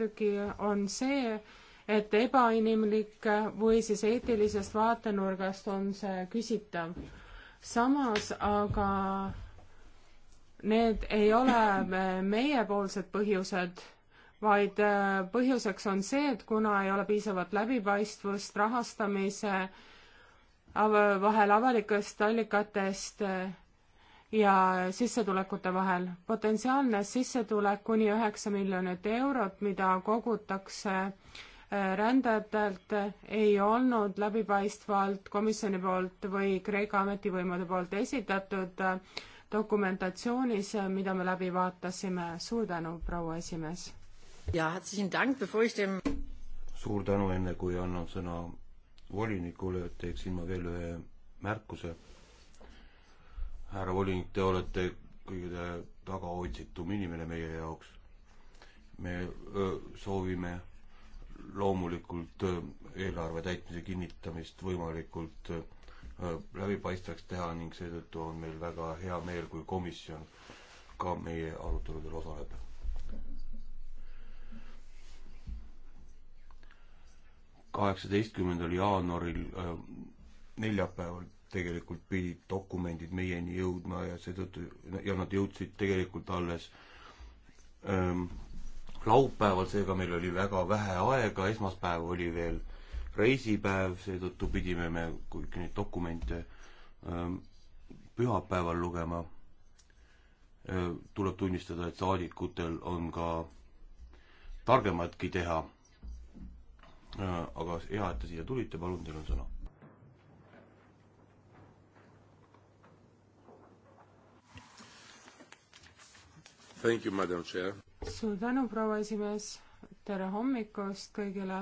peatüki on see, et ebainimlik või siis eetilisest vaatenurgast on see küsitav. samas aga need ei ole meiepoolsed põhjused, vaid äh, põhjuseks on see, et kuna ei ole piisavat läbipaistvust rahastamise äh, vahel avalikest allikatest äh, ja sissetulekute vahel. potentsiaalne sissetulek kuni üheksa miljonit eurot, mida kogutakse äh, rändajatelt, ei olnud läbipaistvalt komisjoni poolt või Kreeka ametivõimude poolt esitatud äh, dokumentatsioonis, äh, mida me läbi vaatasime. suur tänu, proua esimees! suur tänu, enne kui annan sõna volinikule, teeksin ma veel ühe märkuse härra volinik, te olete kõige tagaotsitum inimene meie jaoks. me öö, soovime loomulikult öö, eelarve täitmise kinnitamist võimalikult öö, läbipaistvaks teha ning seetõttu on meil väga hea meel, kui komisjon ka meie aruteludel osaleb. kaheksateistkümnendal jaanuaril neljapäeval tegelikult pidid dokumendid meieni jõudma ja seetõttu ja nad jõudsid tegelikult alles ähm, laupäeval, seega meil oli väga vähe aega, esmaspäev oli veel reisipäev, seetõttu pidime me kõiki neid dokumente ähm, pühapäeval lugema ähm,. tuleb tunnistada, et saadikutel on ka targematki teha äh,. aga hea, et te siia tulite, palun, teil on sõna Thank you, madam chair. suur tänu, proua esimees, tere hommikust kõigile.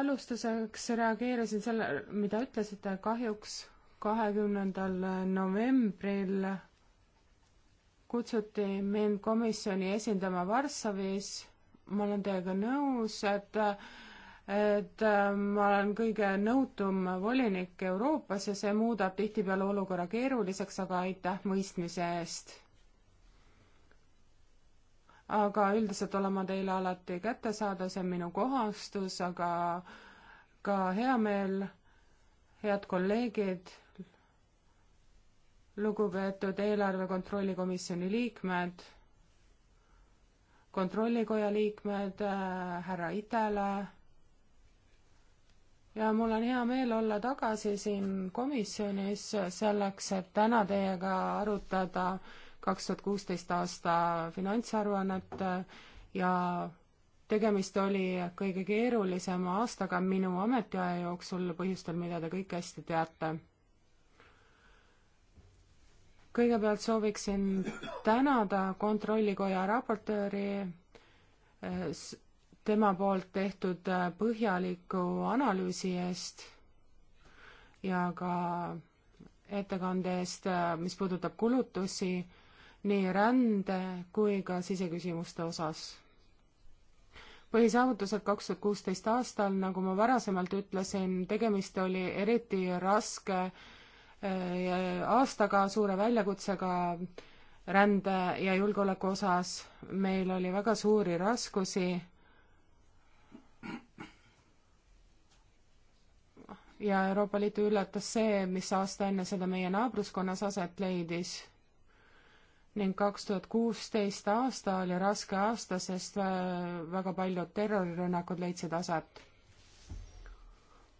alustuseks reageerisin selle, mida ütlesite, kahjuks kahekümnendal novembril kutsuti mind komisjoni esindama Varssavis. ma olen teiega nõus, et et ähm, ma olen kõige nõutum volinik Euroopas ja see muudab tihtipeale olukorra keeruliseks, aga aitäh mõistmise eest. aga üldiselt olen ma teile alati kättesaadav, see on minu kohastus, aga ka hea meel, head kolleegid, lugupeetud eelarve kontrolli komisjoni liikmed, kontrollikoja liikmed, äh, härra Itele ja mul on hea meel olla tagasi siin komisjonis selleks, et täna teiega arutada kaks tuhat kuusteist aasta finantsaruannet ja tegemist oli kõige keerulisema aastaga minu ametiaja jooksul põhjustel, mida te kõik hästi teate. kõigepealt sooviksin tänada Kontrollikoja raportööri tema poolt tehtud äh, põhjaliku analüüsi eest ja ka ettekande eest, äh, mis puudutab kulutusi nii rände kui ka siseküsimuste osas. põhisaavutused kaks tuhat kuusteist aastal, nagu ma varasemalt ütlesin, tegemist oli eriti raske äh, aastaga, suure väljakutsega rände ja julgeoleku osas. meil oli väga suuri raskusi ja Euroopa Liitu üllatas see, mis aasta enne seda meie naabruskonnas aset leidis ning kaks tuhat kuusteist aasta oli raske aasta, sest äh, väga paljud terrorirünnakud leidsid aset.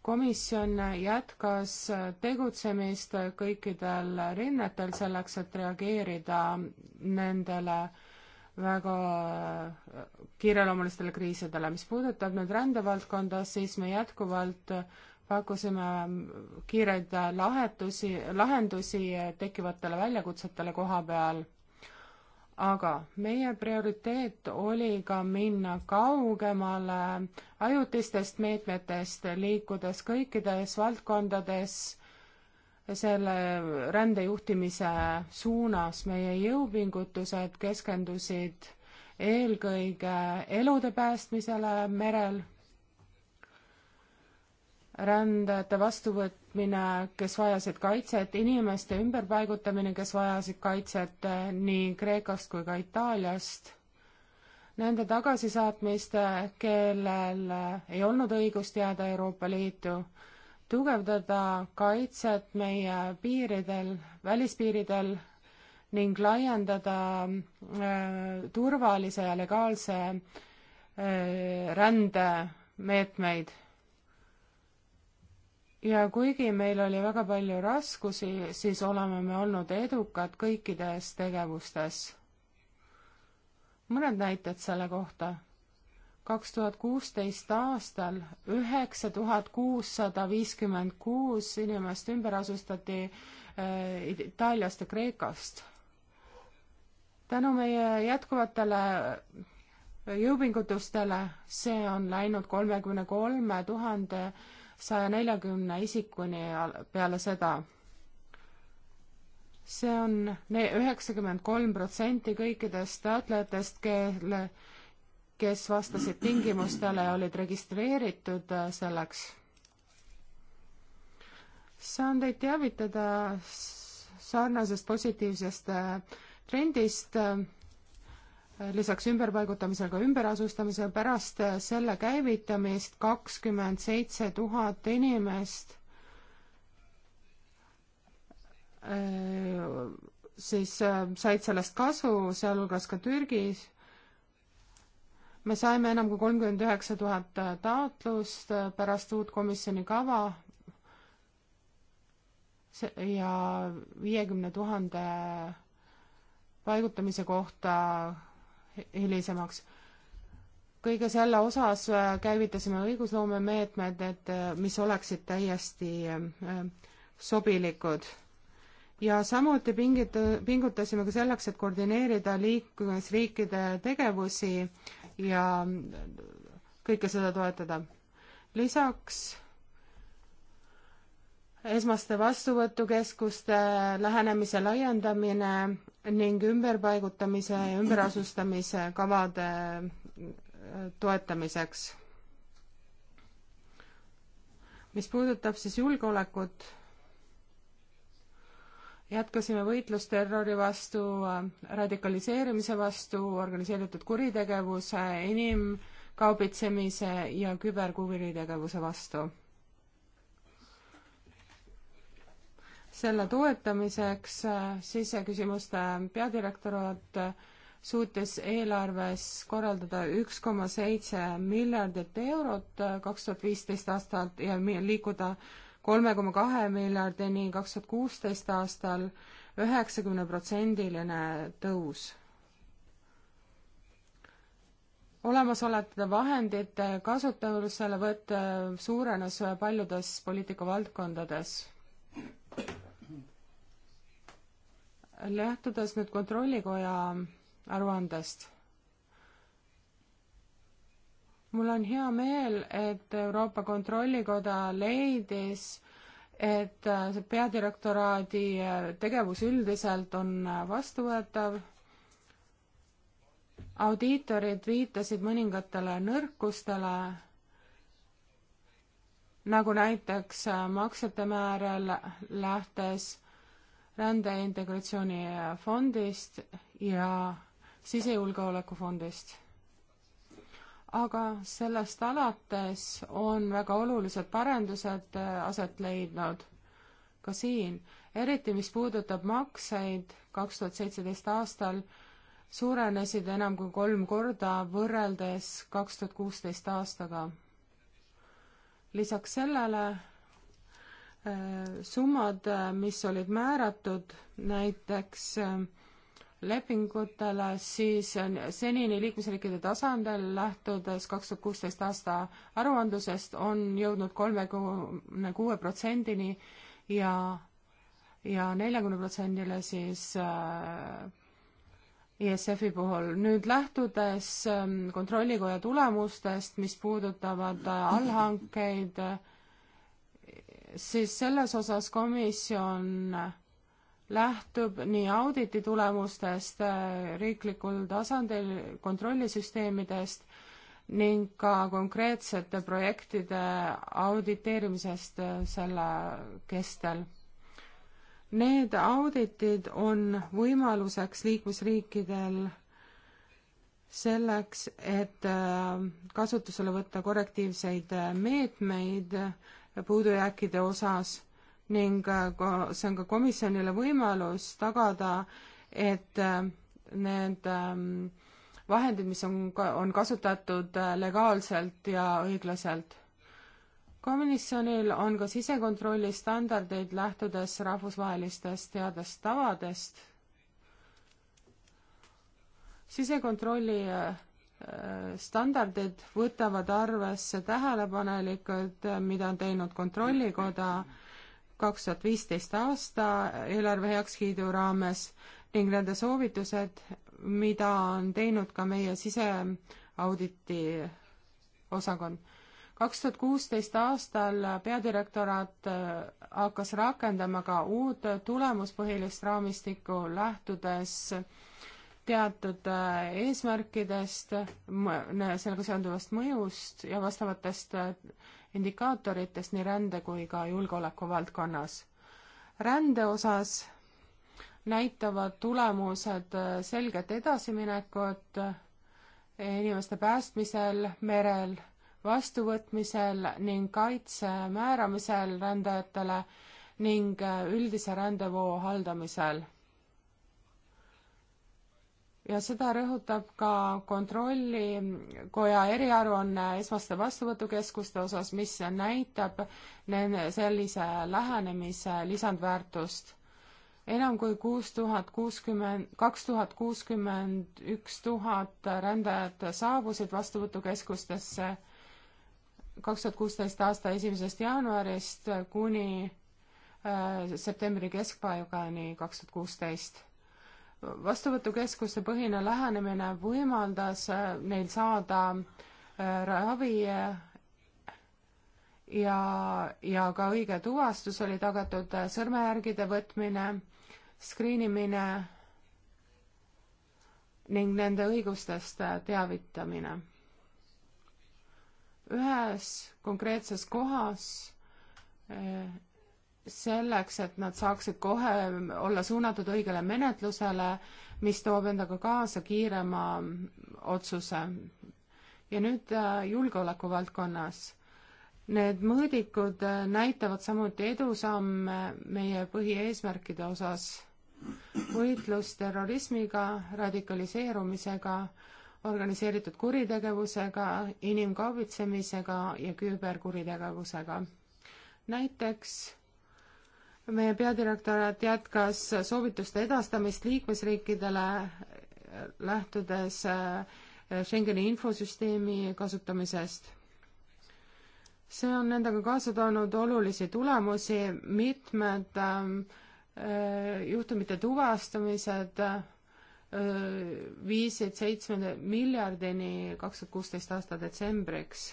komisjon jätkas tegutsemist kõikidel rinnetel selleks, et reageerida nendele väga kiireloomulistele kriisidele. mis puudutab nüüd rändevaldkonda, siis me jätkuvalt pakkusime kiireid lahetusi, lahendusi tekkivatele väljakutsetele koha peal aga meie prioriteet oli ka minna kaugemale ajutistest meetmetest, liikudes kõikides valdkondades selle rändejuhtimise suunas. meie jõupingutused keskendusid eelkõige elude päästmisele merel rändajate vastuvõtmine, kes vajasid kaitset, inimeste ümberpaigutamine, kes vajasid kaitset eh, nii Kreekast kui ka Itaaliast, nende tagasisaatmiste, kellel eh, ei olnud õigust jääda Euroopa Liitu, tugevdada kaitset meie piiridel, välispiiridel ning laiendada äh, turvalise ja legaalse äh, rändemeetmeid ja kuigi meil oli väga palju raskusi, siis oleme me olnud edukad kõikides tegevustes. mõned näited selle kohta. kaks tuhat kuusteist aastal üheksa tuhat kuussada viiskümmend kuus inimest ümber asustati eh, Itaaliast ja Kreekast. tänu meie jätkuvatele eh, jõupingutustele, see on läinud kolmekümne kolme tuhande saja neljakümne isikuni peale seda. see on üheksakümmend kolm protsenti kõikidest taotlejatest, kelle, kes vastasid tingimustele ja olid registreeritud äh, selleks. saan teid teavitada sarnasest positiivsest äh, trendist äh, lisaks ümberpaigutamisele ka ümberasustamise, pärast selle käivitamist kakskümmend seitse tuhat inimest äh, siis äh, said sellest kasu, sealhulgas ka Türgis. me saime enam kui kolmkümmend üheksa tuhat äh, taotlust pärast uut komisjoni kava ja viiekümne tuhande paigutamise kohta hilisemaks. kõige selle osas äh, käivitasime õigusloomemeetmed, et äh, mis oleksid täiesti äh, sobilikud ja samuti pingit-, pingutasime ka selleks, et koordineerida liikmesriikide tegevusi ja kõike seda toetada. lisaks esmaste vastuvõtukeskuste lähenemise laiendamine ning ümberpaigutamise ja ümberasustamise kavade äh, toetamiseks. mis puudutab siis julgeolekut, jätkasime võitlust terrori vastu, äh, radikaliseerimise vastu, organiseeritud kuritegevuse, inimkaubitsemise ja küberkuritegevuse vastu selle toetamiseks äh, siseküsimuste peadirektoraat äh, suutis eelarves korraldada üks koma seitse miljardit eurot äh, kaks tuhat viisteist aastalt ja liikuda kolme koma kahe miljardini kaks tuhat kuusteist aastal üheksakümneprotsendiline tõus. olemasolevate vahendite kasutuselevõtt suurenes paljudes poliitikavaldkondades lähtudes nüüd Kontrollikoja aruandest, mul on hea meel, et Euroopa Kontrollikoda leidis, et see peadirektoraadi tegevus üldiselt on vastuvõetav. audiitorid viitasid mõningatele nõrkustele, nagu näiteks maksete määr lähtes rände integratsioonifondist ja sisejulgeoleku fondist. aga sellest alates on väga olulised parendused äh, aset leidnud ka siin, eriti mis puudutab makseid kaks tuhat seitseteist aastal, suurenesid enam kui kolm korda võrreldes kaks tuhat kuusteist aastaga. lisaks sellele Äh, summad, äh, mis olid määratud näiteks äh, lepingutele, siis senini liikmesriikide tasandil lähtudes kaks tuhat kuusteist aasta aruandlusest on jõudnud kolmekümne kuue protsendini ja, ja neljakümne protsendile siis ISF-i e puhul. nüüd lähtudes ähm, Kontrollikoja tulemustest, mis puudutavad allhankeid, siis selles osas komisjon lähtub nii auditi tulemustest riiklikul tasandil, kontrollisüsteemidest ning ka konkreetsete projektide auditeerimisest selle kestel. Need auditid on võimaluseks liikmesriikidel selleks, et kasutusele võtta korrektiivseid meetmeid, puudujääkide osas ning äh, see on ka komisjonile võimalus tagada, et äh, need ähm, vahendid, mis on, on kasutatud äh, legaalselt ja õiglaselt. komisjonil on ka sisekontrolli standardeid, lähtudes rahvusvahelistest headest tavadest. sisekontrolli standardid võtavad arvesse tähelepanelikud, mida on teinud Kontrollikoda kaks tuhat viisteist aasta eelarve heakskiidu raames ning nende soovitused, mida on teinud ka meie siseauditi osakond. kaks tuhat kuusteist aastal peadirektoraat äh, hakkas rakendama ka uut tulemuspõhilist raamistikku, lähtudes teatud äh, eesmärkidest, sellega seonduvast mõjust ja vastavatest äh, indikaatoritest nii rände kui ka julgeoleku valdkonnas. rände osas näitavad tulemused äh, selget edasiminekut inimeste päästmisel merel, vastuvõtmisel ning kaitse määramisel rändajatele ning üldise rändevoo haldamisel ja seda rõhutab ka kontrollikoja eriaruanne esmaste vastuvõtukeskuste osas, mis näitab sellise lähenemise lisandväärtust. enam kui kuus tuhat kuuskümmend, kaks tuhat kuuskümmend üks tuhat rändajat saabusid vastuvõtukeskustesse kaks tuhat kuusteist aasta esimesest jaanuarist kuni äh, septembri keskpaigani kaks tuhat kuusteist vastuvõtukeskuse põhine lähenemine võimaldas äh, neil saada äh, ravi äh, ja, ja ka õige tuvastus oli tagatud, sõrmejärgide võtmine, skriinimine ning nende õigustest teavitamine. ühes konkreetses kohas selleks, et nad saaksid kohe olla suunatud õigele menetlusele, mis toob endaga kaasa kiirema otsuse. ja nüüd äh, julgeoleku valdkonnas. Need mõõdikud äh, näitavad samuti edusamme meie põhieesmärkide osas. võitlus terrorismiga, radikaliseerumisega, organiseeritud kuritegevusega, inimkaubitsemisega ja küberkuritegevusega. näiteks meie peadirektorat jätkas soovituste edastamist liikmesriikidele, eh, lähtudes eh, Schengeni infosüsteemi kasutamisest. see on endaga kaasa toonud olulisi tulemusi, mitmed eh, juhtumite tuvastamised viisid seitsme miljardini kaks tuhat kuusteist aasta detsembriks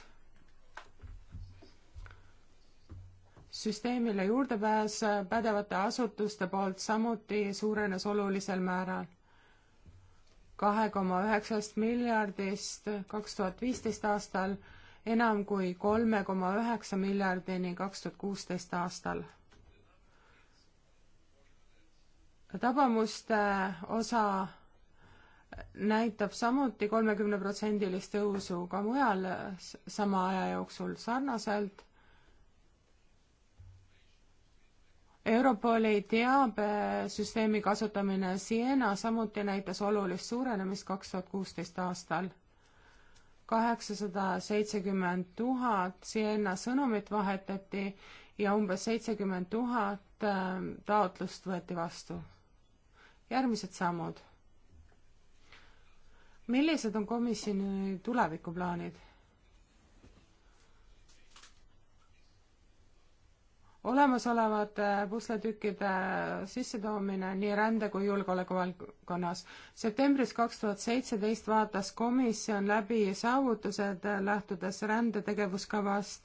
süsteemile juurdepääs pädevate asutuste poolt samuti suurenes olulisel määral. kahe koma üheksast miljardist kaks tuhat viisteist aastal enam kui kolme koma üheksa miljardini kaks tuhat kuusteist aastal. tabamuste osa näitab samuti kolmekümneprotsendilist tõusu ka mujal sama aja jooksul sarnaselt Europoli teabesüsteemi kasutamine Siena samuti näitas olulist suurenemist kaks tuhat kuusteist aastal. kaheksasada seitsekümmend tuhat Siena sõnumit vahetati ja umbes seitsekümmend tuhat ähm, taotlust võeti vastu. järgmised sammud. millised on komisjoni tulevikuplaanid? olemasolevate pusletükkide sissetoomine nii rände kui julgeolekuvaldkonnas. septembris kaks tuhat seitseteist vaatas komisjon läbi saavutused, lähtudes rändetegevuskavast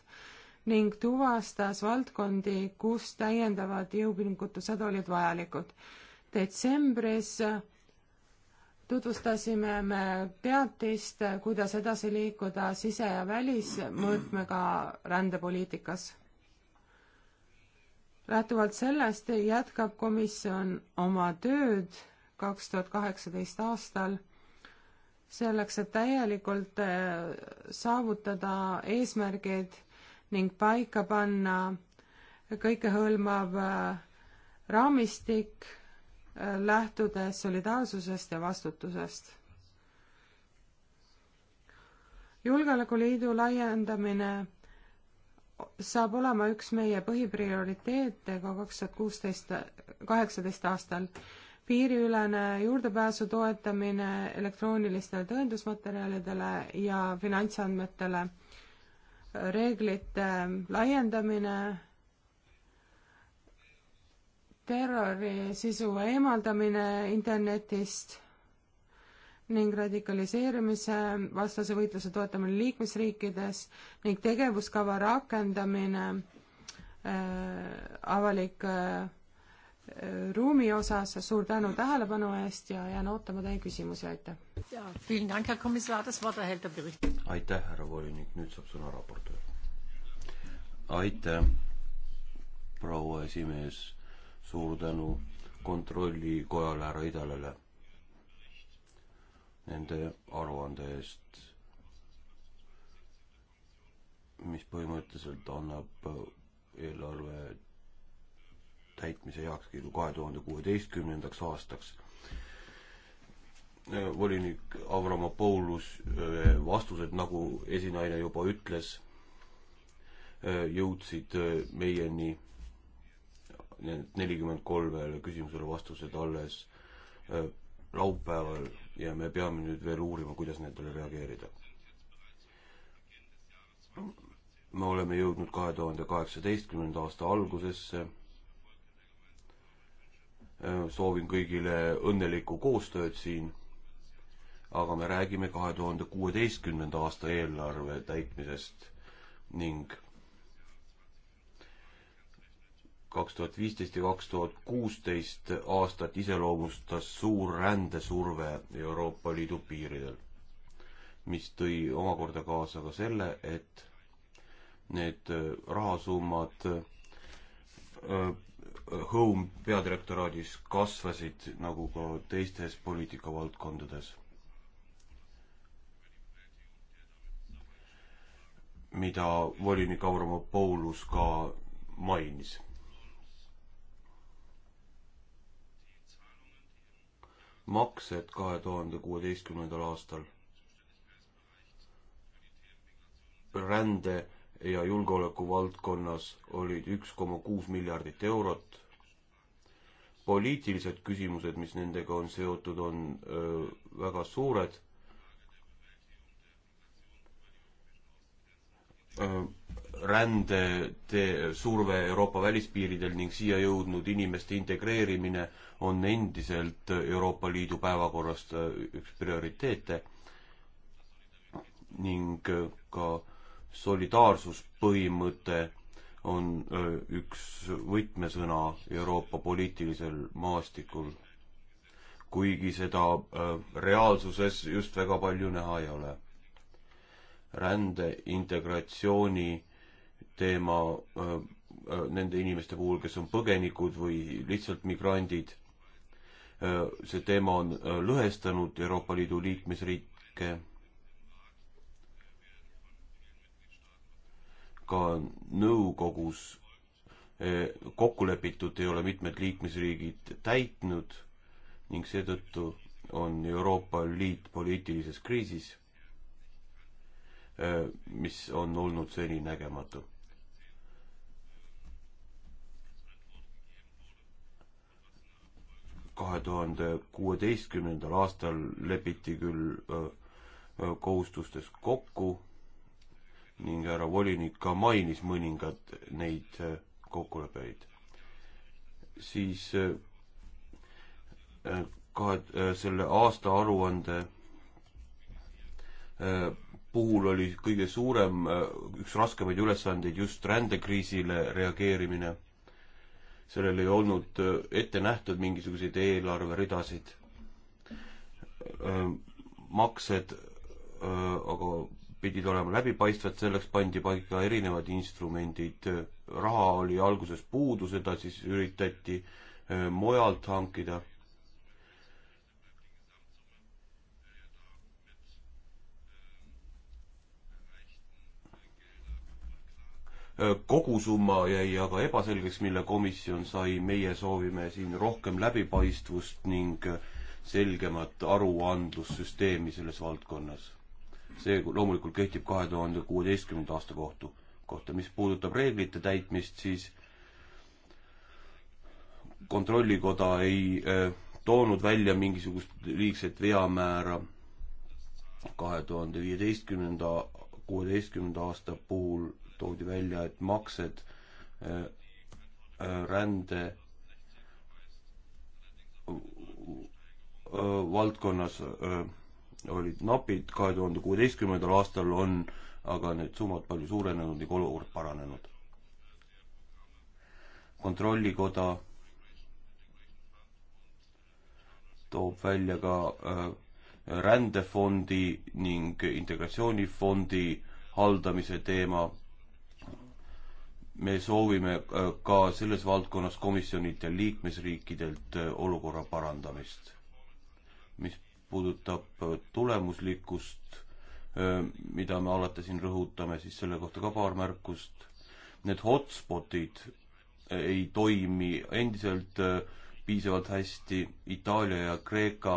ning tuvastas valdkondi, kus täiendavad jõupingutused olid vajalikud. detsembris tutvustasime me teatist, kuidas edasi liikuda sise- ja välismõõtmega rändepoliitikas lähtuvalt sellest jätkab komisjon oma tööd kaks tuhat kaheksateist aastal selleks, et täielikult äh, saavutada eesmärgid ning paika panna kõikehõlmav äh, raamistik, äh, lähtudes solidaarsusest ja vastutusest. julgeolekuliidu laiendamine saab olema üks meie põhiprioriteete ka kaks tuhat kuusteist, kaheksateist aastal. piiriülene juurdepääsu toetamine elektroonilistele tõendusmaterjalidele ja finantsandmetele, reeglite laiendamine, terrori sisu eemaldamine internetist ning radikaliseerumise vastase võitluse toetamine liikmesriikides ning tegevuskava rakendamine äh, avalik äh, ruumi osas, suur tänu tähelepanu eest ja jään ootama teie küsimusi, aitäh! aitäh, härra volinik, nüüd saab sõna raportöör. aitäh, proua esimees, suur tänu kontrollikojale härra Idalale nende aruande eest, mis põhimõtteliselt annab eelarve täitmise heakskiidu kahe tuhande kuueteistkümnendaks aastaks. volinik Avramopoulos vastused, nagu esinaine juba ütles, jõudsid meieni need nelikümmend kolmele küsimusele vastused alles laupäeval ja me peame nüüd veel uurima, kuidas nendele reageerida. me oleme jõudnud kahe tuhande kaheksateistkümnenda aasta algusesse. soovin kõigile õnnelikku koostööd siin. aga me räägime kahe tuhande kuueteistkümnenda aasta eelarve täitmisest ning kaks tuhat viisteist ja kaks tuhat kuusteist aastat iseloomustas suur rändesurve Euroopa Liidu piiridel, mis tõi omakorda kaasa ka selle, et need äh, rahasummad äh, Home peadirektoraadis kasvasid nagu ka teistes poliitikavaldkondades. mida volinik Auramo Paulus ka mainis maksed kahe tuhande kuueteistkümnendal aastal rände ja julgeoleku valdkonnas olid üks koma kuus miljardit eurot. poliitilised küsimused, mis nendega on seotud, on öö, väga suured rände surve Euroopa välispiiridel ning siia jõudnud inimeste integreerimine on endiselt Euroopa Liidu päevakorrast äh, üks prioriteete ning äh, ka solidaarsuspõhimõte on äh, üks võtmesõna Euroopa poliitilisel maastikul, kuigi seda reaalsuses just väga palju näha ei ole rände, integratsiooni teema äh, äh, nende inimeste puhul, kes on põgenikud või lihtsalt migrandid. Äh, see teema on lõhestanud Euroopa Liidu liikmesriike. ka nõukogus kokku lepitud ei ole mitmed liikmesriigid täitnud ning seetõttu on Euroopa Liit poliitilises kriisis Äh, mis on olnud seni nägematu. kahe tuhande kuueteistkümnendal aastal lepiti küll äh, äh, kohustustes kokku ning härra volinik ka mainis mõningad neid kokkuleppeid. siis kahe, selle aasta aruande puhul oli kõige suurem, äh, üks raskemaid ülesandeid just rändekriisile reageerimine. sellel ei olnud äh, ette nähtud mingisuguseid eelarveridasid. Äh, maksed aga pidid olema läbipaistvad, selleks pandi paika erinevad instrumendid. raha oli alguses puudu, seda siis üritati mujalt hankida Äh, kogusumma jäi aga ebaselgeks, mille komisjon sai, meie soovime siin rohkem läbipaistvust ning äh, selgemat aruandlussüsteemi selles valdkonnas. see loomulikult kehtib kahe tuhande kuueteistkümnenda aasta kohtu, kohta. mis puudutab reeglite täitmist, siis kontrollikoda ei öö, äh, toonud välja mingisugust liigset veamäära kahe tuhande viieteistkümnenda, kuueteistkümnenda aasta puhul toodi välja, et maksed äh, äh, rände äh, valdkonnas olid napid, kahe tuhande kuueteistkümnendal aastal on aga need summad palju suurenenud ning olukord paranenud. kontrollikoda toob välja ka rändefondi ning integratsioonifondi haldamise teema me soovime äh, ka selles valdkonnas komisjonilt ja liikmesriikidelt äh, olukorra parandamist. mis puudutab äh, tulemuslikkust, mida me alati siin rõhutame, siis selle kohta ka paar märkust. Need hotspotid ei toimi endiselt piisavalt hästi, Itaalia ja Kreeka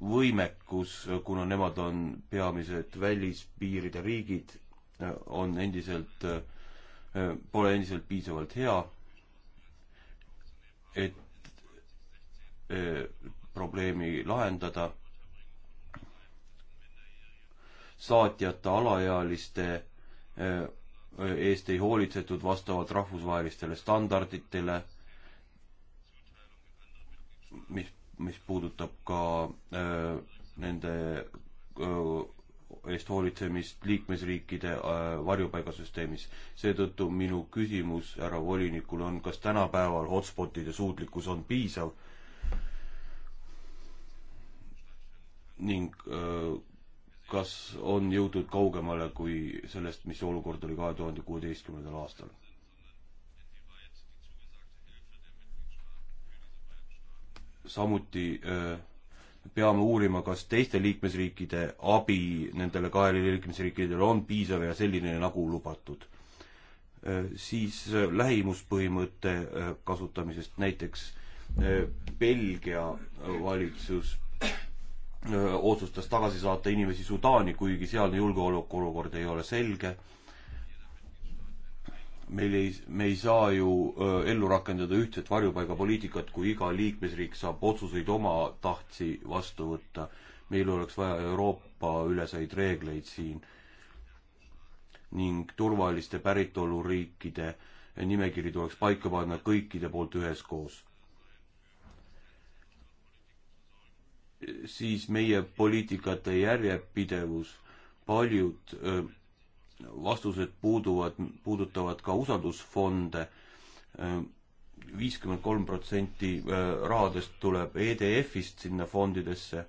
võimekus, kuna nemad on peamised välispiiride riigid, on endiselt äh, Äh, pole endiselt piisavalt hea, et äh, probleemi lahendada. saatjata alaealiste äh, eest ei hoolitsetud vastavalt rahvusvahelistele standarditele, mis, mis puudutab ka öö, nende öö, eest hoolitsemist liikmesriikide äh, varjupaigasüsteemis. seetõttu minu küsimus härra volinikule on, kas tänapäeval hotspotide suutlikkus on piisav ning äh, kas on jõutud kaugemale kui sellest, mis olukord oli kahe tuhande kuueteistkümnendal aastal? samuti öö, äh, me peame uurima, kas teiste liikmesriikide abi nendele kahele liikmesriikidele on piisav ja selline nagu lubatud. Äh, siis äh, lähimuspõhimõtte äh, kasutamisest näiteks Belgia valitsus otsustas tagasi saata inimesi Sudaani, kuigi sealne julgeolekuolukord ei ole selge meil ei, me ei saa ju ellu rakendada ühtset varjupaigapoliitikat, kui iga liikmesriik saab otsuseid oma tahtsi vastu võtta. meil oleks vaja Euroopa-üleseid reegleid siin ning turvaliste päritoluriikide nimekiri tuleks paika panna kõikide poolt üheskoos. siis meie poliitikate järjepidevus, paljud öö, vastused puuduvad, puudutavad ka usaldusfonde. viiskümmend kolm protsenti äh, rahadest tuleb EDF-ist sinna fondidesse,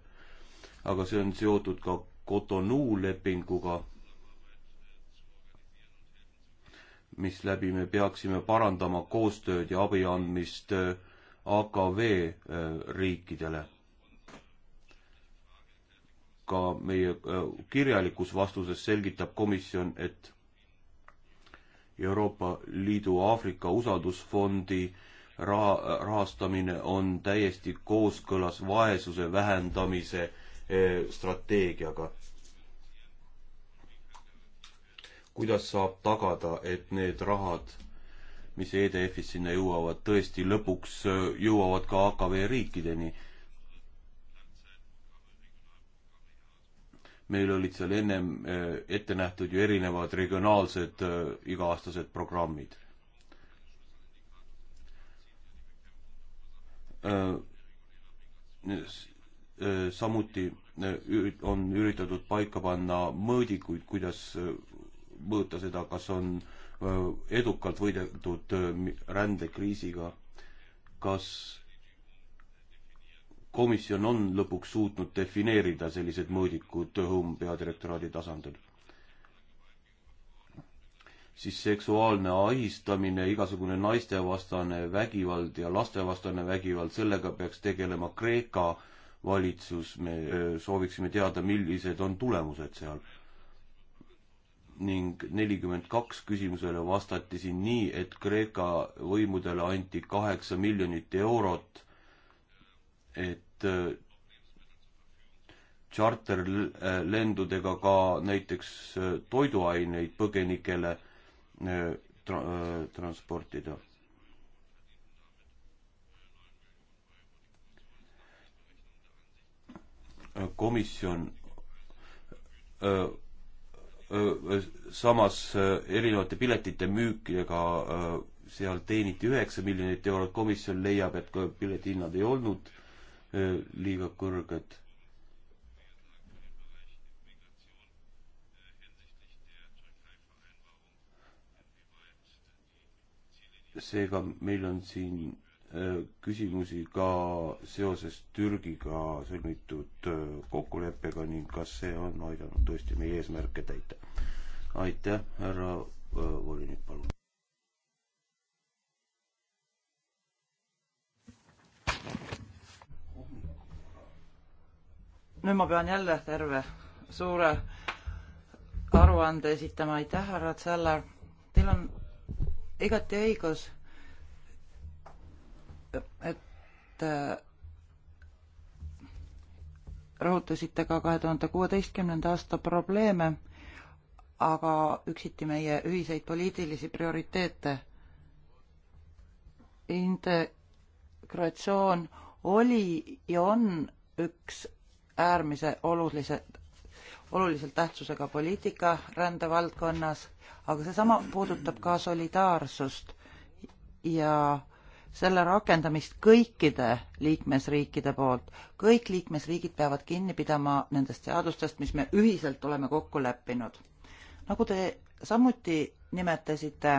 aga see on seotud ka Cotonou lepinguga, mis läbi me peaksime parandama koostööd ja abi andmist äh, AKV äh, riikidele ka meie äh, kirjalikus vastuses selgitab komisjon, et Euroopa Liidu Aafrika usaldusfondi raha, rahastamine on täiesti kooskõlas vaesuse vähendamise äh, strateegiaga. kuidas saab tagada, et need rahad, mis EDF-ist sinna jõuavad, tõesti lõpuks äh, jõuavad ka AKV riikideni meil olid seal ennem äh, ette nähtud ju erinevad regionaalsed äh, iga-aastased programmid. Äh, samuti on üritatud paika panna mõõdikuid, kuidas mõõta seda, kas on edukalt võideldud rändekriisiga, kas komisjon on lõpuks suutnud defineerida sellised mõõdikud Home peadirektoraadi tasandil. siis seksuaalne ahistamine, igasugune naistevastane vägivald ja lastevastane vägivald, sellega peaks tegelema Kreeka valitsus, me sooviksime teada, millised on tulemused seal. ning nelikümmend kaks küsimusele vastati siin nii, et Kreeka võimudele anti kaheksa miljonit eurot et äh, tšarterlendudega ka näiteks äh, toiduaineid põgenikele äh, tra transportida. komisjon samas erinevate piletite müükidega seal teeniti üheksa miljonit eurot, komisjon leiab, et piletihinnad ei olnud liiga kõrged. seega meil on siin küsimusi ka seoses Türgiga sõlmitud kokkuleppega ning kas see on aidanud tõesti meie eesmärke täita. aitäh, härra volinik, palun. nüüd ma pean jälle terve suure aruande esitama, aitäh, härra Tseller. Teil on igati õigus, et äh, rõhutasite ka kahe tuhande kuueteistkümnenda aasta probleeme, aga üksiti meie ühiseid poliitilisi prioriteete. integratsioon oli ja on üks äärmise olulise, oluliselt tähtsusega poliitika rändevaldkonnas, aga seesama puudutab ka solidaarsust ja selle rakendamist kõikide liikmesriikide poolt. kõik liikmesriigid peavad kinni pidama nendest seadustest, mis me ühiselt oleme kokku leppinud. nagu te samuti nimetasite,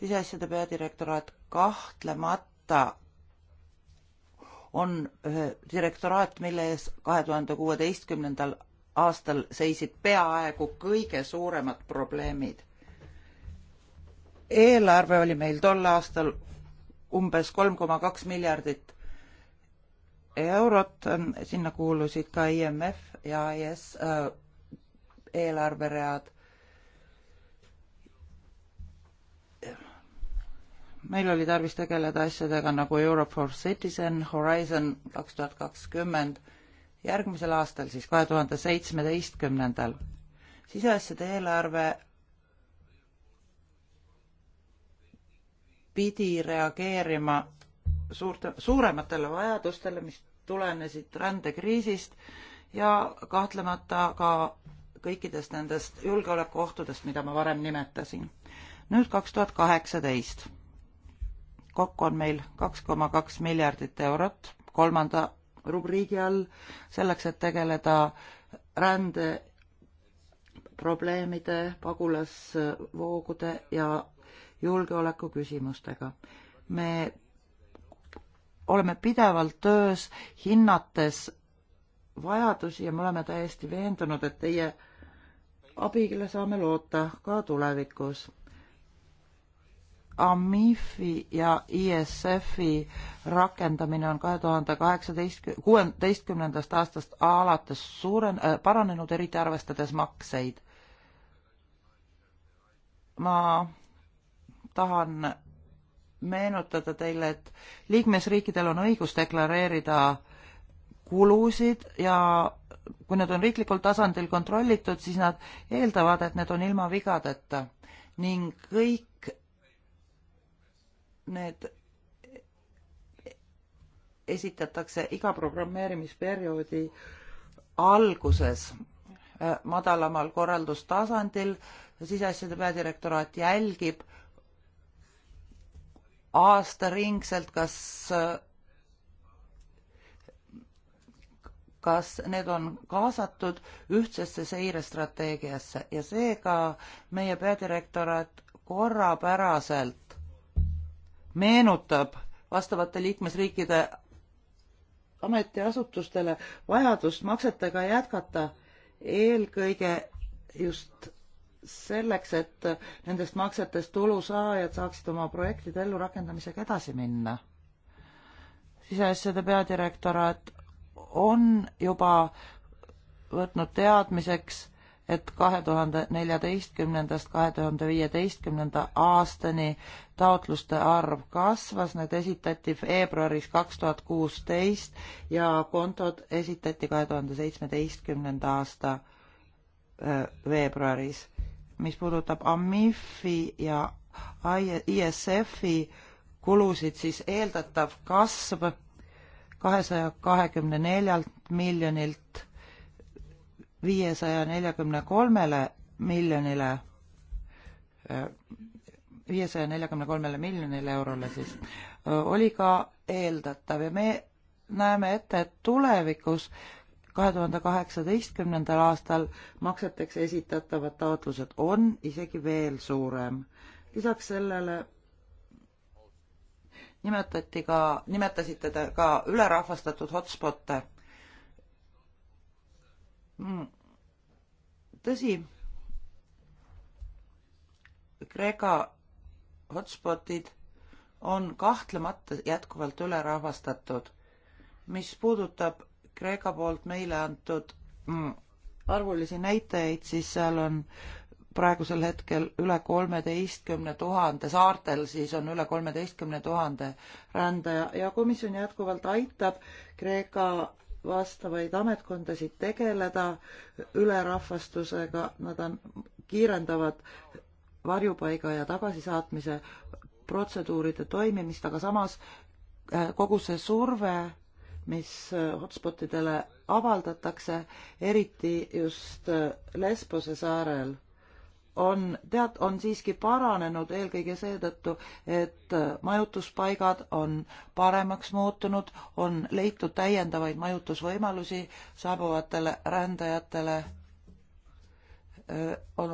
siseasjade peadirektoraat kahtlemata on direktoraat, mille ees kahe tuhande kuueteistkümnendal aastal seisid peaaegu kõige suuremad probleemid. eelarve oli meil tol aastal umbes kolm koma kaks miljardit eurot, sinna kuulusid ka IMF ja IS äh, eelarveread meil oli tarvis tegeleda asjadega nagu Europe for Citizen, Horizon kaks tuhat kakskümmend, järgmisel aastal, siis kahe tuhande seitsmeteistkümnendal. siseasjade eelarve pidi reageerima suurte, suurematele vajadustele, mis tulenesid rändekriisist ja kahtlemata ka kõikidest nendest julgeolekuohtudest, mida ma varem nimetasin. nüüd kaks tuhat kaheksateist kokku on meil kaks koma kaks miljardit eurot kolmanda rubriigi all selleks, et tegeleda rände probleemide, pagulasvoogude ja julgeoleku küsimustega. me oleme pidevalt töös, hinnates vajadusi ja me oleme täiesti veendunud, et teie abile saame loota ka tulevikus AMIF-i ja ISF-i rakendamine on kahe tuhande kaheksateist, kuueteistkümnendast aastast alates suuren- äh,, paranenud, eriti arvestades makseid. ma tahan meenutada teile, et liikmesriikidel on õigus deklareerida kulusid ja kui need on riiklikul tasandil kontrollitud, siis nad eeldavad, et need on ilma vigadeta ning kõik need esitatakse iga programmeerimisperioodi alguses äh, madalamal korraldustasandil. siseasjade peadirektoraat jälgib aastaringselt, kas, kas need on kaasatud ühtsesse seirestrateegiasse ja seega meie peadirektoraat korrapäraselt meenutab vastavate liikmesriikide ametiasutustele vajadust maksetega jätkata eelkõige just selleks, et nendest maksetest tulusaajad saaksid oma projektide ellurakendamisega edasi minna. siseasjade peadirektoraat on juba võtnud teadmiseks et kahe tuhande neljateistkümnendast kahe tuhande viieteistkümnenda aastani taotluste arv kasvas, need esitati veebruaris kaks tuhat kuusteist ja kontod esitati kahe tuhande seitsmeteistkümnenda aasta veebruaris. mis puudutab AMIF-i ja ISF-i kulusid, siis eeldatav kasv kahesaja kahekümne neljalt miljonilt viiesaja neljakümne kolmele miljonile, viiesaja neljakümne kolmele miljonile eurole siis, oli ka eeldatav ja me näeme ette, et tulevikus kahe tuhande kaheksateistkümnendal aastal makseteks esitatavad taotlused on isegi veel suurem. lisaks sellele nimetati ka, nimetasite te ka ülerahvastatud hotspot'e Mm. tõsi, Kreeka hotspotid on kahtlemata jätkuvalt ülerahvastatud. mis puudutab Kreeka poolt meile antud mm, arvulisi näitajaid, siis seal on praegusel hetkel üle kolmeteistkümne tuhande, saartel siis on üle kolmeteistkümne tuhande rändaja ja komisjon jätkuvalt aitab Kreeka vastavaid ametkondasid tegeleda ülerahvastusega, nad on, kiirendavad varjupaiga ja tagasisaatmise protseduuride toimimist, aga samas äh, kogu see surve, mis äh, hotspotidele avaldatakse, eriti just äh, Lesbose saarel on tead, on siiski paranenud eelkõige seetõttu, et majutuspaigad on paremaks muutunud, on leitud täiendavaid majutusvõimalusi saabuvatele rändajatele. on,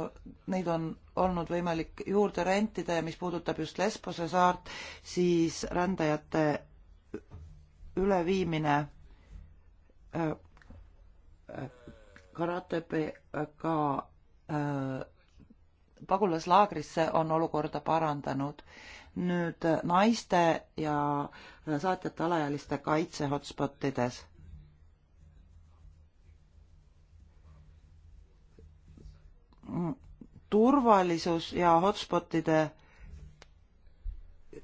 neid on olnud võimalik juurde rentida ja mis puudutab just Lesbose saart, siis rändajate üleviimine Karatepe ka äh, pagulaslaagrisse on olukorda parandanud. nüüd äh, naiste ja äh, saatjate alaealiste kaitse hotspotides. Mm, turvalisus ja hotspotide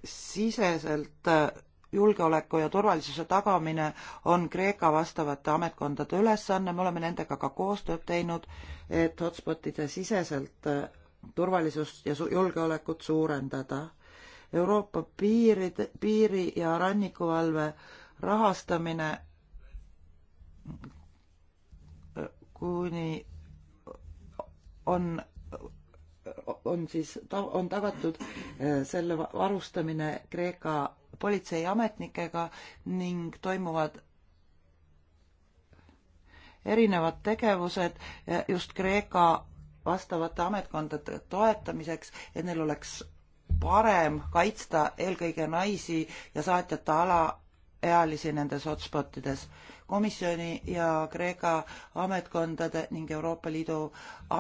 siseselt äh, julgeoleku ja turvalisuse tagamine on Kreeka vastavate ametkondade ülesanne, me oleme nendega ka koostööd teinud, et hotspotide siseselt turvalisust ja julgeolekut suurendada. Euroopa piiride, piiri- ja rannikuvalve rahastamine äh, kuni on, on siis, on tagatud äh, selle varustamine Kreeka politseiametnikega ning toimuvad erinevad tegevused äh, just Kreeka vastavate ametkondade toetamiseks, et neil oleks parem kaitsta eelkõige naisi ja saatjate alaealisi nendes hotspotides. komisjoni ja Kreeka ametkondade ning Euroopa Liidu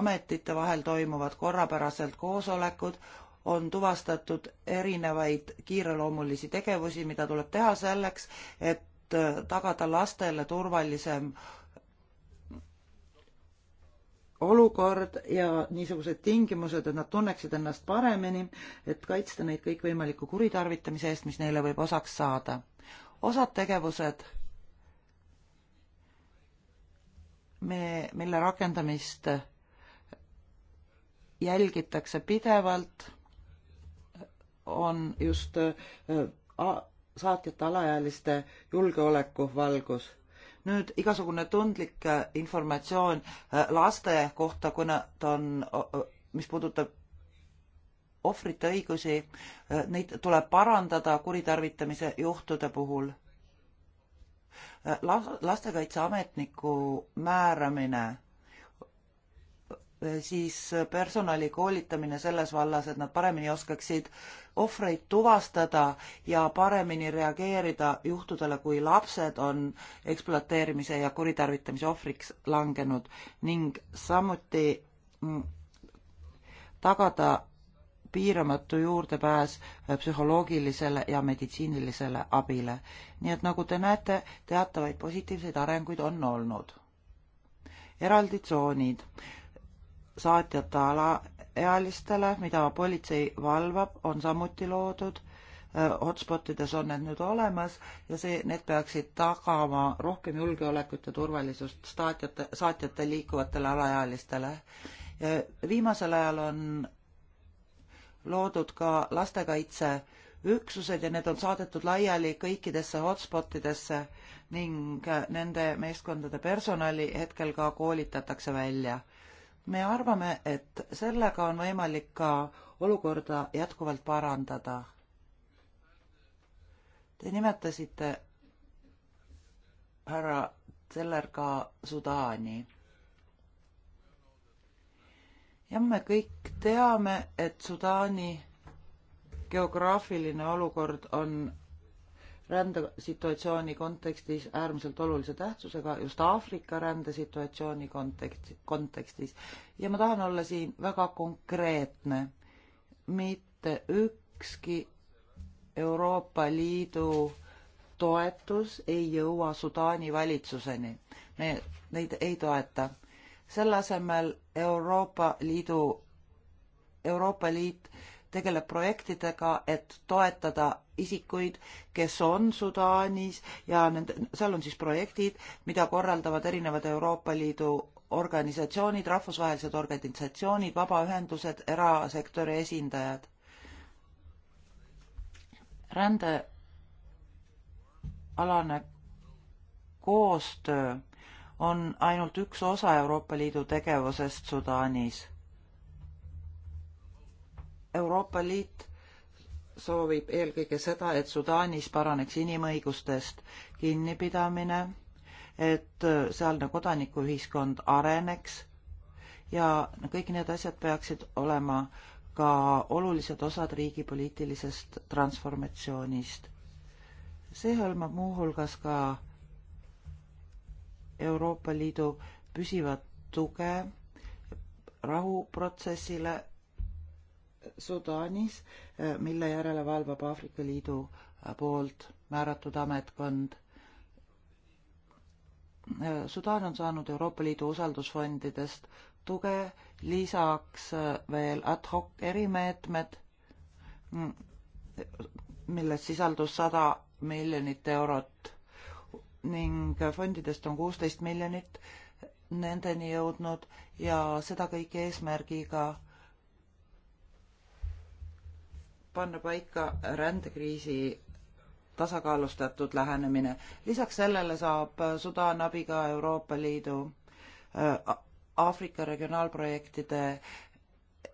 ametite vahel toimuvad korrapäraselt koosolekud, on tuvastatud erinevaid kiireloomulisi tegevusi, mida tuleb teha selleks, et tagada lastele turvalisem olukord ja niisugused tingimused, et nad tunneksid ennast paremini, et kaitsta neid kõikvõimaliku kuritarvitamise eest, mis neile võib osaks saada. osad tegevused, me, mille rakendamist jälgitakse pidevalt, on just äh, saatjate alaealiste julgeoleku valgus nüüd igasugune tundlik äh, informatsioon äh, laste kohta, kui nad on, mis puudutab ohvrite õigusi, äh, neid tuleb parandada kuritarvitamise juhtude puhul. lastekaitseametniku määramine Eh, siis personali koolitamine selles vallas, et nad paremini oskaksid ohvreid tuvastada ja paremini reageerida juhtudele, kui lapsed on ekspluateerimise ja kuritarvitamise ohvriks langenud ning samuti mm, tagada piiramatu juurdepääs eh, psühholoogilisele ja meditsiinilisele abile. nii et nagu te näete, teatavaid positiivseid arenguid on olnud. eraldi tsoonid saatjate alaealistele, mida politsei valvab, on samuti loodud. Äh, hotspotides on need nüüd olemas ja see, need peaksid tagama rohkem julgeolekut ja turvalisust saatjate, saatjate liikuvatele alaealistele. Äh, viimasel ajal on loodud ka lastekaitseüksused ja need on saadetud laiali kõikidesse hotspotidesse ning äh, nende meeskondade personali hetkel ka koolitatakse välja me arvame, et sellega on võimalik ka olukorda jätkuvalt parandada. Te nimetasite härra Zeller ka Sudaani. jah, me kõik teame, et Sudaani geograafiline olukord on rändesituatsiooni kontekstis äärmiselt olulise tähtsusega just Aafrika rändesituatsiooni kontekst, kontekstis. ja ma tahan olla siin väga konkreetne. mitte ükski Euroopa Liidu toetus ei jõua Sudaani valitsuseni. me neid ei toeta. selle asemel Euroopa Liidu, Euroopa Liit tegeleb projektidega, et toetada isikuid, kes on Sudaanis ja nende, seal on siis projektid, mida korraldavad erinevad Euroopa Liidu organisatsioonid, rahvusvahelised organisatsioonid, vabaühendused, erasektori esindajad. rändealane koostöö on ainult üks osa Euroopa Liidu tegevusest Sudaanis Euroopa Liit soovib eelkõige seda, et Sudaanis paraneks inimõigustest kinnipidamine, et sealne kodanikuühiskond areneks ja kõik need asjad peaksid olema ka olulised osad riigi poliitilisest transformatsioonist. see hõlmab muuhulgas ka Euroopa Liidu püsivat tuge rahuprotsessile Sudaanis, eh, mille järele valvab Aafrika Liidu eh, poolt määratud ametkond. Eh, Sudaan on saanud Euroopa Liidu usaldusfondidest tuge, lisaks veel ad hoc erimeetmed, mm, milles sisaldus sada miljonit eurot ning fondidest on kuusteist miljonit nendeni jõudnud ja seda kõike eesmärgiga panna paika rändekriisi tasakaalustatud lähenemine. lisaks sellele saab Sudaan abi ka Euroopa Liidu äh, Aafrika regionaalprojektide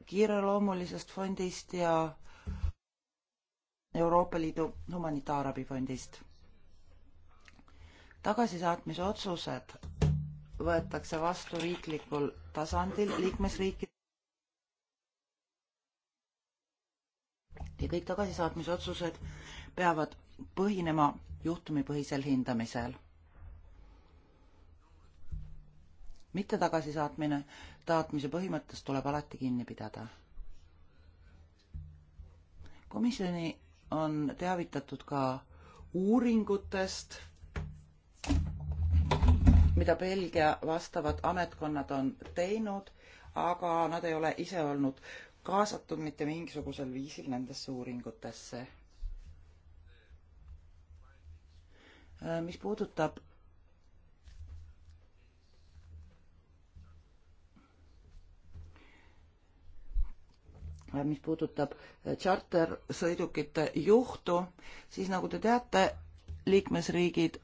kiireloomulisest fondist ja Euroopa Liidu humanitaarabifondist. tagasisaatmise otsused võetakse vastu riiklikul tasandil liikmesriikide ja kõik tagasisaatmise otsused peavad põhinema juhtumipõhisel hindamisel. mitte tagasisaatmine, taotmise põhimõttest tuleb alati kinni pidada. komisjoni on teavitatud ka uuringutest, mida Belgia vastavad ametkonnad on teinud, aga nad ei ole ise olnud kaasatud mitte mingisugusel viisil nendesse uuringutesse. Äh, mis puudutab äh, mis puudutab tšartersõidukite äh, juhtu, siis nagu te teate, liikmesriigid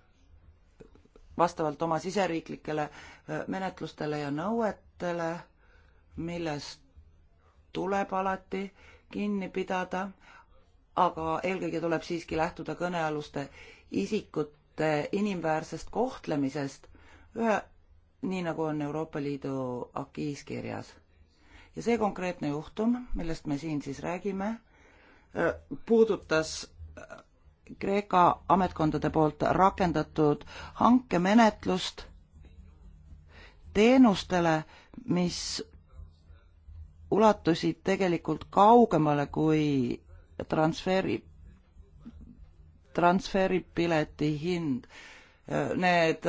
vastavalt oma siseriiklikele menetlustele ja nõuetele, millest tuleb alati kinni pidada, aga eelkõige tuleb siiski lähtuda kõnealuste isikute inimväärsest kohtlemisest ühe, nii nagu on Euroopa Liidu akiis kirjas. ja see konkreetne juhtum, millest me siin siis räägime, äh, puudutas äh, Kreeka ametkondade poolt rakendatud hankemenetlust teenustele, mis ulatusid tegelikult kaugemale kui transferi, transferipileti hind. Need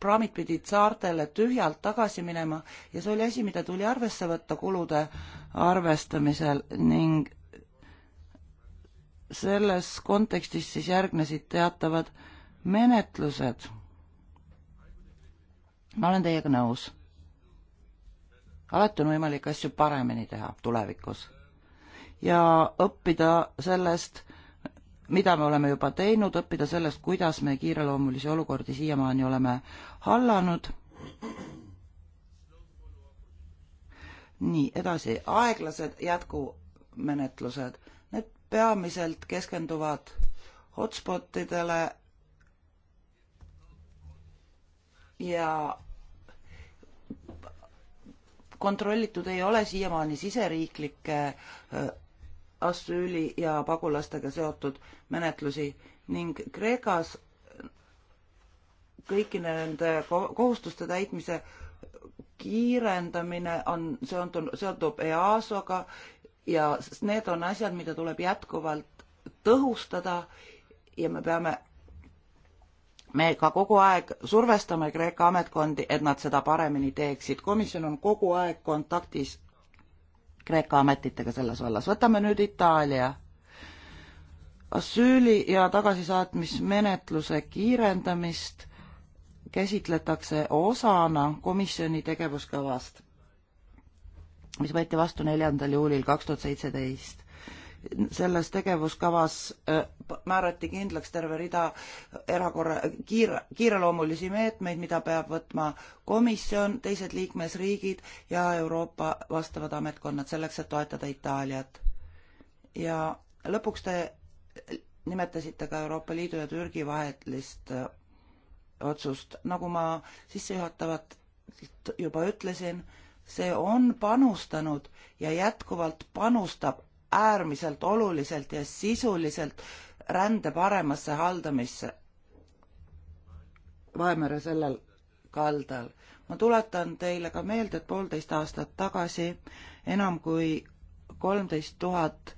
praamid pidid saartele tühjalt tagasi minema ja see oli asi, mida tuli arvesse võtta kulude arvestamisel ning selles kontekstis siis järgnesid teatavad menetlused. ma olen teiega nõus alati on võimalik asju paremini teha tulevikus. ja õppida sellest, mida me oleme juba teinud, õppida sellest, kuidas me kiireloomulisi olukordi siiamaani oleme hallanud. nii, edasi, aeglased jätkumenetlused. Need peamiselt keskenduvad hotspotidele ja kontrollitud ei ole siiamaani siseriiklikke asüüli ja pagulastega seotud menetlusi ning Kreekas kõiki nende kohustuste täitmise kiirendamine on seondunud, seondub EASO-ga ja need on asjad, mida tuleb jätkuvalt tõhustada ja me peame me ka kogu aeg survestame Kreeka ametkondi, et nad seda paremini teeksid. komisjon on kogu aeg kontaktis Kreeka ametitega selles vallas. võtame nüüd Itaalia. asüüli ja tagasisaatmismenetluse kiirendamist käsitletakse osana komisjoni tegevuskavast, mis võeti vastu neljandal juulil kaks tuhat seitseteist selles tegevuskavas äh, määrati kindlaks terve rida erakorra, kiire, kiireloomulisi meetmeid, mida peab võtma komisjon, teised liikmesriigid ja Euroopa vastavad ametkonnad selleks, et toetada Itaaliat. ja lõpuks te nimetasite ka Euroopa Liidu ja Türgi vahelist äh, otsust, nagu ma sissejuhatavat juba ütlesin, see on panustanud ja jätkuvalt panustab äärmiselt oluliselt ja sisuliselt rände paremasse haldamisse Vahemere sellel kaldal. ma tuletan teile ka meelde, et poolteist aastat tagasi enam kui kolmteist tuhat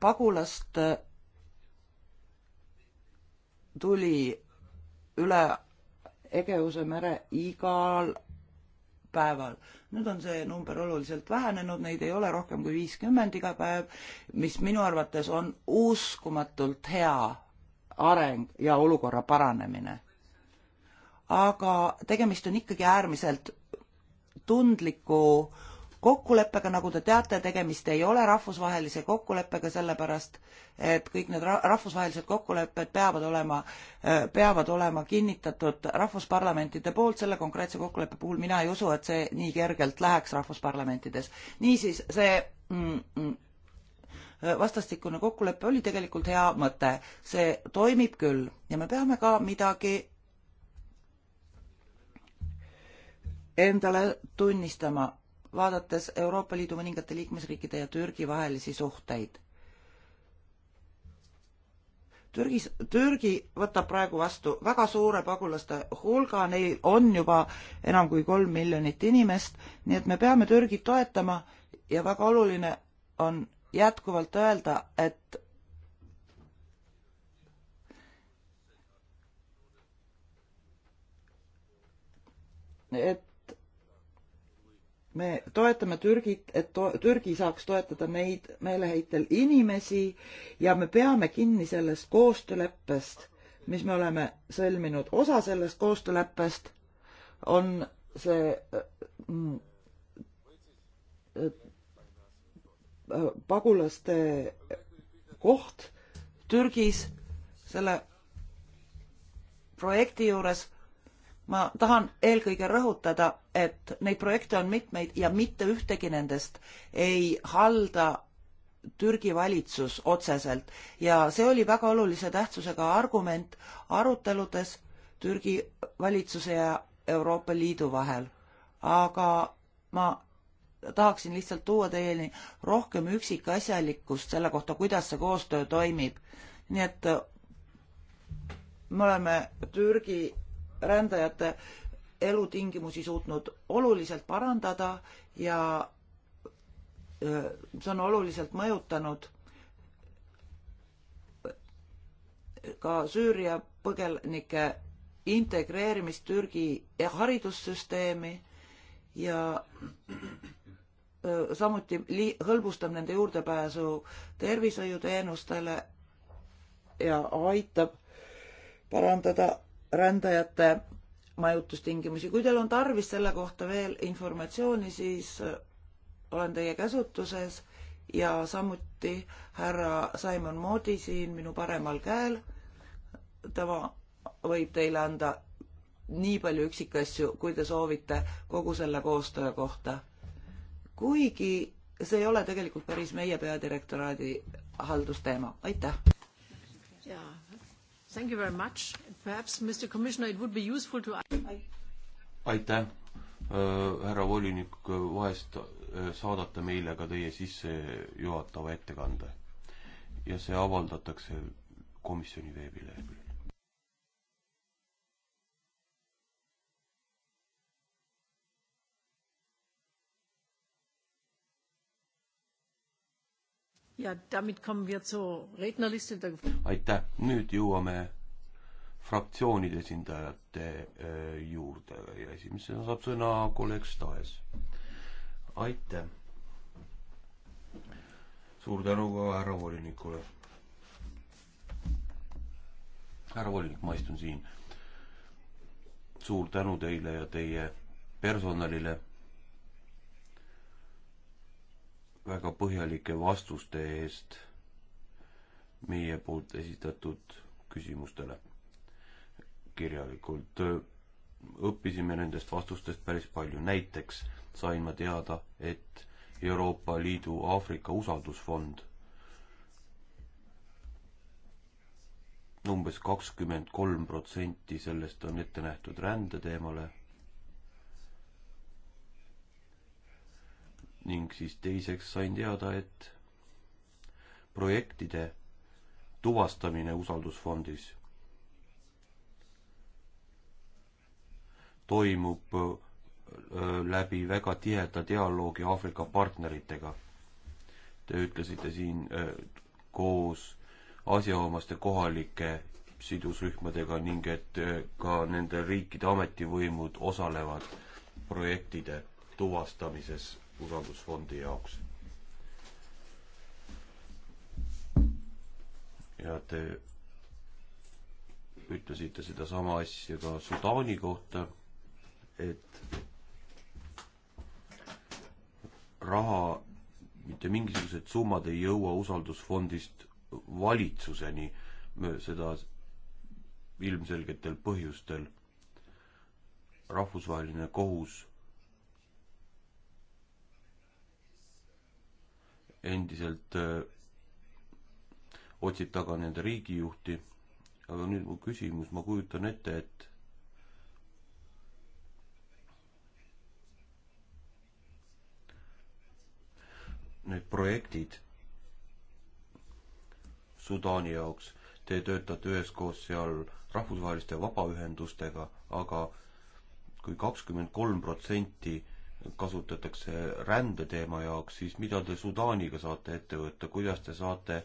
pagulast tuli üle Egeuse mere igal päeval. nüüd on see number oluliselt vähenenud, neid ei ole rohkem kui viiskümmend iga päev, mis minu arvates on uskumatult hea areng ja olukorra paranemine. aga tegemist on ikkagi äärmiselt tundliku äh, kokkuleppega, nagu te teate, tegemist ei ole rahvusvahelise kokkuleppega, sellepärast et kõik need rahvusvahelised kokkulepped peavad olema, peavad olema kinnitatud rahvusparlamentide poolt, selle konkreetse kokkuleppe puhul mina ei usu, et see nii kergelt läheks rahvusparlamentides. niisiis, see mm, mm, vastastikune kokkulepe oli tegelikult hea mõte, see toimib küll ja me peame ka midagi endale tunnistama vaadates Euroopa Liidu mõningate liikmesriikide ja Türgi vahelisi suhteid. Türgis, Türgi võtab praegu vastu väga suure pagulaste hulga, neil on juba enam kui kolm miljonit inimest, nii et me peame Türgit toetama ja väga oluline on jätkuvalt öelda, et et me toetame Türgit, et to, Türgi saaks toetada neid meeleheitel inimesi ja me peame kinni sellest koostööleppest, mis me oleme sõlminud. osa sellest koostööleppest on see äh, äh, pagulaste koht Türgis selle projekti juures ma tahan eelkõige rõhutada, et neid projekte on mitmeid ja mitte ühtegi nendest ei halda Türgi valitsus otseselt ja see oli väga olulise tähtsusega argument aruteludes Türgi valitsuse ja Euroopa Liidu vahel. aga ma tahaksin lihtsalt tuua teieni rohkem üksikasjalikkust selle kohta, kuidas see koostöö toimib. nii et me oleme Türgi rändajate elutingimusi suutnud oluliselt parandada ja see on oluliselt mõjutanud ka Süüria põgenike integreerimist Türgi haridussüsteemi ja samuti hõlbustab nende juurdepääsu tervishoiuteenustele ja aitab parandada rändajate majutustingimusi. kui teil on tarvis selle kohta veel informatsiooni, siis äh, olen teie käsutuses ja samuti härra Simon Moodi siin minu paremal käel. tema võib teile anda nii palju üksikasju, kui te soovite kogu selle koostöö kohta. kuigi see ei ole tegelikult päris meie peadirektoraadi haldusteema. aitäh! Thank you very much. Perhaps, Mr Commissioner, it would be useful to aitäh, äh, härra volinik, vahest äh, saadate meile ka teie sissejuhatava ettekande ja see avaldatakse komisjoni veebilehel. aitäh, nüüd jõuame fraktsioonide esindajate äh, juurde ja esimesena saab sõna kolleeg Staes. aitäh. suur tänu ka härra volinikule. härra volinik, ma istun siin. suur tänu teile ja teie personalile väga põhjalike vastuste eest meie poolt esitatud küsimustele kirjalikult. õppisime nendest vastustest päris palju, näiteks sain ma teada, et Euroopa Liidu Aafrika usaldusfond umbes kakskümmend kolm protsenti sellest on ette nähtud rände teemale ning siis teiseks sain teada, et projektide tuvastamine usaldusfondis toimub äh, läbi väga tiheda dialoogi Aafrika partneritega. Te ütlesite siin äh, koos asjaomaste kohalike sidusrühmadega ning et äh, ka nende riikide ametivõimud osalevad projektide tuvastamises usaldusfondi jaoks. ja te ütlesite sedasama asja ka Sudaani kohta, et raha, mitte mingisugused summad ei jõua usaldusfondist valitsuseni, seda ilmselgetel põhjustel. rahvusvaheline kohus endiselt öö, äh, otsib taga nende riigijuhti. aga nüüd mu küsimus, ma kujutan ette, et need projektid Sudaani jaoks, te töötate üheskoos seal rahvusvaheliste vabaühendustega, aga kui kakskümmend kolm protsenti kasutatakse rändeteema jaoks, siis mida te Sudaaniga saate ette võtta, kuidas te saate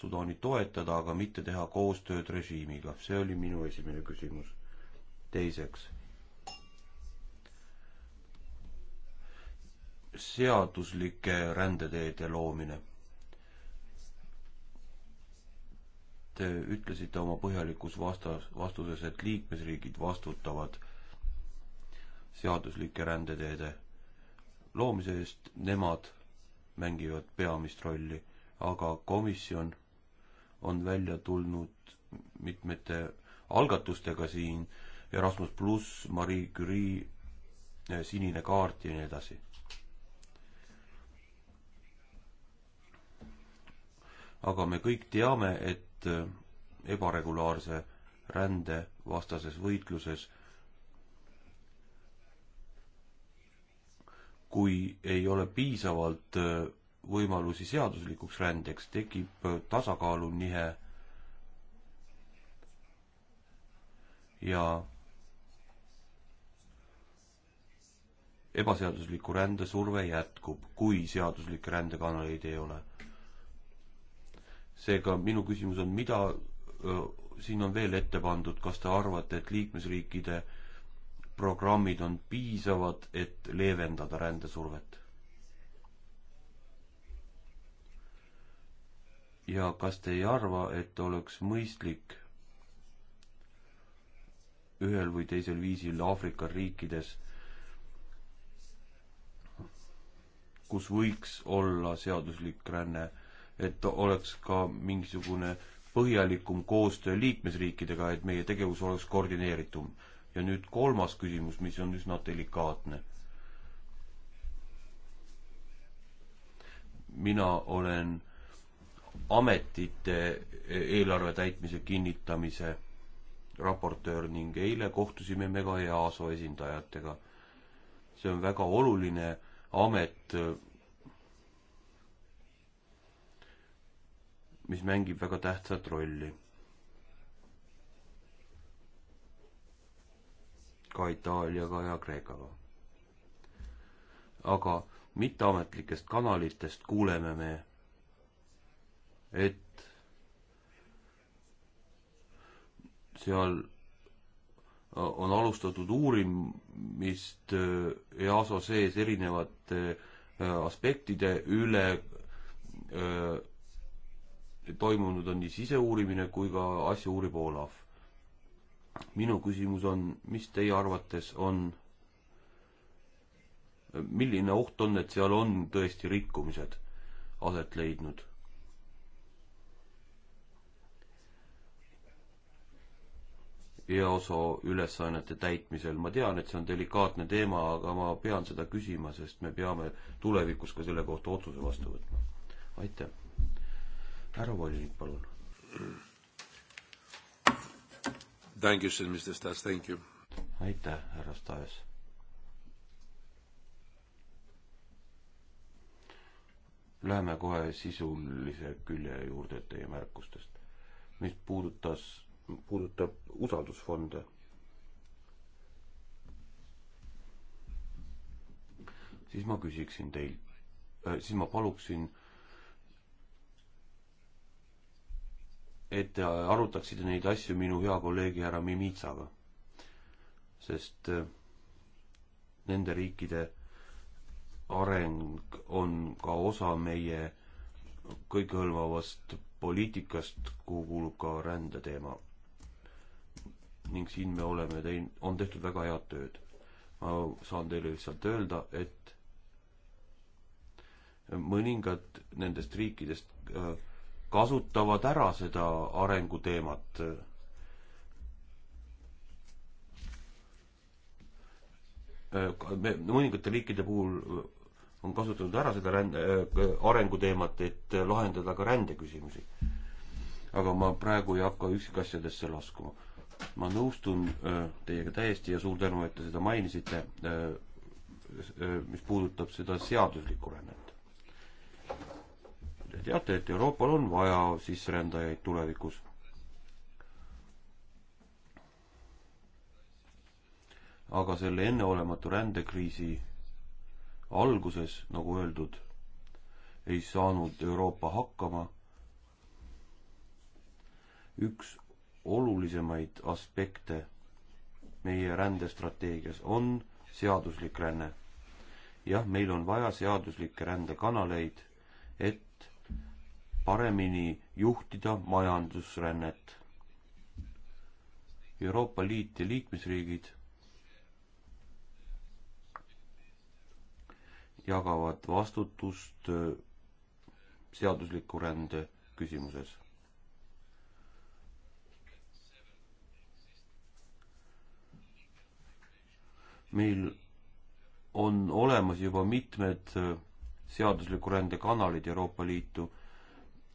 Sudaani toetada, aga mitte teha koostööd režiimiga? see oli minu esimene küsimus. teiseks, seaduslike rändeteede loomine. Te ütlesite oma põhjalikus vastas, vastuses, et liikmesriigid vastutavad seaduslike rändeteede loomise eest, nemad mängivad peamist rolli, aga komisjon on välja tulnud mitmete algatustega siin, Erasmus pluss, Marie Curie, eh, sinine kaart ja nii edasi. aga me kõik teame, et eh, ebaregulaarse rände vastases võitluses kui ei ole piisavalt äh, võimalusi seaduslikuks rändeks, tekib äh, tasakaalunihe ja ebaseadusliku rände surve jätkub, kui seaduslikke rändekanaleid ei ole. seega minu küsimus on, mida öö, äh, siin on veel ette pandud, kas te arvate, et liikmesriikide öö, programmid on piisavad, et leevendada rändesurvet? ja kas te ei arva, et oleks mõistlik ühel või teisel viisil Aafrika riikides, kus võiks olla seaduslik ränne, et oleks ka mingisugune põhjalikum koostöö liikmesriikidega, et meie tegevus oleks koordineeritum ja nüüd kolmas küsimus, mis on üsna delikaatne. mina olen ametite eelarve täitmise kinnitamise raportöör ning eile kohtusime me ka EASO esindajatega. see on väga oluline amet, mis mängib väga tähtsat rolli ka Itaaliaga ja Kreekaga. aga mitteametlikest kanalitest kuuleme me, et seal on alustatud uurimist äh, EASO sees erinevate äh, aspektide üle äh, toimunud on nii siseuurimine kui ka asja uurib Olav minu küsimus on, mis teie arvates on, milline oht on, et seal on tõesti rikkumised aset leidnud? eoso ülesannete täitmisel, ma tean, et see on delikaatne teema, aga ma pean seda küsima, sest me peame tulevikus ka selle kohta otsuse vastu võtma. aitäh. härra volinik, palun aitäh, härra Stas. Läheme kohe sisulise külje juurde teie märkustest, mis puudutas, puudutab usaldusfonde. siis ma küsiksin teilt äh,, siis ma paluksin et te arutaksite neid asju minu hea kolleegi härra Mimitsaga. sest äh, nende riikide areng on ka osa meie kõikehõlmavast poliitikast, kuhu kuulub ka rändeteema. ning siin me oleme tein-, on tehtud väga head tööd. ma saan teile lihtsalt öelda, et mõningad nendest riikidest äh, kasutavad ära seda arenguteemat. me mõningate riikide puhul on kasutatud ära seda rände, arenguteemat, et lahendada ka rändeküsimusi. aga ma praegu ei hakka üksikasjadesse laskuma. ma nõustun äh, teiega täiesti ja suur tänu, et te seda mainisite, äh, äh, mis puudutab seda seaduslikku rännet. Te teate, et Euroopal on vaja sisserändajaid tulevikus. aga selle enneolematu rändekriisi alguses, nagu öeldud, ei saanud Euroopa hakkama. üks olulisemaid aspekte meie rändestrateegias on seaduslik ränne jah, meil on vaja seaduslikke rändekanaleid, et paremini juhtida majandusrännet. Euroopa Liit ja liikmesriigid jagavad vastutust äh, seadusliku rände küsimuses. meil on olemas juba mitmed äh, seadusliku rände kanalid Euroopa Liitu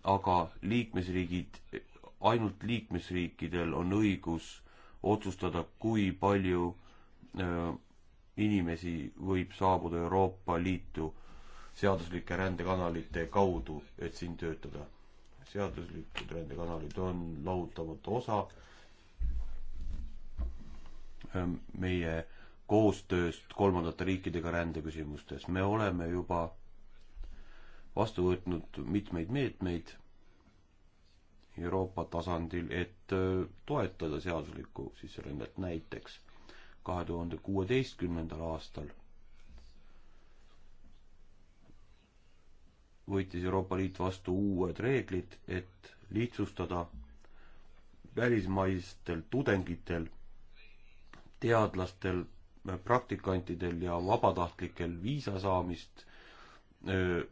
aga liikmesriigid, ainult liikmesriikidel on õigus otsustada, kui palju öö, äh, inimesi võib saabuda Euroopa Liitu seaduslike rändekanalite kaudu, et siin töötada. seaduslikud rändekanalid on lahutamatu osa äh, meie koostööst kolmandate riikidega rändeküsimustes. me oleme juba vastu võtnud mitmeid meetmeid Euroopa tasandil, et äh, toetada seaduslikku sisserännet, näiteks kahe tuhande kuueteistkümnendal aastal võttis Euroopa Liit vastu uued reeglid, et lihtsustada välismaistel tudengitel, teadlastel, praktikantidel ja vabatahtlikel viisa saamist öö, äh,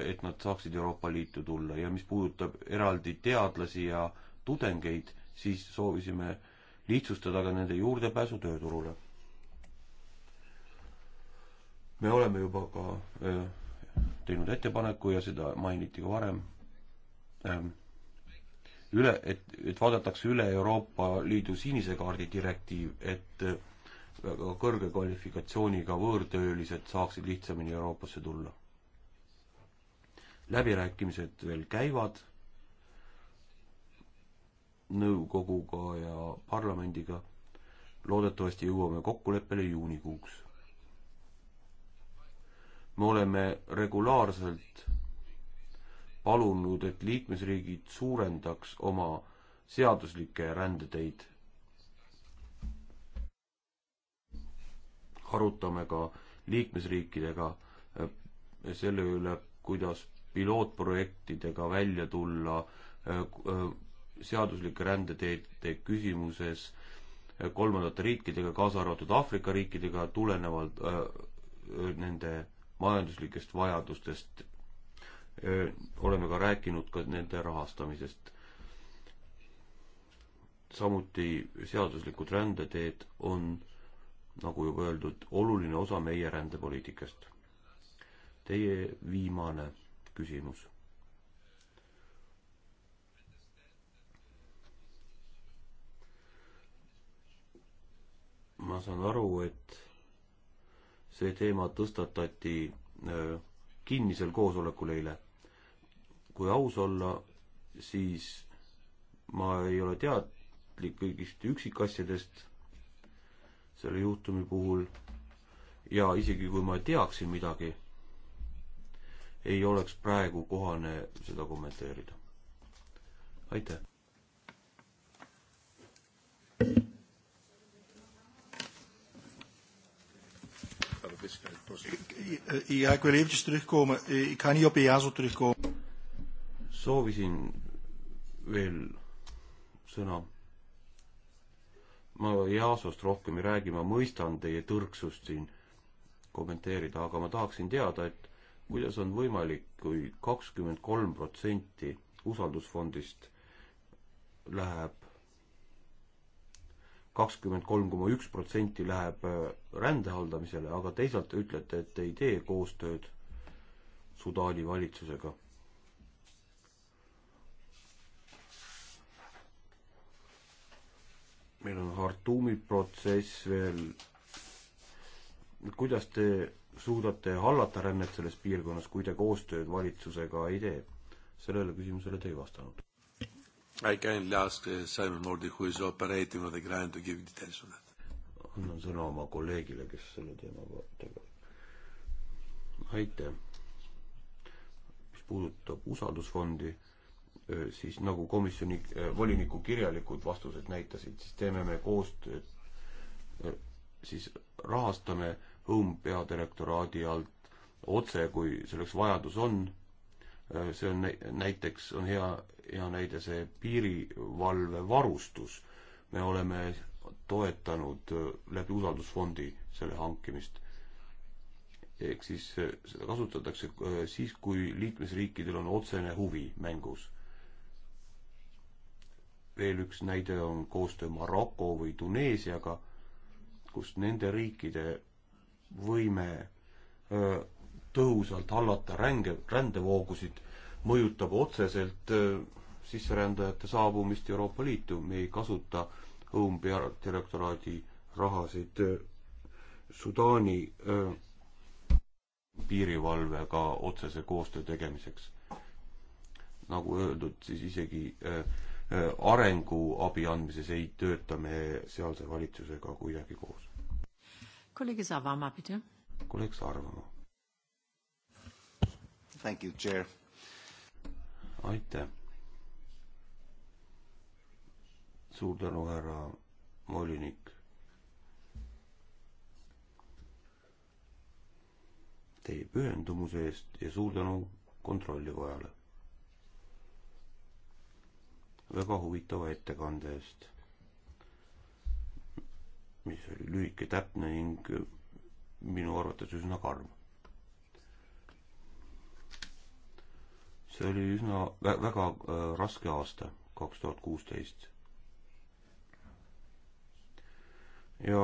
et nad saaksid Euroopa Liitu tulla ja mis puudutab eraldi teadlasi ja tudengeid, siis soovisime lihtsustada ka nende juurdepääsu tööturule. me oleme juba ka äh, teinud ettepaneku ja seda mainiti ka varem, ähm, üle, et, et vaadatakse üle Euroopa Liidu sinise kaardi direktiiv, et äh, väga kõrge kvalifikatsiooniga võõrtöölised saaksid lihtsamini Euroopasse tulla läbirääkimised veel käivad nõukoguga ja parlamendiga. loodetavasti jõuame kokkuleppele juunikuuks. me oleme regulaarselt palunud, et liikmesriigid suurendaks oma seaduslikke rändeteid. arutame ka liikmesriikidega selle üle, kuidas pilootprojektidega välja tulla äh, äh, seaduslike rändeteede küsimuses äh, kolmandate riikidega, kaasa arvatud Aafrika riikidega, tulenevalt nende majanduslikest vajadustest. oleme ka rääkinud ka nende rahastamisest. samuti seaduslikud rändeteed on, nagu juba öeldud, oluline osa meie rändepoliitikast. Teie viimane küsimus. ma saan aru, et see teema tõstatati äh, kinnisel koosolekul eile. kui aus olla, siis ma ei ole teadlik kõigist üksikasjadest selle juhtumi puhul ja isegi kui ma teaksin midagi ei oleks praegu kohane seda kommenteerida. aitäh. Ja, ik wil eventjes terugkomen. Ik ga niet op EASO terugkomen. Soovisin veel sõna. ma EASO-st rohkem ei räägi, ma mõistan teie tõrksust siin kommenteerida, aga ma tahaksin teada, et kuidas on võimalik kui, kui kakskümmend kolm protsenti usaldusfondist läheb, kakskümmend kolm koma üks protsenti läheb äh, rände haldamisele, aga teisalt te ütlete, et te ei tee koostööd Sudaani valitsusega. meil on Hartumi protsess veel, kuidas te suudate hallata rännet selles piirkonnas, kui te koostööd valitsusega ei tee? sellele küsimusele te ei vastanud. I kindly ask uh, Simon Mordi, who is operating on the ground to give details on that. annan sõna oma kolleegile, kes selle teemaga tegeleb. aitäh. mis puudutab usaldusfondi, siis nagu komisjoni voliniku kirjalikud vastused näitasid, siis teeme me koostööd, siis rahastame äh, Home peadirektoraadi alt otse, kui selleks vajadus on. Äh, see on näiteks, on hea, hea näide see piirivalvevarustus. me oleme toetanud äh, läbi usaldusfondi selle hankimist. ehk siis äh, seda kasutatakse siis, kui liikmesriikidel on otsene huvi mängus. veel üks näide on koostöö Maroko või Tuneesiaga, kus nende riikide võime tõhusalt hallata ränge, rändevoogusid, mõjutab otseselt sisserändajate saabumist Euroopa Liitu, me ei kasuta õumpeadirektoraadi rahasid Sudaani piirivalvega otsese koostöö tegemiseks. nagu öeldud, siis isegi arenguabi andmises ei tööta me sealse valitsusega kuidagi koos kolleeg Savamaa, bitte. kolleeg Sarvamaa. Thank you, chair. aitäh. suur tänu, härra volinik. Teie pühendumuse eest ja suur tänu kontrollikojale. väga huvitava ettekande eest mis oli lühike, täpne ning äh, minu arvates üsna karm. see oli üsna vä-, väga äh, raske aasta, kaks tuhat kuusteist. ja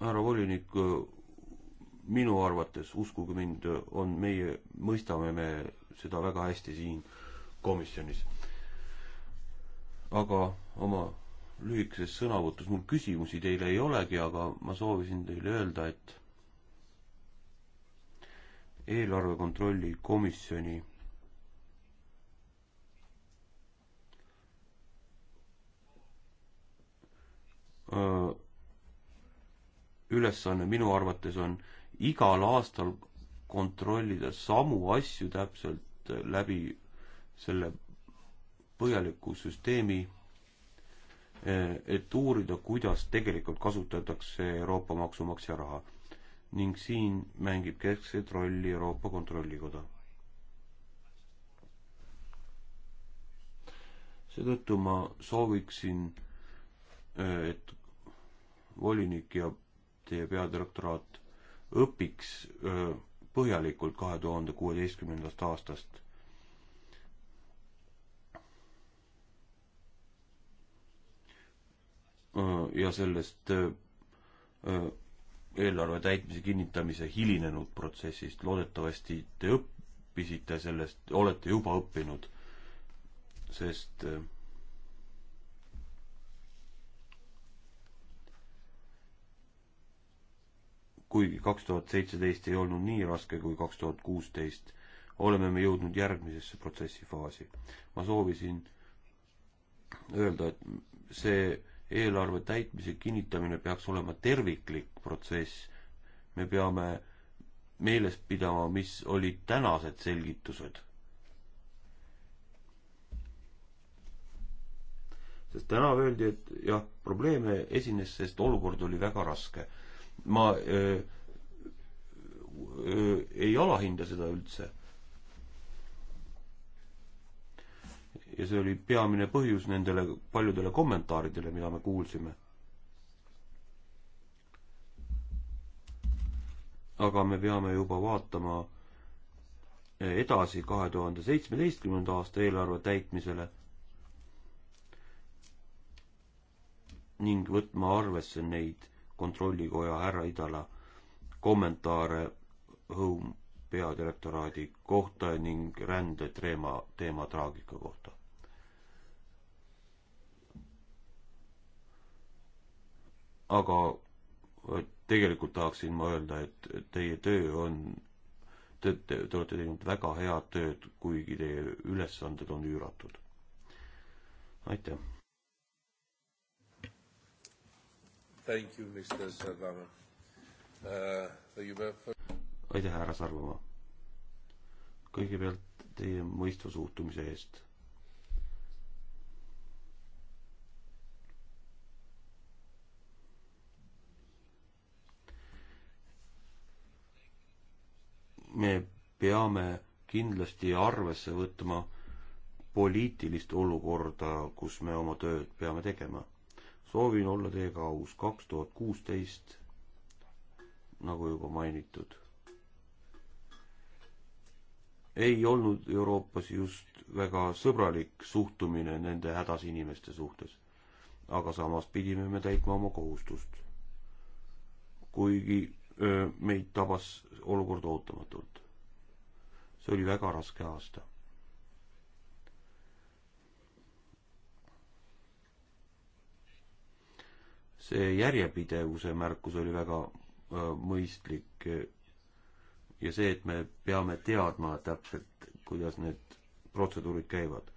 härra volinik, äh, minu arvates, uskuge mind, äh, on meie, mõistame me seda väga hästi siin komisjonis. aga oma lühikeses sõnavõtus, mul küsimusi teile ei olegi, aga ma soovisin teile öelda, et eelarve kontrolli komisjoni ülesanne minu arvates on igal aastal kontrollida samu asju täpselt läbi selle põhjaliku süsteemi Eh, et uurida, kuidas tegelikult kasutatakse Euroopa maksumaksja raha ning siin mängib keskset rolli Euroopa Kontrollikoda. seetõttu ma sooviksin, eh, et volinik ja teie peadirektoraat õpiks eh, põhjalikult kahe tuhande kuueteistkümnendast aastast Äh, ja sellest äh, äh, eelarve täitmise kinnitamise hilinenud protsessist. loodetavasti te õppisite sellest, olete juba õppinud, sest kuigi kaks tuhat seitseteist ei olnud nii raske kui kaks tuhat kuusteist, oleme me jõudnud järgmisesse protsessi faasi. ma soovisin öelda, et see eelarve täitmise kinnitamine peaks olema terviklik protsess. me peame meeles pidama, mis olid tänased selgitused. sest täna öeldi, et jah, probleeme esines, sest olukord oli väga raske. ma öö, äh, öö, äh, ei alahinda seda üldse ja see oli peamine põhjus nendele paljudele kommentaaridele, mida me kuulsime. aga me peame juba vaatama edasi kahe tuhande seitsmeteistkümnenda aasta eelarve täitmisele ning võtma arvesse neid kontrollikoja härra Idala kommentaare Home peadirektoraadi kohta ning rände teema, teema traagika kohta. aga äh, tegelikult tahaksin ma öelda, et teie töö on, te, te, te olete teinud väga head tööd, kuigi teie ülesanded on üüratud. aitäh. Thank you, Mr Sarvama uh,. For... aitäh, härra Sarvama. kõigepealt teie mõistva suhtumise eest me peame kindlasti arvesse võtma poliitilist olukorda, kus me oma tööd peame tegema. soovin olla teiega aus, kaks tuhat kuusteist, nagu juba mainitud, ei olnud Euroopas just väga sõbralik suhtumine nende hädas inimeste suhtes. aga samas pidime me täitma oma kohustust. kuigi meid tabas olukord ootamatult. see oli väga raske aasta. see järjepidevuse märkus oli väga mõistlik ja see, et me peame teadma täpselt, kuidas need protseduurid käivad.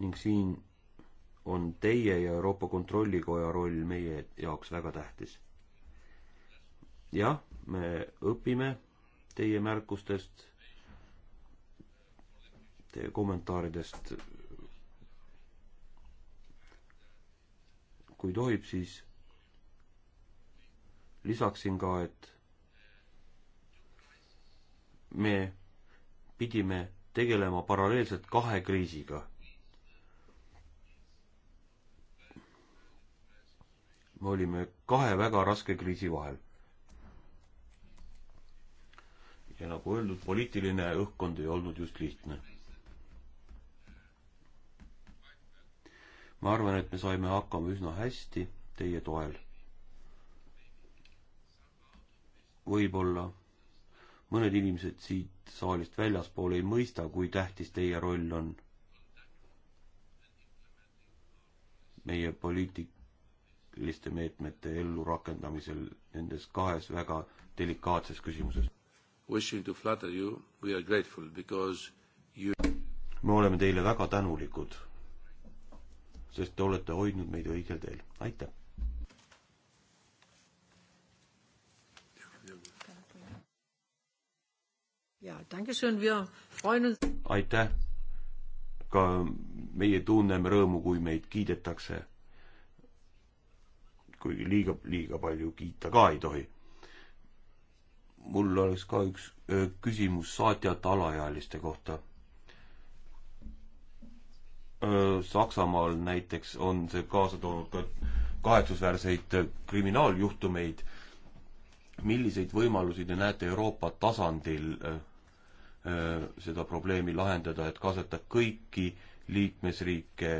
ning siin on teie ja Euroopa Kontrollikoja roll meie jaoks väga tähtis. jah, me õpime teie märkustest, teie kommentaaridest. kui tohib, siis lisaksin ka, et me pidime tegelema paralleelselt kahe kriisiga me olime kahe väga raske kriisi vahel. ja nagu öeldud, poliitiline õhkkond ei olnud just lihtne. ma arvan, et me saime hakkama üsna hästi teie toel. võib-olla mõned inimesed siit saalist väljaspool ei mõista, kui tähtis teie roll on meie poliitik-, poliitiliste meetmete ellurakendamisel nendes kahes väga delikaatses küsimuses. You... me oleme teile väga tänulikud, sest te olete hoidnud meid õigel teel. aitäh! aitäh! ka meie tunneme rõõmu, kui meid kiidetakse kuigi liiga, liiga palju kiita ka ei tohi. mul oleks ka üks öö, küsimus saatjate alaealiste kohta. Saksamaal näiteks on see kaasa toonud ka kahetsusväärseid kriminaaljuhtumeid. milliseid võimalusi te näete Euroopa tasandil öö, seda probleemi lahendada, et kaasata kõiki liikmesriike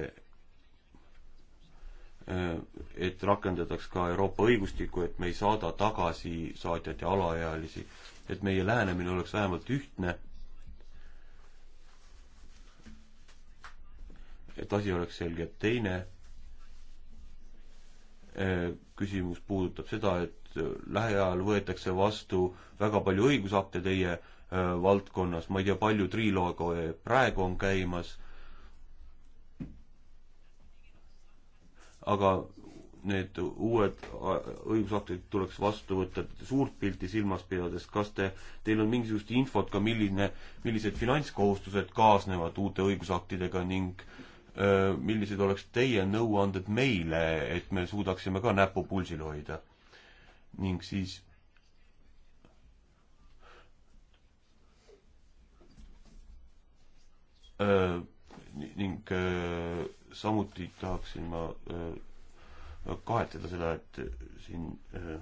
Äh, et rakendataks ka Euroopa õigustikku, et me ei saada tagasi saatjaid ja alaealisi, et meie lähenemine oleks vähemalt ühtne. et asi oleks selge, teine äh, küsimus puudutab seda, et äh, lähiajal võetakse vastu väga palju õigusakte teie valdkonnas, ma ei tea, palju trilooga praegu on käimas aga need uued õigusaktid tuleks vastu võtta suurt pilti silmas pidades, kas te, teil on mingisugust infot ka, milline, millised finantskohustused kaasnevad uute õigusaktidega ning öö, millised oleks teie nõuanded meile, et me suudaksime ka näpu pulsil hoida? ning siis öö, ning öö, samuti tahaksin ma äh, kahetleda seda, et äh, siin äh,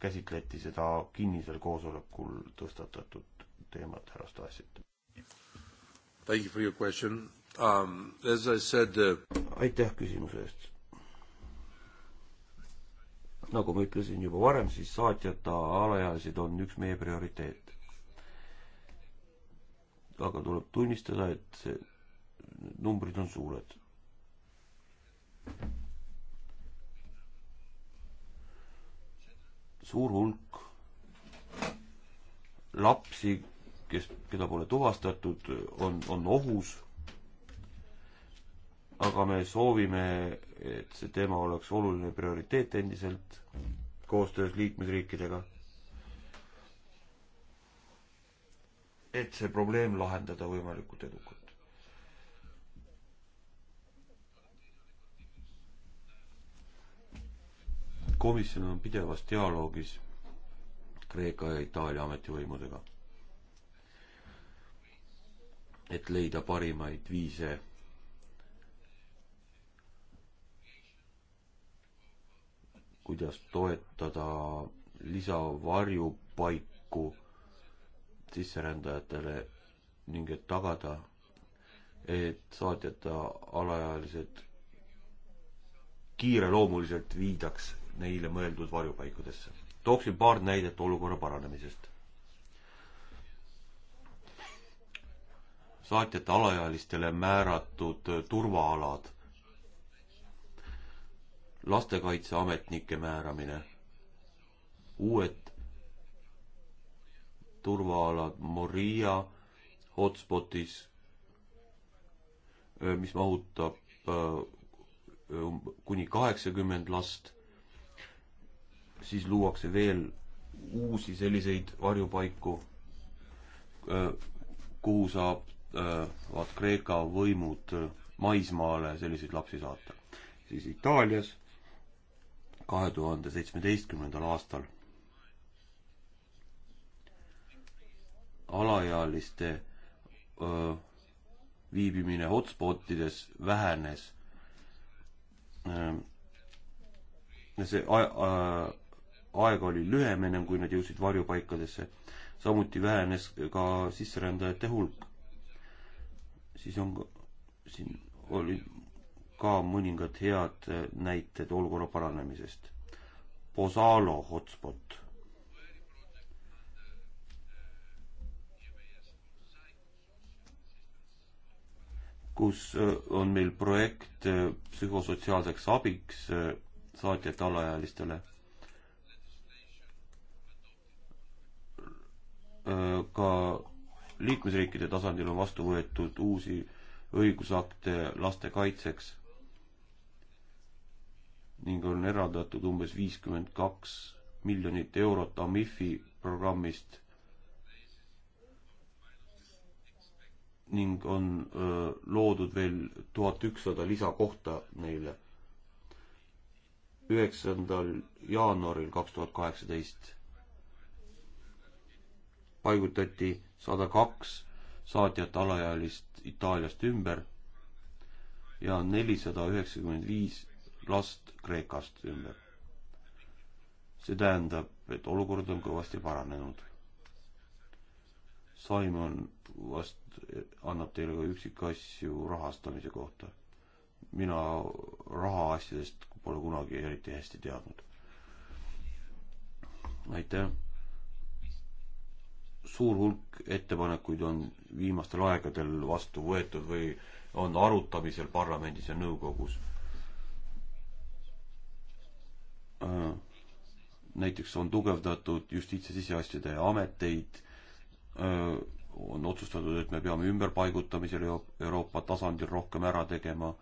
käsitleti seda kinnisel koosolekul tõstatatud teemat, härra Stasit. Thank you for your question um,. As I said uh... aitäh küsimuse eest. nagu ma ütlesin juba varem, siis saatjata alaealised on üks meie prioriteet. aga tuleb tunnistada, et see numbrid on suured suur hulk lapsi, kes, keda pole tuvastatud, on, on ohus. aga me soovime, et see teema oleks oluline prioriteet endiselt koostöös liikmesriikidega. et see probleem lahendada võimalikult edukalt. komisjon on pidevas dialoogis Kreeka ja Itaalia ametivõimudega, et leida parimaid viise kuidas toetada lisavarjupaiku sisserändajatele ning et tagada, et saatjata alaealised kiireloomuliselt viidaks neile mõeldud varjupaikadesse. tooksin paar näidet olukorra paranemisest. saatjate alaealistele määratud turvaalad, lastekaitseametnike määramine, uued turvaalad Moria hotspotis, mis mahutab äh, um-, kuni kaheksakümmend last siis luuakse veel uusi selliseid varjupaiku, kuhu saavad Kreeka võimud maismaale selliseid lapsi saata. siis Itaalias kahe tuhande seitsmeteistkümnendal aastal alaealiste öö, viibimine hotspotides vähenes. see a, a, aeg oli lühem ennem, kui nad jõudsid varjupaikadesse. samuti vähenes ka sisserändajate hulk. siis on, siin oli ka mõningad head eh, näited olukorra paranemisest. Posalo hotspot. kus eh, on meil projekt eh, psühhosotsiaalseks abiks saatjate alaealistele Äh, ka liikmesriikide tasandil on vastu võetud uusi õigusakte laste kaitseks ning on eraldatud umbes viiskümmend kaks miljonit eurot AMIF-i programmist ning on öö, loodud veel tuhat ükssada lisakohta neile. üheksandal jaanuaril kaks tuhat kaheksateist paigutati sada kaks saatjat alaealist Itaaliast ümber ja nelisada üheksakümmend viis last Kreekast ümber. see tähendab, et olukord on kõvasti paranenud. Simon vast annab teile ka üksikasju rahastamise kohta. mina rahaasjadest pole kunagi eriti hästi teadnud. aitäh! suur hulk ettepanekuid on viimastel aegadel vastu võetud või on arutamisel parlamendis ja nõukogus. Äh, näiteks on tugevdatud justiits- ja siseasjade ameteid, äh, on otsustatud, et me peame ümberpaigutamisel Euroopa tasandil rohkem ära tegema,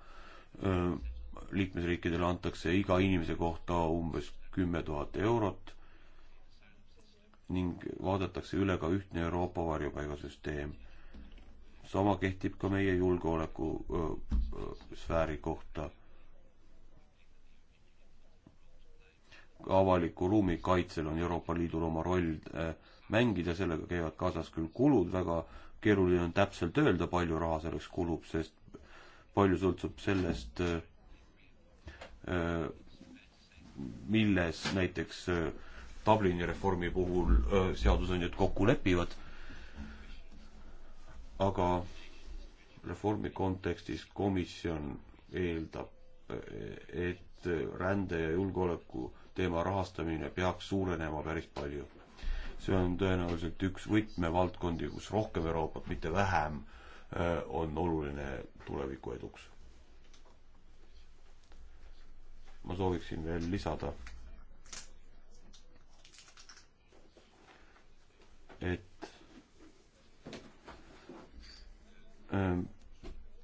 äh, liikmesriikidele antakse iga inimese kohta umbes kümme tuhat eurot ning vaadatakse üle ka ühtne Euroopa varjupaigasüsteem. sama kehtib ka meie julgeoleku öö, sfääri kohta. avaliku ruumi kaitsel on Euroopa Liidul oma roll äh, mängida, sellega käivad kaasas küll kulud, väga keeruline on täpselt öelda, palju raha selleks kulub, sest palju sõltub sellest öö, milles näiteks öö, Dublini reformi puhul seadusandjad kokku lepivad, aga reformi kontekstis komisjon eeldab, et rände ja julgeoleku teema rahastamine peaks suurenema päris palju. see on tõenäoliselt üks võtmevaldkondi, kus rohkem Euroopat, mitte vähem, on oluline tuleviku eduks. ma sooviksin veel lisada et ähm,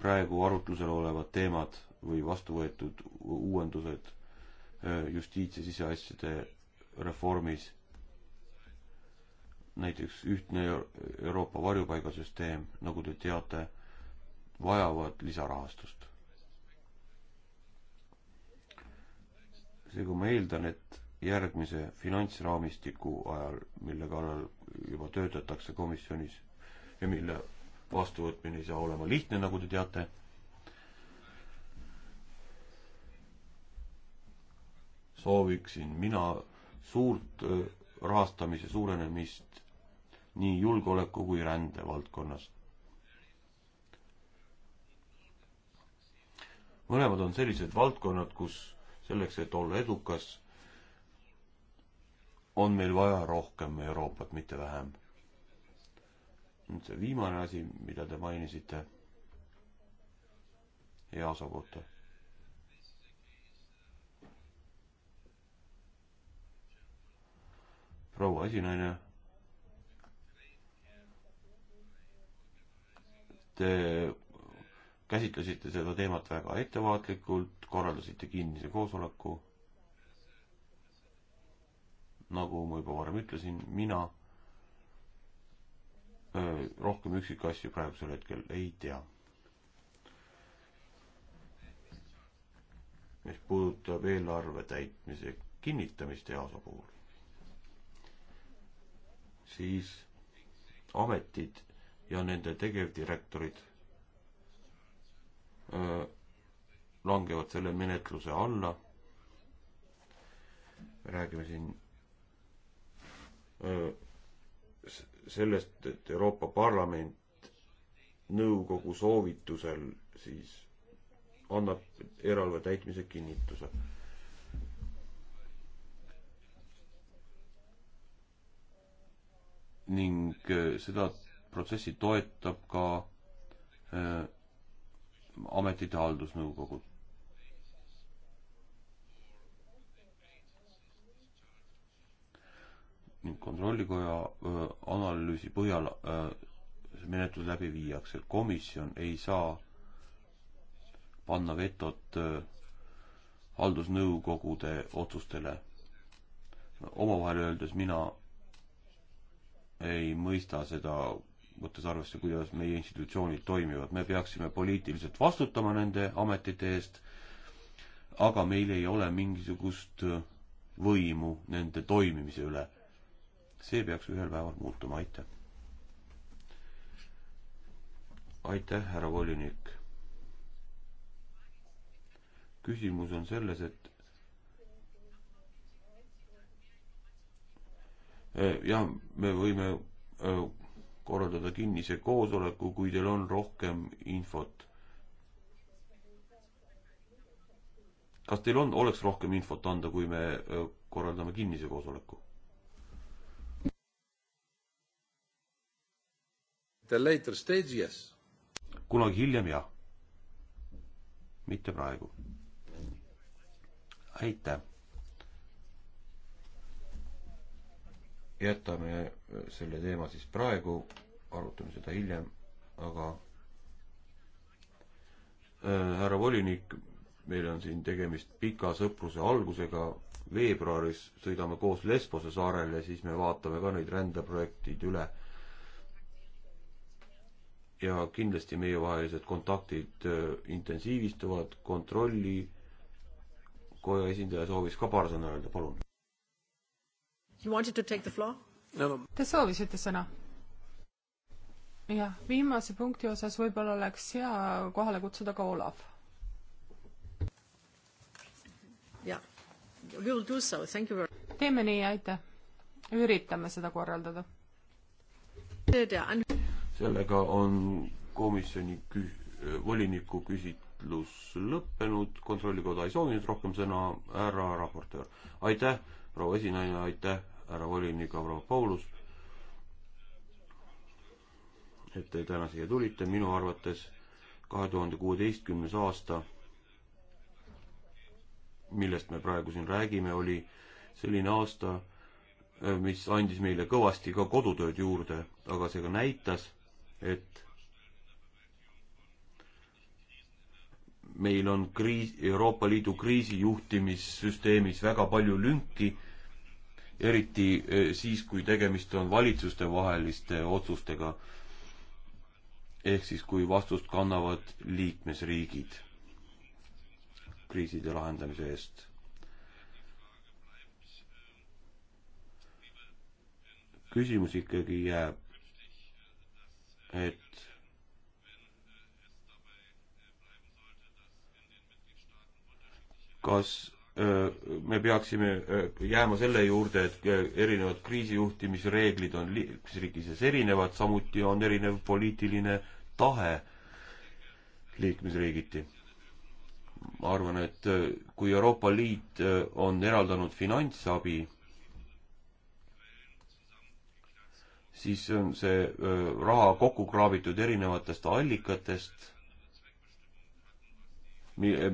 praegu arutlusel olevad teemad või vastu võetud uuendused äh, justiits- ja siseasjade reformis, näiteks ühtne Euroopa varjupaigasüsteem, nagu te teate, vajavad lisarahastust. seega ma eeldan, et järgmise finantsraamistiku ajal, mille kallal juba töötatakse komisjonis ja mille vastuvõtmine ei saa olema lihtne, nagu te teate. sooviksin mina suurt äh, rahastamise suurenemist nii julgeoleku kui rände valdkonnas. mõlemad on sellised valdkonnad, kus selleks, et olla edukas on meil vaja rohkem Euroopat, mitte vähem. nüüd see viimane asi, mida te mainisite EASA kohta. proua esinaine, te käsitlesite seda teemat väga ettevaatlikult, korraldasite kinnise koosoleku nagu ma juba varem ütlesin, mina öö, rohkem üksikasju praegusel hetkel ei tea. mis puudutab eelarve täitmise kinnitamist EASA puhul, siis ametid ja nende tegevdirektorid öö, langevad selle menetluse alla. räägime siin sellest, et Euroopa Parlament nõukogu soovitusel siis annab järelevalve täitmise kinnituse. ning seda protsessi toetab ka äh, ametite haldusnõukogu ning Kontrollikoja analüüsi põhjal see menetlus läbi viiakse. komisjon ei saa panna vetot haldusnõukogude otsustele. omavahel öeldes mina ei mõista seda, võttes arvesse, kuidas meie institutsioonid toimivad. me peaksime poliitiliselt vastutama nende ametite eest, aga meil ei ole mingisugust võimu nende toimimise üle see peaks ühel päeval muutuma, aitäh. aitäh, härra volinik. küsimus on selles, et eh, jah, me võime eh, korraldada kinnise koosoleku, kui teil on rohkem infot. kas teil on, oleks rohkem infot anda, kui me eh, korraldame kinnise koosoleku? The later stage, yes. kunagi hiljem, jah. mitte praegu. aitäh. jätame äh, selle teema siis praegu, arutame seda hiljem, aga äh, härra volinik, meil on siin tegemist pika sõpruse algusega, veebruaris sõidame koos Lesbose saarele, siis me vaatame ka neid rändeprojektid üle ja kindlasti meievahelised kontaktid äh, intensiivistuvad, kontrolli koja esindaja soovis ka paar sõna öelda, palun. No, no. Te soovisite sõna? jah, viimase punkti osas võib-olla oleks hea kohale kutsuda ka Olav. jah, we will do so, thank you very teeme nii, aitäh. üritame seda korraldada sellega on komisjoni kü-, voliniku küsitlus lõppenud, Kontrollikoda ei soovinud rohkem sõna, härra raportöör. aitäh, proua esinaine, aitäh, härra volinik Avram Paulus, et te täna siia tulite, minu arvates kahe tuhande kuueteistkümnes aasta, millest me praegu siin räägime, oli selline aasta, mis andis meile kõvasti ka kodutööd juurde, aga see ka näitas, et meil on kriis, Euroopa Liidu kriisijuhtimissüsteemis väga palju lünki, eriti eh, siis, kui tegemist on valitsustevaheliste otsustega. ehk siis, kui vastust kannavad liikmesriigid kriiside lahendamise eest. küsimus ikkagi jääb, et kas me peaksime jääma selle juurde, et erinevad kriisijuhtimisreeglid on liikmesriikides erinevad, samuti on erinev poliitiline tahe liikmesriigiti. ma arvan, et kui Euroopa Liit on eraldanud finantsabi siis on see raha kokku kraabitud erinevatest allikatest,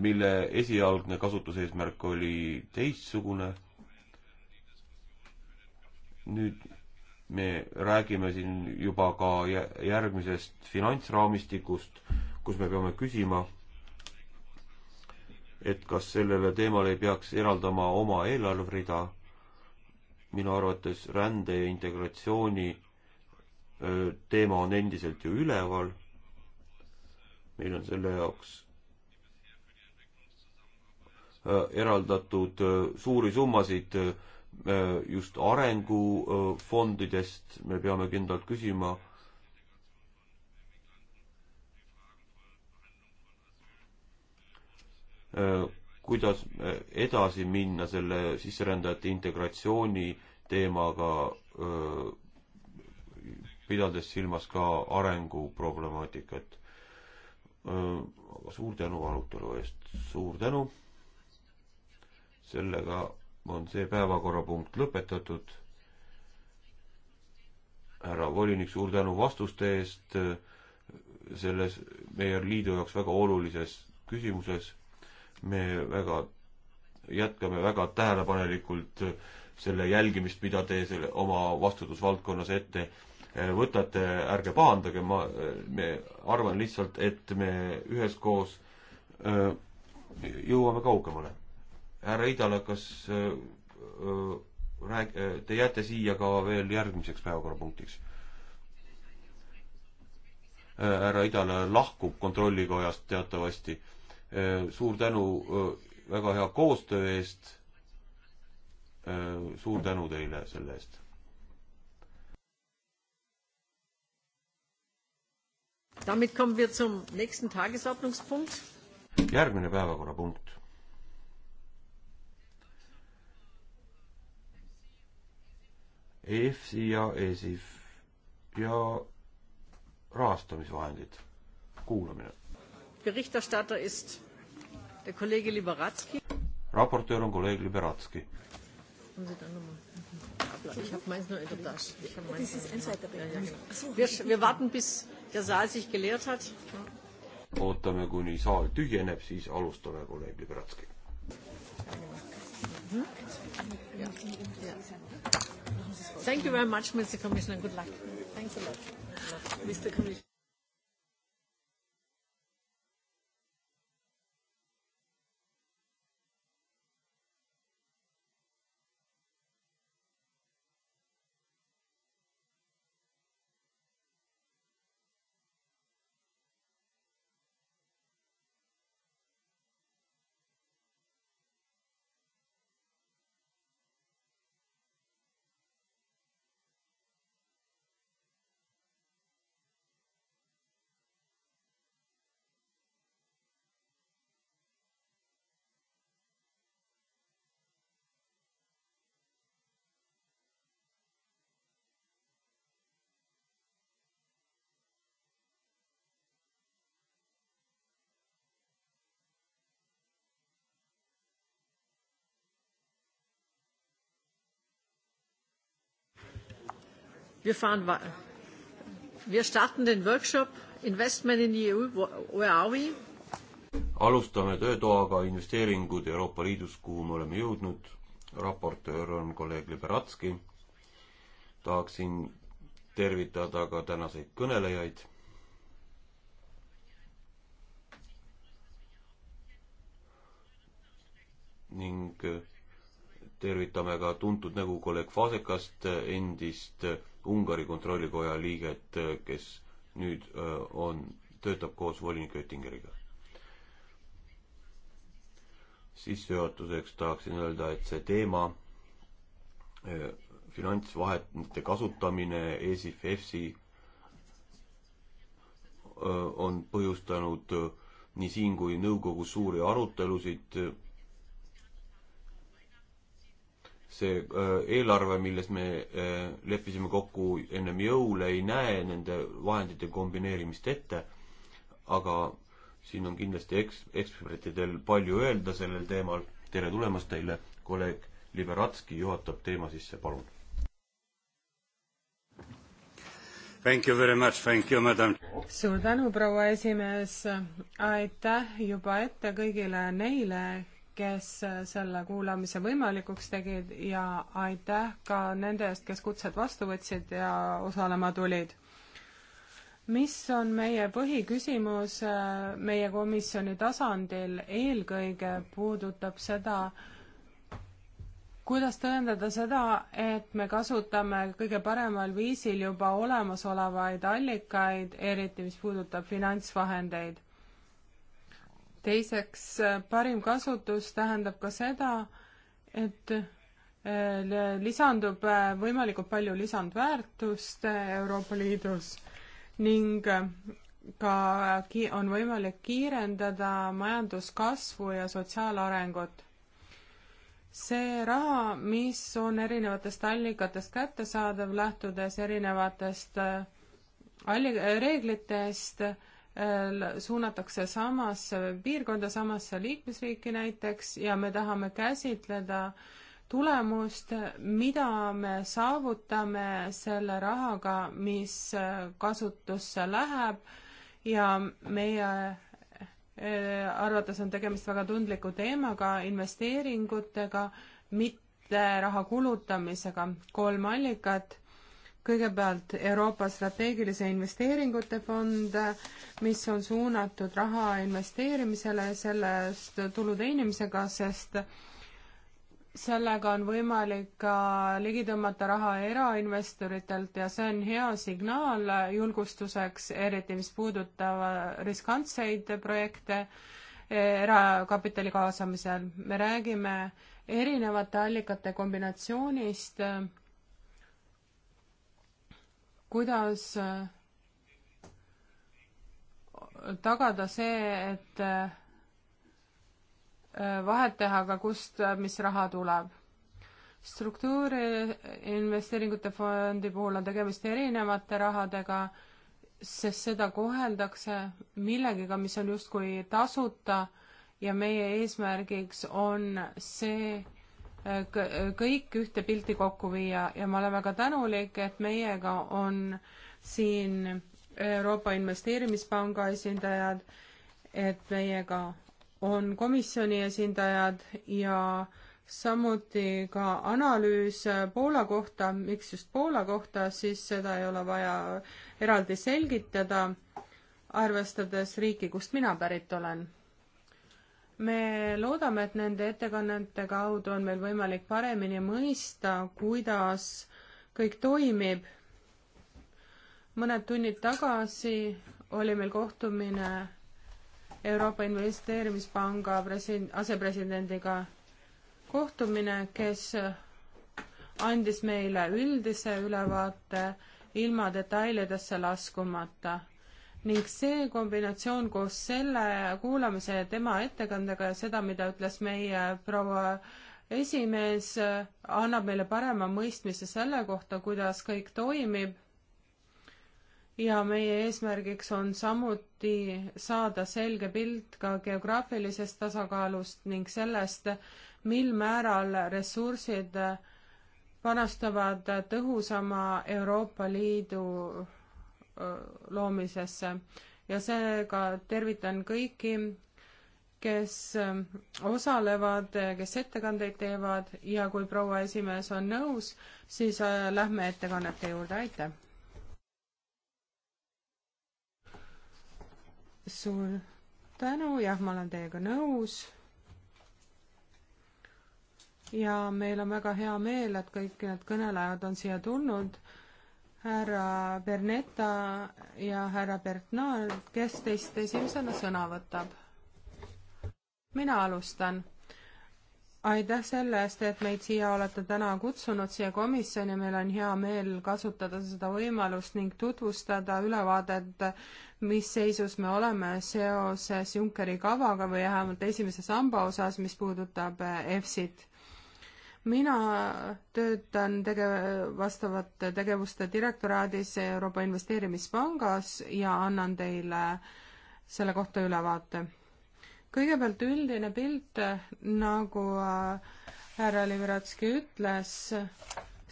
mille esialgne kasutuseesmärk oli teistsugune. nüüd me räägime siin juba ka järgmisest finantsraamistikust, kus me peame küsima, et kas sellele teemale ei peaks eraldama oma eelarverida. minu arvates rände ja integratsiooni teema on endiselt ju üleval. meil on selle jaoks eraldatud suuri summasid just arengufondidest, me peame kindlalt küsima, kuidas edasi minna selle sisserändajate integratsiooni teemaga pidades silmas ka arenguproblemaatikat. aga suur tänu arutelu eest, suur tänu. sellega on see päevakorrapunkt lõpetatud. härra volinik, suur tänu vastuste eest selles meie liidu jaoks väga olulises küsimuses. me väga, jätkame väga tähelepanelikult selle jälgimist, mida te selle oma vastutusvaldkonnas ette Eh, võtate, ärge pahandage, ma, eh, me, arvan lihtsalt, et me üheskoos eh, jõuame kaugemale. härra Idala, kas rääg-, te jääte siia ka veel järgmiseks päevakorrapunktiks? härra Idala lahkub kontrollikojast teatavasti. suur tänu väga hea koostöö eest. suur tänu teile selle eest. Damit kommen wir zum nächsten Tagesordnungspunkt. Järgmine päevakorrapunkt. EFSI ja ESIF ja rahastamisvahendid. kuulamine. Berichterstatter ist der Kollege Liberatski. raportöör on kolleeg Liberatski. Mhm. Ich habe meins nur in der Tasche. Ich habe meins. Wir, wir warten bis der Saal sich geleert hat. ootame, kuni saal tühjeneb, siis alustame kolleeg Liberatski. Thank you very much, Mr Commissioner, good luck. Thanks a lot, Mr Commissioner. Wir, fahren wir starten den workshop Investment in the EU, where are we? alustame töötoaga investeeringud Euroopa Liidus, kuhu me oleme jõudnud. raportöör on kolleeg Liberatski. tahaksin tervitada ka tänaseid kõnelejaid. ning tervitame ka tuntud nägu kolleeg Fasekast, endist Ungari kontrollikoja liiget, kes nüüd on, töötab koos volinik Oettingeriga. sissejuhatuseks tahaksin öelda, et see teema, finantsvahendite kasutamine ESIF, EFSI, on põhjustanud nii siin kui nõukogus suuri arutelusid see äh, eelarve, milles me äh, leppisime kokku ennem jõule, ei näe nende vahendite kombineerimist ette, aga siin on kindlasti eks-, ekspertidel palju öelda sellel teemal. tere tulemast teile, kolleeg Liberatski juhatab teema sisse, palun. Thank you very much, thank you, madam. suur tänu, proua esimees. aitäh juba ette kõigile neile, kes selle kuulamise võimalikuks tegid ja aitäh ka nende eest, kes kutsed vastu võtsid ja osalema tulid. mis on meie põhiküsimus äh, meie komisjoni tasandil, eelkõige puudutab seda, kuidas tõendada seda, et me kasutame kõige paremal viisil juba olemasolevaid allikaid, eriti mis puudutab finantsvahendeid teiseks, parim kasutus tähendab ka seda, et eh, lisandub eh, võimalikult palju lisandväärtust eh, Euroopa Liidus ning ka on võimalik kiirendada majanduskasvu ja sotsiaalarengut. see raha, mis on erinevatest allikatest kättesaadav, lähtudes erinevatest alli-, reeglitest, suunatakse samasse piirkonda, samasse liikmesriiki näiteks ja me tahame käsitleda tulemust, mida me saavutame selle rahaga, mis kasutusse läheb ja meie e, arvates on tegemist väga tundliku teemaga, investeeringutega, mitte raha kulutamisega. kolm allikat kõigepealt Euroopa strateegilise investeeringute fond, mis on suunatud raha investeerimisele, sellest tulu teenimisega, sest sellega on võimalik ka ligi tõmmata raha erainvestoritelt ja see on hea signaal julgustuseks, eriti mis puudutab riskantseid projekte erakapitali kaasamisel. me räägime erinevate allikate kombinatsioonist kuidas äh, tagada see, et äh, vahet teha ka, kust, äh, mis raha tuleb. struktuuriinvesteeringute fondi puhul on tegemist erinevate rahadega, sest seda koheldakse millegiga, mis on justkui tasuta ja meie eesmärgiks on see, kõik ühte pilti kokku viia ja ma olen väga tänulik, et meiega on siin Euroopa Investeerimispanga esindajad, et meiega on komisjoni esindajad ja samuti ka analüüs Poola kohta, miks just Poola kohta, siis seda ei ole vaja eraldi selgitada, arvestades riiki, kust mina pärit olen me loodame, et nende ettekannete kaudu on meil võimalik paremini mõista, kuidas kõik toimib. mõned tunnid tagasi oli meil kohtumine Euroopa Investeerimispanga president, asepresidendiga, kohtumine, kes andis meile üldise ülevaate ilma detailidesse laskumata ning see kombinatsioon koos selle kuulamise ja tema ettekandega ja seda, mida ütles meie proua esimees, annab meile parema mõistmise selle kohta, kuidas kõik toimib. ja meie eesmärgiks on samuti saada selge pilt ka geograafilisest tasakaalust ning sellest, mil määral ressursid panustavad tõhusama Euroopa Liidu loomisesse ja seega tervitan kõiki, kes osalevad, kes ettekandeid teevad ja kui proua esimees on nõus, siis lähme ettekannete juurde, aitäh! suur tänu, jah, ma olen teiega nõus. ja meil on väga hea meel, et kõik need kõnelejad on siia tulnud härra Berneta ja härra Bernard, kes teist esimesena sõna võtab? mina alustan. aitäh selle eest, et meid siia olete täna kutsunud, siia komisjoni, meil on hea meel kasutada seda võimalust ning tutvustada ülevaadet, mis seisus me oleme seoses Junckeri kavaga või vähemalt esimese samba osas, mis puudutab eh, EFSit mina töötan tege-, vastavate tegevuste direktoraadis Euroopa Investeerimispangas ja annan teile selle kohta ülevaate. kõigepealt üldine pilt, nagu äh, härra Liberatski ütles,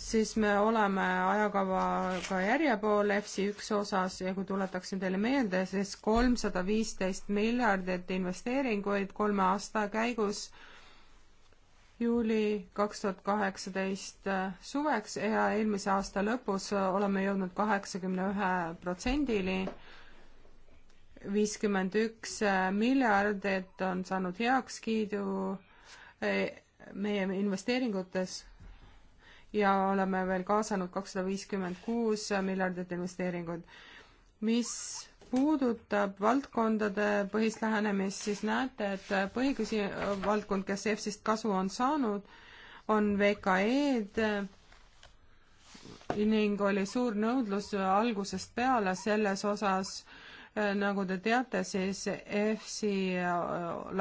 siis me oleme ajakavaga järjepool EFSI üks osas ja kui tuletaksin teile meelde, siis kolmsada viisteist miljardit investeeringuid kolme aasta käigus juuli kaks tuhat kaheksateist äh, suveks ja eelmise aasta lõpus äh, oleme jõudnud kaheksakümne ühe protsendini. viiskümmend üks äh, miljardit on saanud heakskiidu meie investeeringutes ja oleme veel kaasanud kakssada viiskümmend kuus miljardit investeeringuid, mis puudutab valdkondade põhist lähenemist, siis näete, et põhiküsi-, valdkond, kes EFSist kasu on saanud, on VKE-d ning oli suur nõudlus algusest peale selles osas, nagu te teate, siis EFSI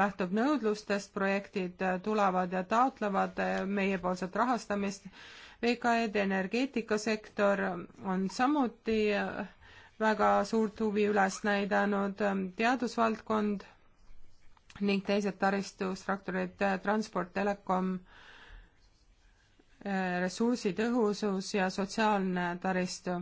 lähtub nõudlustest, projektid tulevad ja taotlevad meiepoolset rahastamist. VKE-d energeetikasektor on samuti väga suurt huvi üles näidanud ähm, teadusvaldkond ning teised taristustruktuurid, äh, transport, telekom, äh, ressursitõhusus ja sotsiaalne taristu.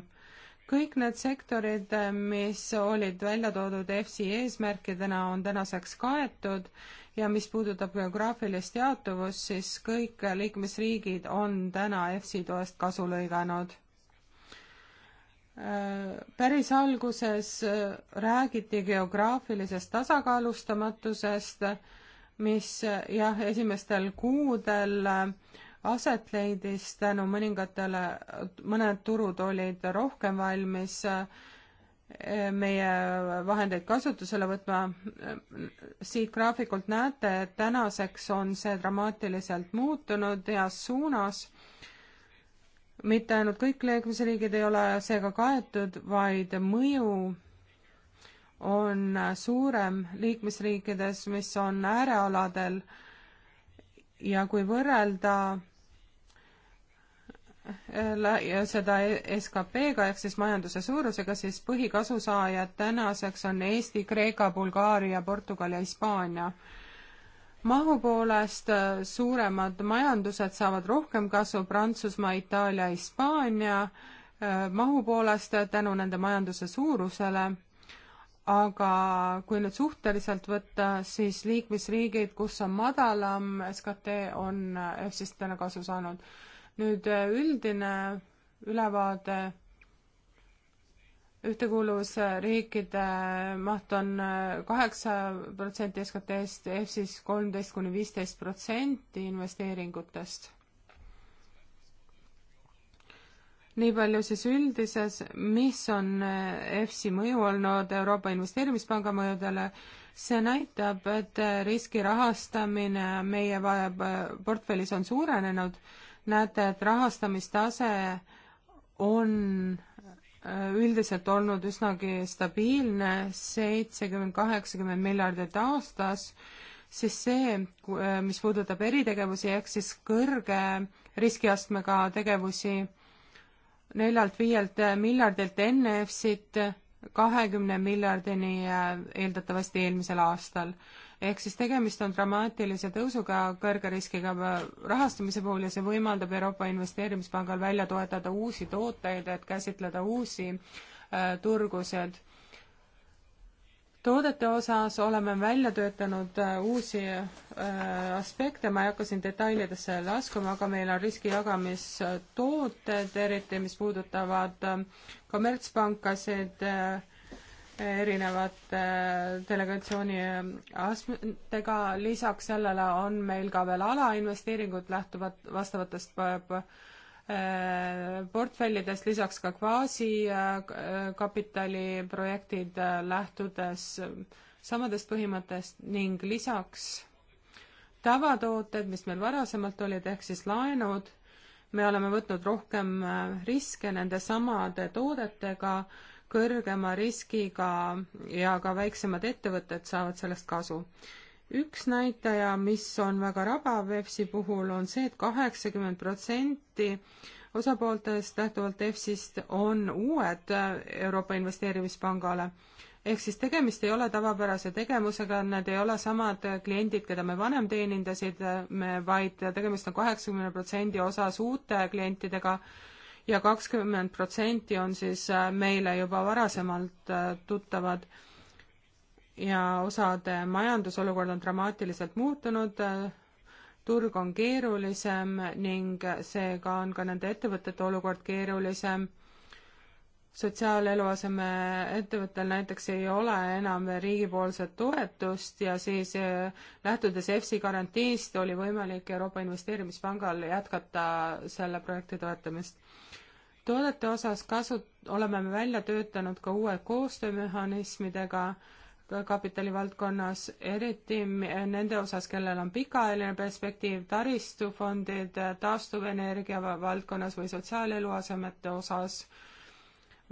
kõik need sektorid, äh, mis olid välja toodud EFSI eesmärkidena, on tänaseks kaetud ja mis puudutab geograafilist jaotuvust, siis kõik liikmesriigid on täna EFSI toest kasu lõiganud päris alguses äh, räägiti geograafilisest tasakaalustamatusest, mis jah, esimestel kuudel äh, aset leidis tänu mõningatele, mõned turud olid rohkem valmis äh, meie vahendeid kasutusele võtma. siit graafikult näete, et tänaseks on see dramaatiliselt muutunud heas suunas mitte ainult kõik liikmesriigid ei ole seega kaetud, vaid mõju on suurem liikmesriikides, mis on äärealadel ja kui võrrelda äh, seda SKP-ga ehk siis majanduse suurusega, siis põhikasusaajad tänaseks on Eesti, Kreeka, Bulgaaria, Portugal ja Hispaania mahu poolest äh, suuremad majandused saavad rohkem kasu, Prantsusmaa, Itaalia, Hispaania äh, mahu poolest äh, tänu nende majanduse suurusele, aga kui nüüd suhteliselt võtta, siis liikmesriigid, kus on madalam SKT, on EFSist täna kasu saanud. nüüd üldine ülevaade ühtekuuluvusriikide maht on äh, kaheksa protsenti SKT-st ehk siis kolmteist kuni viisteist protsenti investeeringutest. nii palju siis üldises, mis on äh, EFSI mõju olnud Euroopa Investeerimispanga mõjudele, see näitab, et äh, riski rahastamine meie portfellis on suurenenud, näete, et rahastamistase on üldiselt olnud üsnagi stabiilne, seitsekümmend, kaheksakümmend miljardit aastas, siis see, mis puudutab eritegevusi ehk siis kõrge riskiastmega tegevusi neljalt-viielt miljardilt enne EFSit kahekümne miljardini eeldatavasti eelmisel aastal ehk siis tegemist on dramaatilise tõusuga kõrge riskiga rahastamise puhul ja see võimaldab Euroopa Investeerimispangal välja toetada uusi tooteid, et käsitleda uusi äh, turgusid. toodete osas oleme välja töötanud äh, uusi äh, aspekte, ma ei hakka siin detailidesse laskuma, aga meil on riskijagamistooted, eriti mis puudutavad äh, kommertspankasid äh,, erinevate delegatsiooni astmetega, lisaks sellele on meil ka veel alainvesteeringud lähtuvad vastavatest äh, äh, portfellidest, lisaks ka kvaasikapitali äh, projektid, lähtudes samadest põhimõttest ning lisaks tavatooted, mis meil varasemalt olid, ehk siis laenud, me oleme võtnud rohkem riske nende samade toodetega kõrgema riskiga ja ka väiksemad ettevõtted saavad sellest kasu. üks näitaja, mis on väga rabav EFSi puhul, on see et, et kaheksakümmend protsenti osapooltest lähtuvalt EFSist on uued Euroopa Investeerimispangale. ehk siis tegemist ei ole tavapärase tegevusega, need ei ole samad kliendid, keda me vanem teenindasid, me, vaid tegemist on kaheksakümne protsendi osas uute klientidega ja kakskümmend protsenti on siis äh, meile juba varasemalt äh, tuttavad ja osade majandusolukord on dramaatiliselt muutunud, äh, turg on keerulisem ning seega on ka nende ettevõtete olukord keerulisem. sotsiaaleluaseme ettevõttel näiteks ei ole enam riigipoolset toetust ja siis lähtudes EFSI garantiist oli võimalik Euroopa Investeerimispangal jätkata selle projekti toetamist toodete osas kasu, oleme me välja töötanud ka uued koostöömehhanismidega kapitali valdkonnas, eriti nende osas, kellel on pikaajaline perspektiiv, taristufondid taastuvenergia valdkonnas või sotsiaaleluasemete osas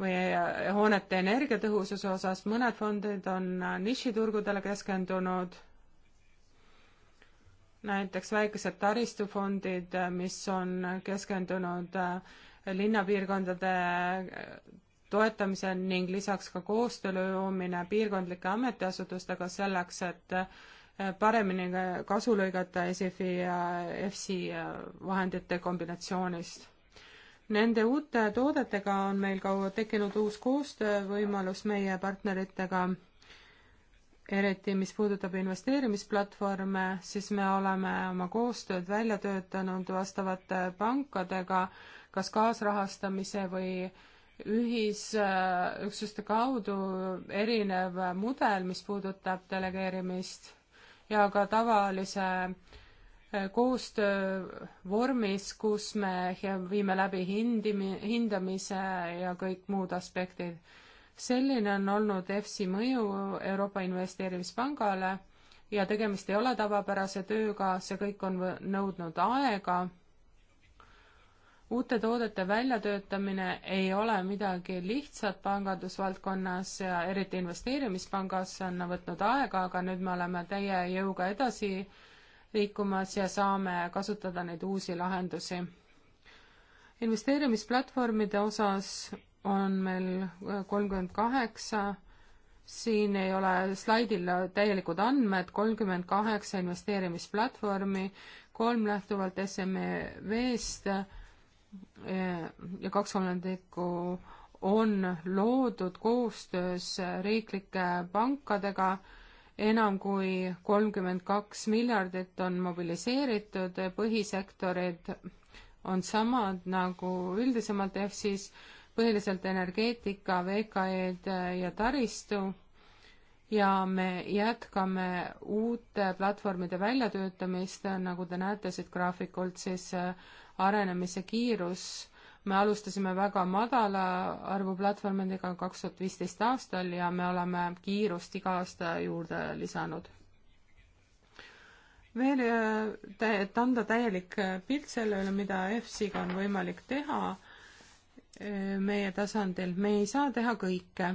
või eh, hoonete energiatõhususe osas, mõned fondid on äh, nišiturgudele keskendunud, näiteks väikesed taristufondid, äh, mis on keskendunud äh, linnapiirkondade toetamisel ning lisaks ka koostöö loomine piirkondlike ametiasutustega selleks, et eh, paremini kasu lõigata ESIF-i ja EFSI eh, vahendite kombinatsioonist. Nende uute toodetega on meil ka tekkinud uus koostöövõimalus meie partneritega, eriti mis puudutab investeerimisplatvorme, siis me oleme oma koostööd välja töötanud vastavate pankadega, kas kaasrahastamise või ühisüksuste kaudu erinev mudel, mis puudutab delegeerimist ja ka tavalise eh, koostöö vormis, kus me viime läbi hindimi, hindamise ja kõik muud aspektid. selline on olnud EFSI mõju Euroopa Investeerimispangale ja tegemist ei ole tavapärase tööga, see kõik on nõudnud aega uute toodete väljatöötamine ei ole midagi lihtsat pangandusvaldkonnas ja eriti investeerimispangas, see on võtnud aega, aga nüüd me oleme täie jõuga edasi liikumas ja saame kasutada neid uusi lahendusi. investeerimisplatvormide osas on meil kolmkümmend kaheksa, siin ei ole slaidil täielikud andmed, kolmkümmend kaheksa investeerimisplatvormi, kolm lähtuvalt SMEV-st ja kaks kolmandikku on loodud koostöös riiklike pankadega, enam kui kolmkümmend kaks miljardit on mobiliseeritud, põhisektorid on samad nagu üldisemalt, ehk siis põhiliselt energeetika, VKE-d ja taristu ja me jätkame uute platvormide väljatöötamist, nagu te näete siit graafikult, siis arenemise kiirus, me alustasime väga madala arvu platvormidega kaks tuhat viisteist aastal ja me oleme kiirust iga aasta juurde lisanud. veel, äh, et anda täielik äh, pilt selle üle, mida EFSiga on võimalik teha äh, meie tasandil, me ei saa teha kõike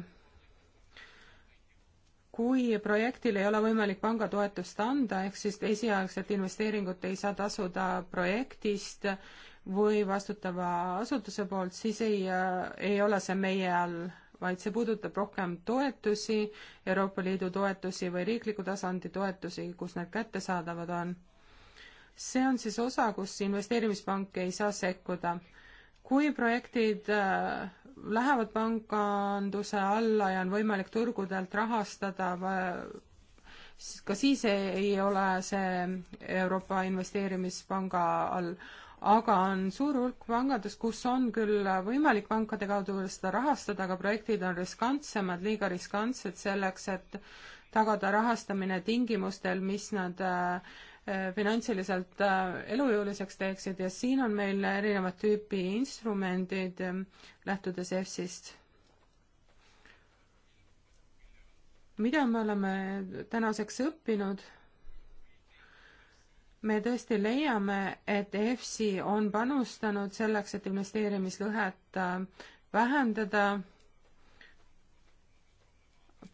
kui projektil ei ole võimalik pangatoetust anda, ehk siis esialgset investeeringut ei saa tasuda projektist või vastutava asutuse poolt, siis ei, ei ole see meie all, vaid see puudutab rohkem toetusi, Euroopa Liidu toetusi või riikliku tasandi toetusi, kus need kättesaadavad on. see on siis osa, kus investeerimispank ei saa sekkuda. kui projektid lähevad panganduse alla ja on võimalik turgudelt rahastada, ka siis ei, ei ole see Euroopa Investeerimispanga all, aga on suur hulk pangandust, kus on küll võimalik pankade kaudu seda rahastada, aga projektid on riskantsemad, liiga riskantsed selleks, et tagada rahastamine tingimustel, mis nad äh, Äh, finantsiliselt äh, elujõuliseks teeksid ja siin on meil erinevat tüüpi instrumendid, ähm, lähtudes EFSist. mida me oleme tänaseks õppinud? me tõesti leiame, et EFSI on panustanud selleks, et investeerimislõhet äh, vähendada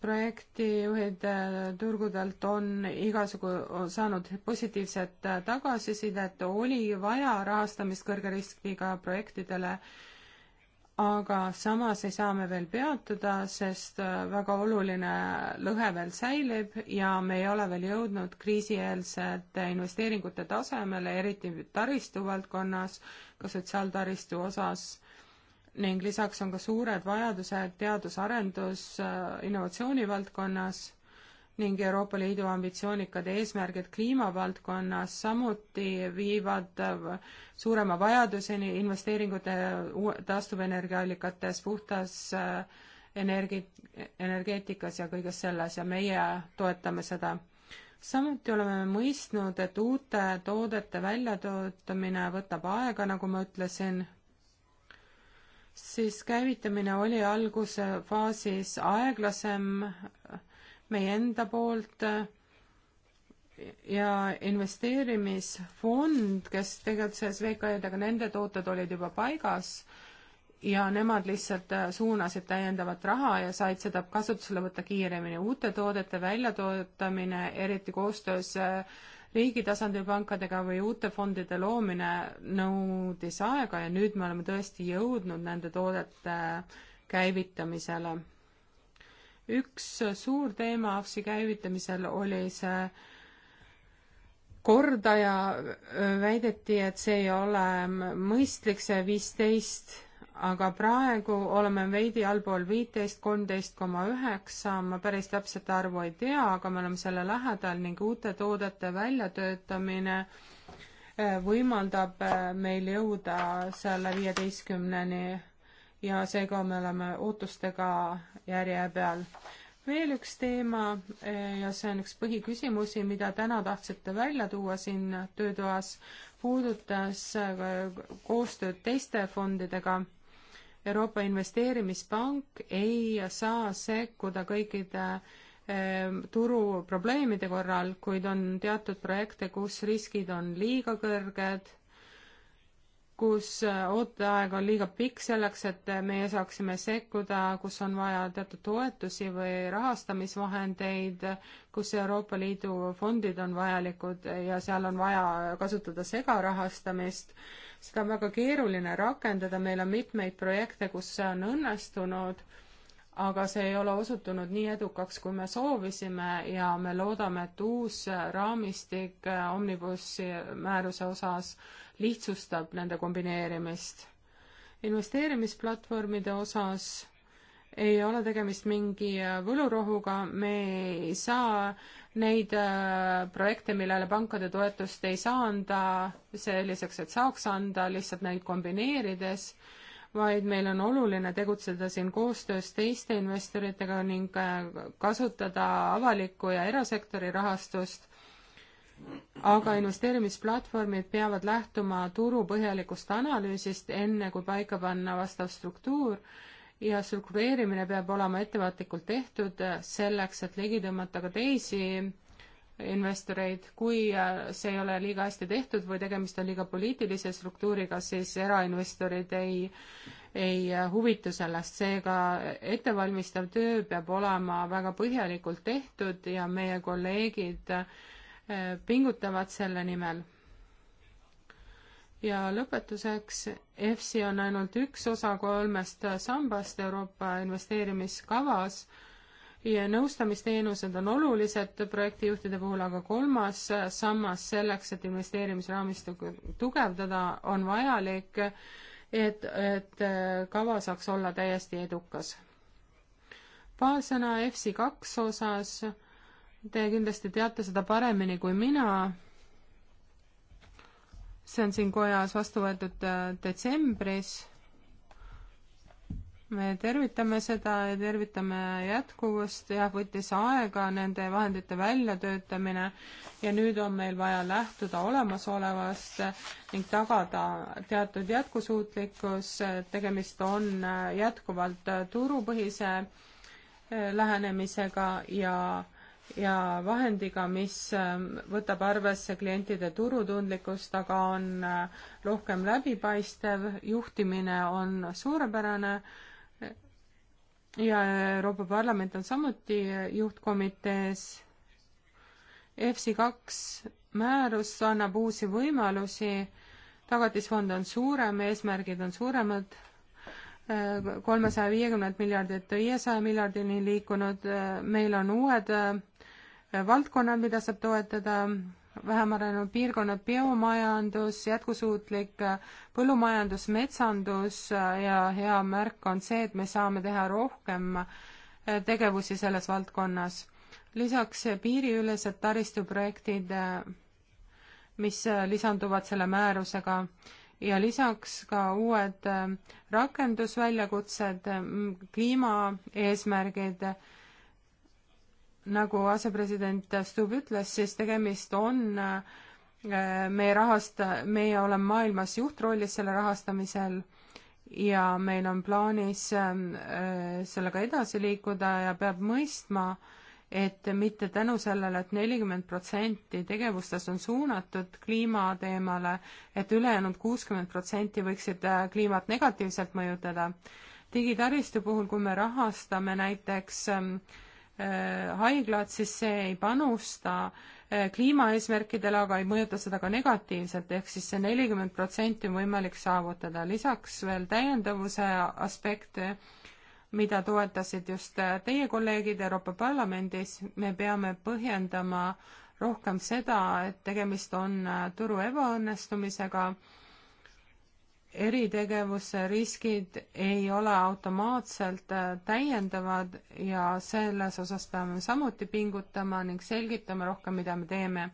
projektijuhid äh, turgudelt on igasugu saanud positiivset äh, tagasisidet, oli vaja rahastamist kõrge riskiga projektidele, aga samas ei saa me veel peatuda, sest äh, väga oluline lõhe veel säilib ja me ei ole veel jõudnud kriisieelsete investeeringute tasemele, eriti taristuvaldkonnas, ka sotsiaaltaristu osas ning lisaks on ka suured vajadused teadus-arendus äh, innovatsioonivaldkonnas ning Euroopa Liidu ambitsioonikad eesmärgid kliimavaldkonnas samuti viivad äh, suurema vajaduseni investeeringute taastuvenergiaallikates, puhtas äh, energi-, energeetikas ja kõiges selles ja meie toetame seda. samuti oleme mõistnud, et uute toodete väljatöötamine võtab aega, nagu ma ütlesin siis käivitamine oli algusfaasis aeglasem meie enda poolt ja investeerimisfond, kes tegutses VKE-dega, nende tooted olid juba paigas ja nemad lihtsalt suunasid täiendavat raha ja said seda kasutusele võtta kiiremini. uute toodete väljatootamine, eriti koostöös riigi tasandil pankadega või uute fondide loomine nõudis aega ja nüüd me oleme tõesti jõudnud nende toodete käivitamisele. üks suur teema AFSi käivitamisel oli see kordaja, väideti, et see ei ole mõistlik, see viisteist aga praegu oleme veidi allpool viiteist, kolmteist koma üheksa, ma päris täpset arvu ei tea, aga me oleme selle lähedal ning uute toodete väljatöötamine eh, võimaldab eh, meil jõuda selle viieteistkümneni ja seega me oleme ootustega järje peal. veel üks teema eh, ja see on üks põhiküsimusi, mida täna tahtsite välja tuua siin töötoas, puudutas koostööd teiste fondidega Euroopa Investeerimispank ei saa sekkuda kõikide ehm, turu probleemide korral, kuid on teatud projekte, kus riskid on liiga kõrged kus äh, ooteaeg on liiga pikk selleks, et äh, meie saaksime sekkuda, kus on vaja teatud toetusi või rahastamisvahendeid, kus Euroopa Liidu fondid on vajalikud ja seal on vaja kasutada segarahastamist. seda on väga keeruline rakendada, meil on mitmeid projekte, kus see on õnnestunud, aga see ei ole osutunud nii edukaks, kui me soovisime ja me loodame, et uus äh, raamistik Omnibussi määruse osas lihtsustab nende kombineerimist. investeerimisplatvormide osas ei ole tegemist mingi võlurohuga, me ei saa neid äh, projekte, millele pankade toetust ei saa anda selliseks, et saaks anda, lihtsalt neid kombineerides, vaid meil on oluline tegutseda siin koostöös teiste investoritega ning äh, kasutada avalikku ja erasektori rahastust aga investeerimisplatvormid peavad lähtuma turu põhjalikust analüüsist, enne kui paika panna vastav struktuur ja struktureerimine peab olema ettevaatlikult tehtud selleks, et ligi tõmmata ka teisi investoreid, kui see ei ole liiga hästi tehtud või tegemist on liiga poliitilise struktuuriga, siis erainvestorid ei, ei huvitu sellest, seega ettevalmistav töö peab olema väga põhjalikult tehtud ja meie kolleegid äh, pingutavad selle nimel. ja lõpetuseks, EFSI on ainult üks osa kolmest sambast Euroopa investeerimiskavas ja nõustamisteenused on olulised projektijuhtide puhul, aga kolmas sammas selleks, et investeerimisraamistikku tugevdada, on vajalik, et, et kava saaks olla täiesti edukas. paar sõna EFSI kaks osas Te kindlasti teate seda paremini kui mina. see on siin kojas vastu võetud äh, detsembris. me tervitame seda ja tervitame jätkuvust, jah, võttis aega nende vahendite väljatöötamine ja nüüd on meil vaja lähtuda olemasolevast ning tagada teatud jätkusuutlikkus, tegemist on äh, jätkuvalt turupõhise äh, lähenemisega ja ja vahendiga, mis ähm, võtab arvesse klientide turutundlikkust, aga on äh, rohkem läbipaistev, juhtimine on suurepärane ja Euroopa Parlament on samuti äh, juhtkomitees. EFSI kaks määrus annab uusi võimalusi, tagatisfond on suurem, eesmärgid on suuremad äh, kolmesaja viiekümnelt miljardilt viiesaja miljardini liikunud, meil on uued valdkonnad, mida saab toetada, vähem arenenud piirkonnad, biomajandus, jätkusuutlik põllumajandus, metsandus ja hea märk on see, et me saame teha rohkem eh, tegevusi selles valdkonnas. lisaks piiriülesed taristuprojektid, eh, mis eh, lisanduvad selle määrusega ja lisaks ka uued rakendusväljakutsed, mm, kliimaeesmärgid nagu asepresident Stubb ütles, siis tegemist on äh, meie rahasta-, meie oleme maailmas juhtrollis selle rahastamisel ja meil on plaanis ähm, äh, sellega edasi liikuda ja peab mõistma, et mitte tänu sellele et, et nelikümmend protsenti tegevustes on suunatud kliimateemale, et ülejäänud kuuskümmend protsenti võiksid äh, kliimat negatiivselt mõjutada. digitaristu puhul, kui me rahastame näiteks äh, Äh, haiglad, siis see ei panusta äh, kliimaeesmärkidele, aga ei mõjuta seda ka negatiivselt, ehk siis see nelikümmend protsenti on võimalik saavutada. lisaks veel täiendavuse aspekt, mida toetasid just äh, teie kolleegid Euroopa Parlamendis, me peame põhjendama rohkem seda, et tegemist on turu ebaõnnestumisega eritegevuse riskid ei ole automaatselt äh, täiendavad ja selles osas peame samuti pingutama ning selgitama rohkem, mida me teeme.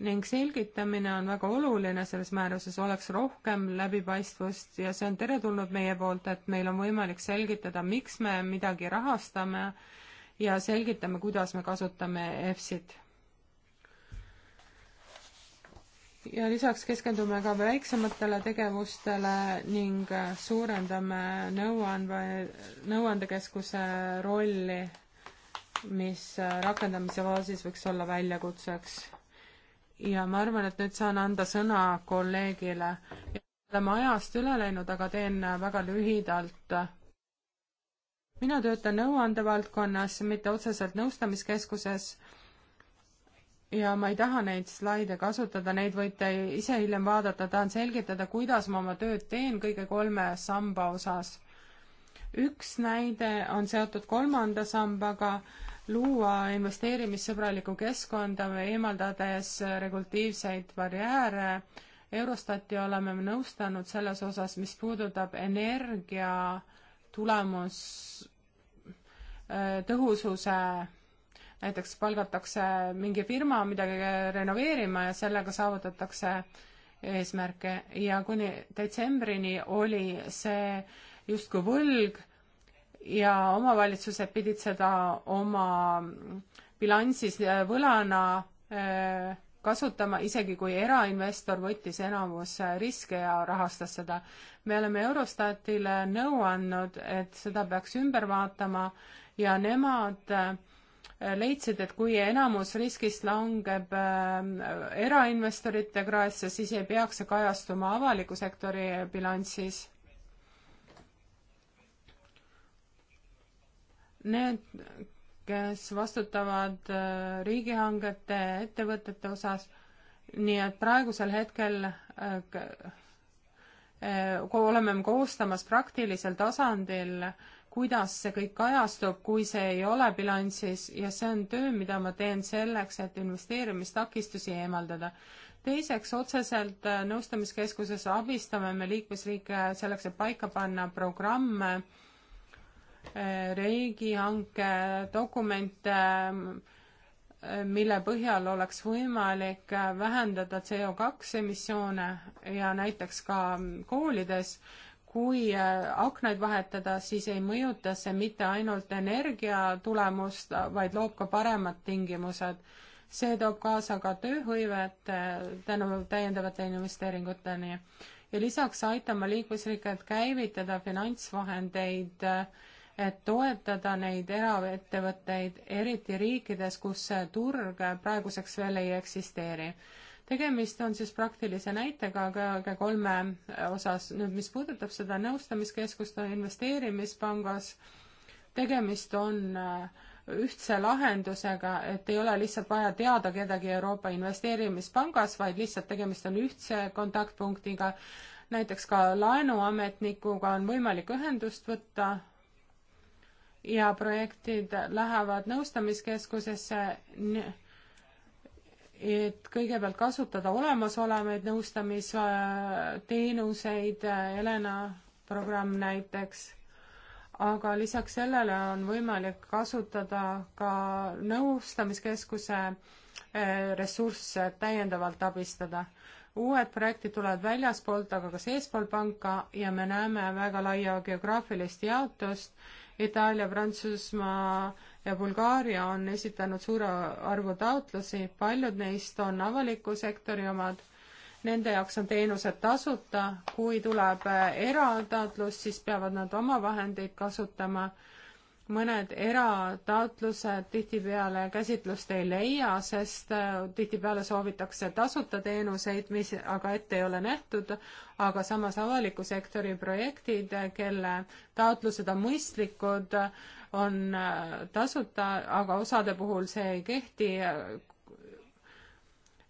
ning selgitamine on väga oluline selles määruses, oleks rohkem läbipaistvust ja see on teretulnud meie poolt, et meil on võimalik selgitada, miks me midagi rahastame ja selgitame, kuidas me kasutame EFSit ja lisaks keskendume ka väiksematele tegevustele ning suurendame nõuandva, nõuandekeskuse rolli, mis rakendamise faasis võiks olla väljakutseks. ja ma arvan, et nüüd saan anda sõna kolleegile. oleme ajast üle läinud, aga teen väga lühidalt. mina töötan nõuandevaldkonnas, mitte otseselt nõustamiskeskuses ja ma ei taha neid slaide kasutada, neid võite ise hiljem vaadata, tahan selgitada, kuidas ma oma tööd teen kõige kolme samba osas. üks näide on seotud kolmanda sambaga, luua investeerimissõbralikku keskkonda, eemaldades regulatiivseid barjääre. Eurostati oleme me nõustanud selles osas, mis puudutab energia tulemus, äh, tõhususe näiteks palgatakse mingi firma midagi renoveerima ja sellega saavutatakse eesmärke ja kuni detsembrini oli see justkui võlg ja omavalitsused pidid seda oma bilansis võlana äh, kasutama, isegi kui erainvestor võttis enamus äh, riske ja rahastas seda. me oleme Eurostatile nõu andnud, et seda peaks ümber vaatama ja nemad äh, leidsid, et kui enamus riskist langeb äh, erainvestorite kraesse, siis ei peaks see kajastuma avaliku sektori bilansis need, kes vastutavad äh, riigihangete ettevõtete osas, nii et praegusel hetkel äh, äh oleme koostamas praktilisel tasandil äh, kuidas see kõik kajastub, kui see ei ole bilansis ja see on töö, mida ma teen selleks, et investeerimistakistusi eemaldada. teiseks, otseselt äh, nõustamiskeskuses abistame me liikmesriike selleks, et paika panna programme, äh, riigihanke dokumente, äh, mille põhjal oleks võimalik vähendada CO2 emissioone ja näiteks ka koolides kui äh, aknaid vahetada, siis ei mõjuta see mitte ainult energia tulemust, vaid loob ka paremad tingimused. see toob kaasa ka tööhõivet äh, tänu täiendavate investeeringuteni. ja lisaks aitama liikmesriikidelt käivitada finantsvahendeid, äh, et toetada neid eraettevõtteid, eriti riikides, kus see turg praeguseks veel ei eksisteeri tegemist on siis praktilise näitega kõige kolme osas. nüüd, mis puudutab seda nõustamiskeskust investeerimispangas, tegemist on äh, ühtse lahendusega, et ei ole lihtsalt vaja teada kedagi Euroopa Investeerimispangas, vaid lihtsalt tegemist on ühtse kontaktpunktiga. näiteks ka laenuametnikuga on võimalik ühendust võtta ja projektid lähevad nõustamiskeskusesse et kõigepealt kasutada olemasolevaid nõustamisteenuseid, Helena äh, programm näiteks, aga lisaks sellele on võimalik kasutada ka nõustamiskeskuse äh, ressursse, et täiendavalt abistada. uued projektid tulevad väljaspoolt, aga ka seespool panka ja me näeme väga laia geograafilist jaotust Itaalia, Prantsusmaa ja Bulgaaria on esitanud suure arvu taotlusi, paljud neist on avaliku sektori omad, nende jaoks on teenused tasuta, kui tuleb erataotlus, siis peavad nad oma vahendeid kasutama mõned erataotlused tihtipeale käsitlust ei leia, sest äh, tihtipeale soovitakse tasuta teenuseid, mis aga ette ei ole nähtud, aga samas avaliku sektori projektid, kelle taotlused on mõistlikud, on äh, tasuta, aga osade puhul see ei kehti,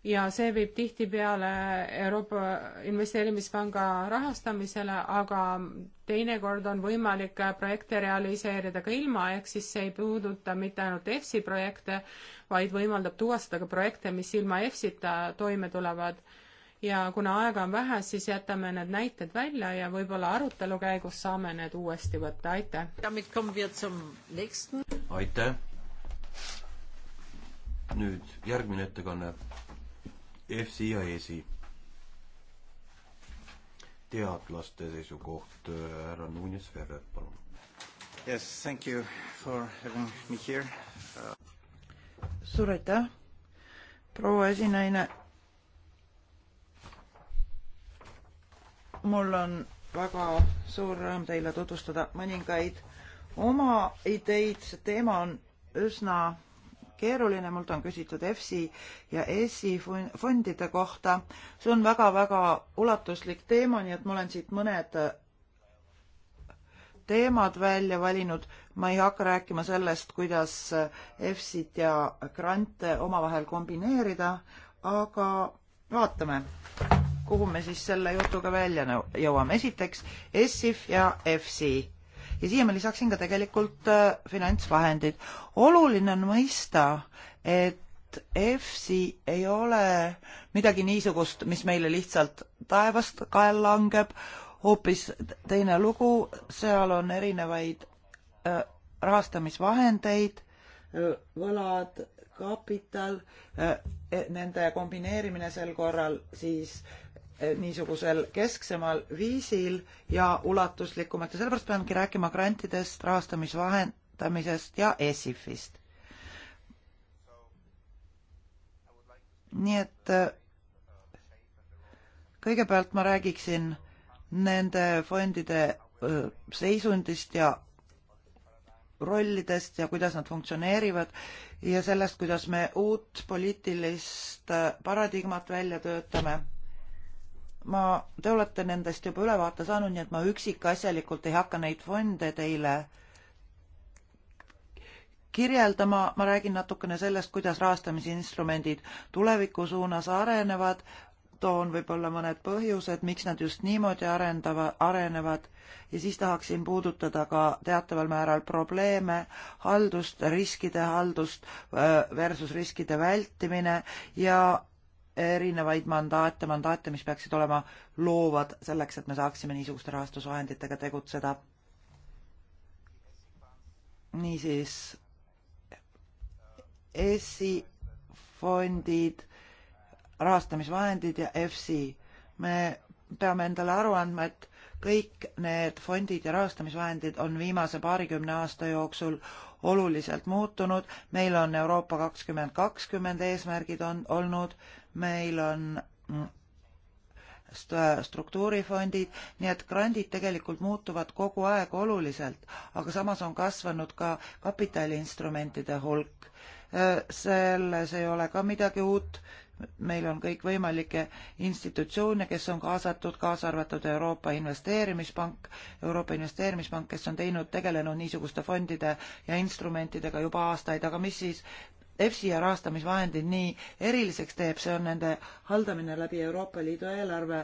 ja see viib tihtipeale Euroopa Investeerimispanga rahastamisele, aga teinekord on võimalik projekte realiseerida ka ilma, ehk siis see ei puuduta mitte ainult EFSI projekte, vaid võimaldab tuvastada ka projekte, mis ilma EFSita toime tulevad. ja kuna aega on vähe, siis jätame need näited välja ja võib-olla arutelu käigus saame need uuesti võtta, aitäh! aitäh! nüüd järgmine ettekanne EFSI ja ESI. teadlaste seisukoht, härra Nunes Ferre, palun. Yes, thank you for having me here uh.... suur aitäh, proua esinaine. mul on väga suur rõõm teile tutvustada mõningaid oma ideid, see teema on üsna keeruline, mult on küsitud EFSI ja ESI fondide kohta. see on väga-väga ulatuslik teema, nii et ma olen siit mõned teemad välja valinud. ma ei hakka rääkima sellest, kuidas EFSit ja grante omavahel kombineerida, aga vaatame, kuhu me siis selle jutuga välja jõuame. esiteks ESIF ja EFSI ja siia ma lisaksin ka tegelikult äh, finantsvahendid. oluline on mõista, et EFSI ei ole midagi niisugust, mis meile lihtsalt taevast kael langeb, hoopis teine lugu, seal on erinevaid äh, rahastamisvahendeid, äh, võlad, kapital, e-, nende kombineerimine sel korral siis niisugusel kesksemal viisil ja ulatuslikumalt ja sellepärast peamegi rääkima grantidest, rahastamisvahendamisest ja ESIF-ist. nii et äh, kõigepealt ma räägiksin nende fondide äh, seisundist ja rollidest ja kuidas nad funktsioneerivad ja sellest, kuidas me uut poliitilist äh, paradigmat välja töötame ma, te olete nendest juba ülevaate saanud, nii et ma üksikasjalikult ei hakka neid fonde teile kirjeldama, ma räägin natukene sellest, kuidas rahastamisinstrumendid tuleviku suunas arenevad, toon võib-olla mõned põhjused, miks nad just niimoodi arendava, arenevad ja siis tahaksin puudutada ka teataval määral probleeme, haldust, riskide haldust äh, versus riskide vältimine ja erinevaid mandaate, mandaate, mis peaksid olema loovad selleks, et me saaksime niisuguste rahastusvahenditega tegutseda. niisiis, ESI fondid, rahastamisvahendid ja EFSI. me peame endale aru andma, et kõik need fondid ja rahastamisvahendid on viimase paarikümne aasta jooksul oluliselt muutunud, meil on Euroopa kakskümmend kakskümmend eesmärgid on olnud meil on mm, struktuurifondid, nii et grandid tegelikult muutuvad kogu aeg oluliselt, aga samas on kasvanud ka kapitaliinstrumentide hulk. Äh, selles ei ole ka midagi uut, meil on kõikvõimalikke institutsioone, kes on kaasatud, kaasa arvatud Euroopa Investeerimispank, Euroopa Investeerimispank, kes on teinud, tegelenud niisuguste fondide ja instrumentidega juba aastaid, aga mis siis EFSI ja rahastamisvahendid nii eriliseks teeb, see on nende haldamine läbi Euroopa Liidu eelarve.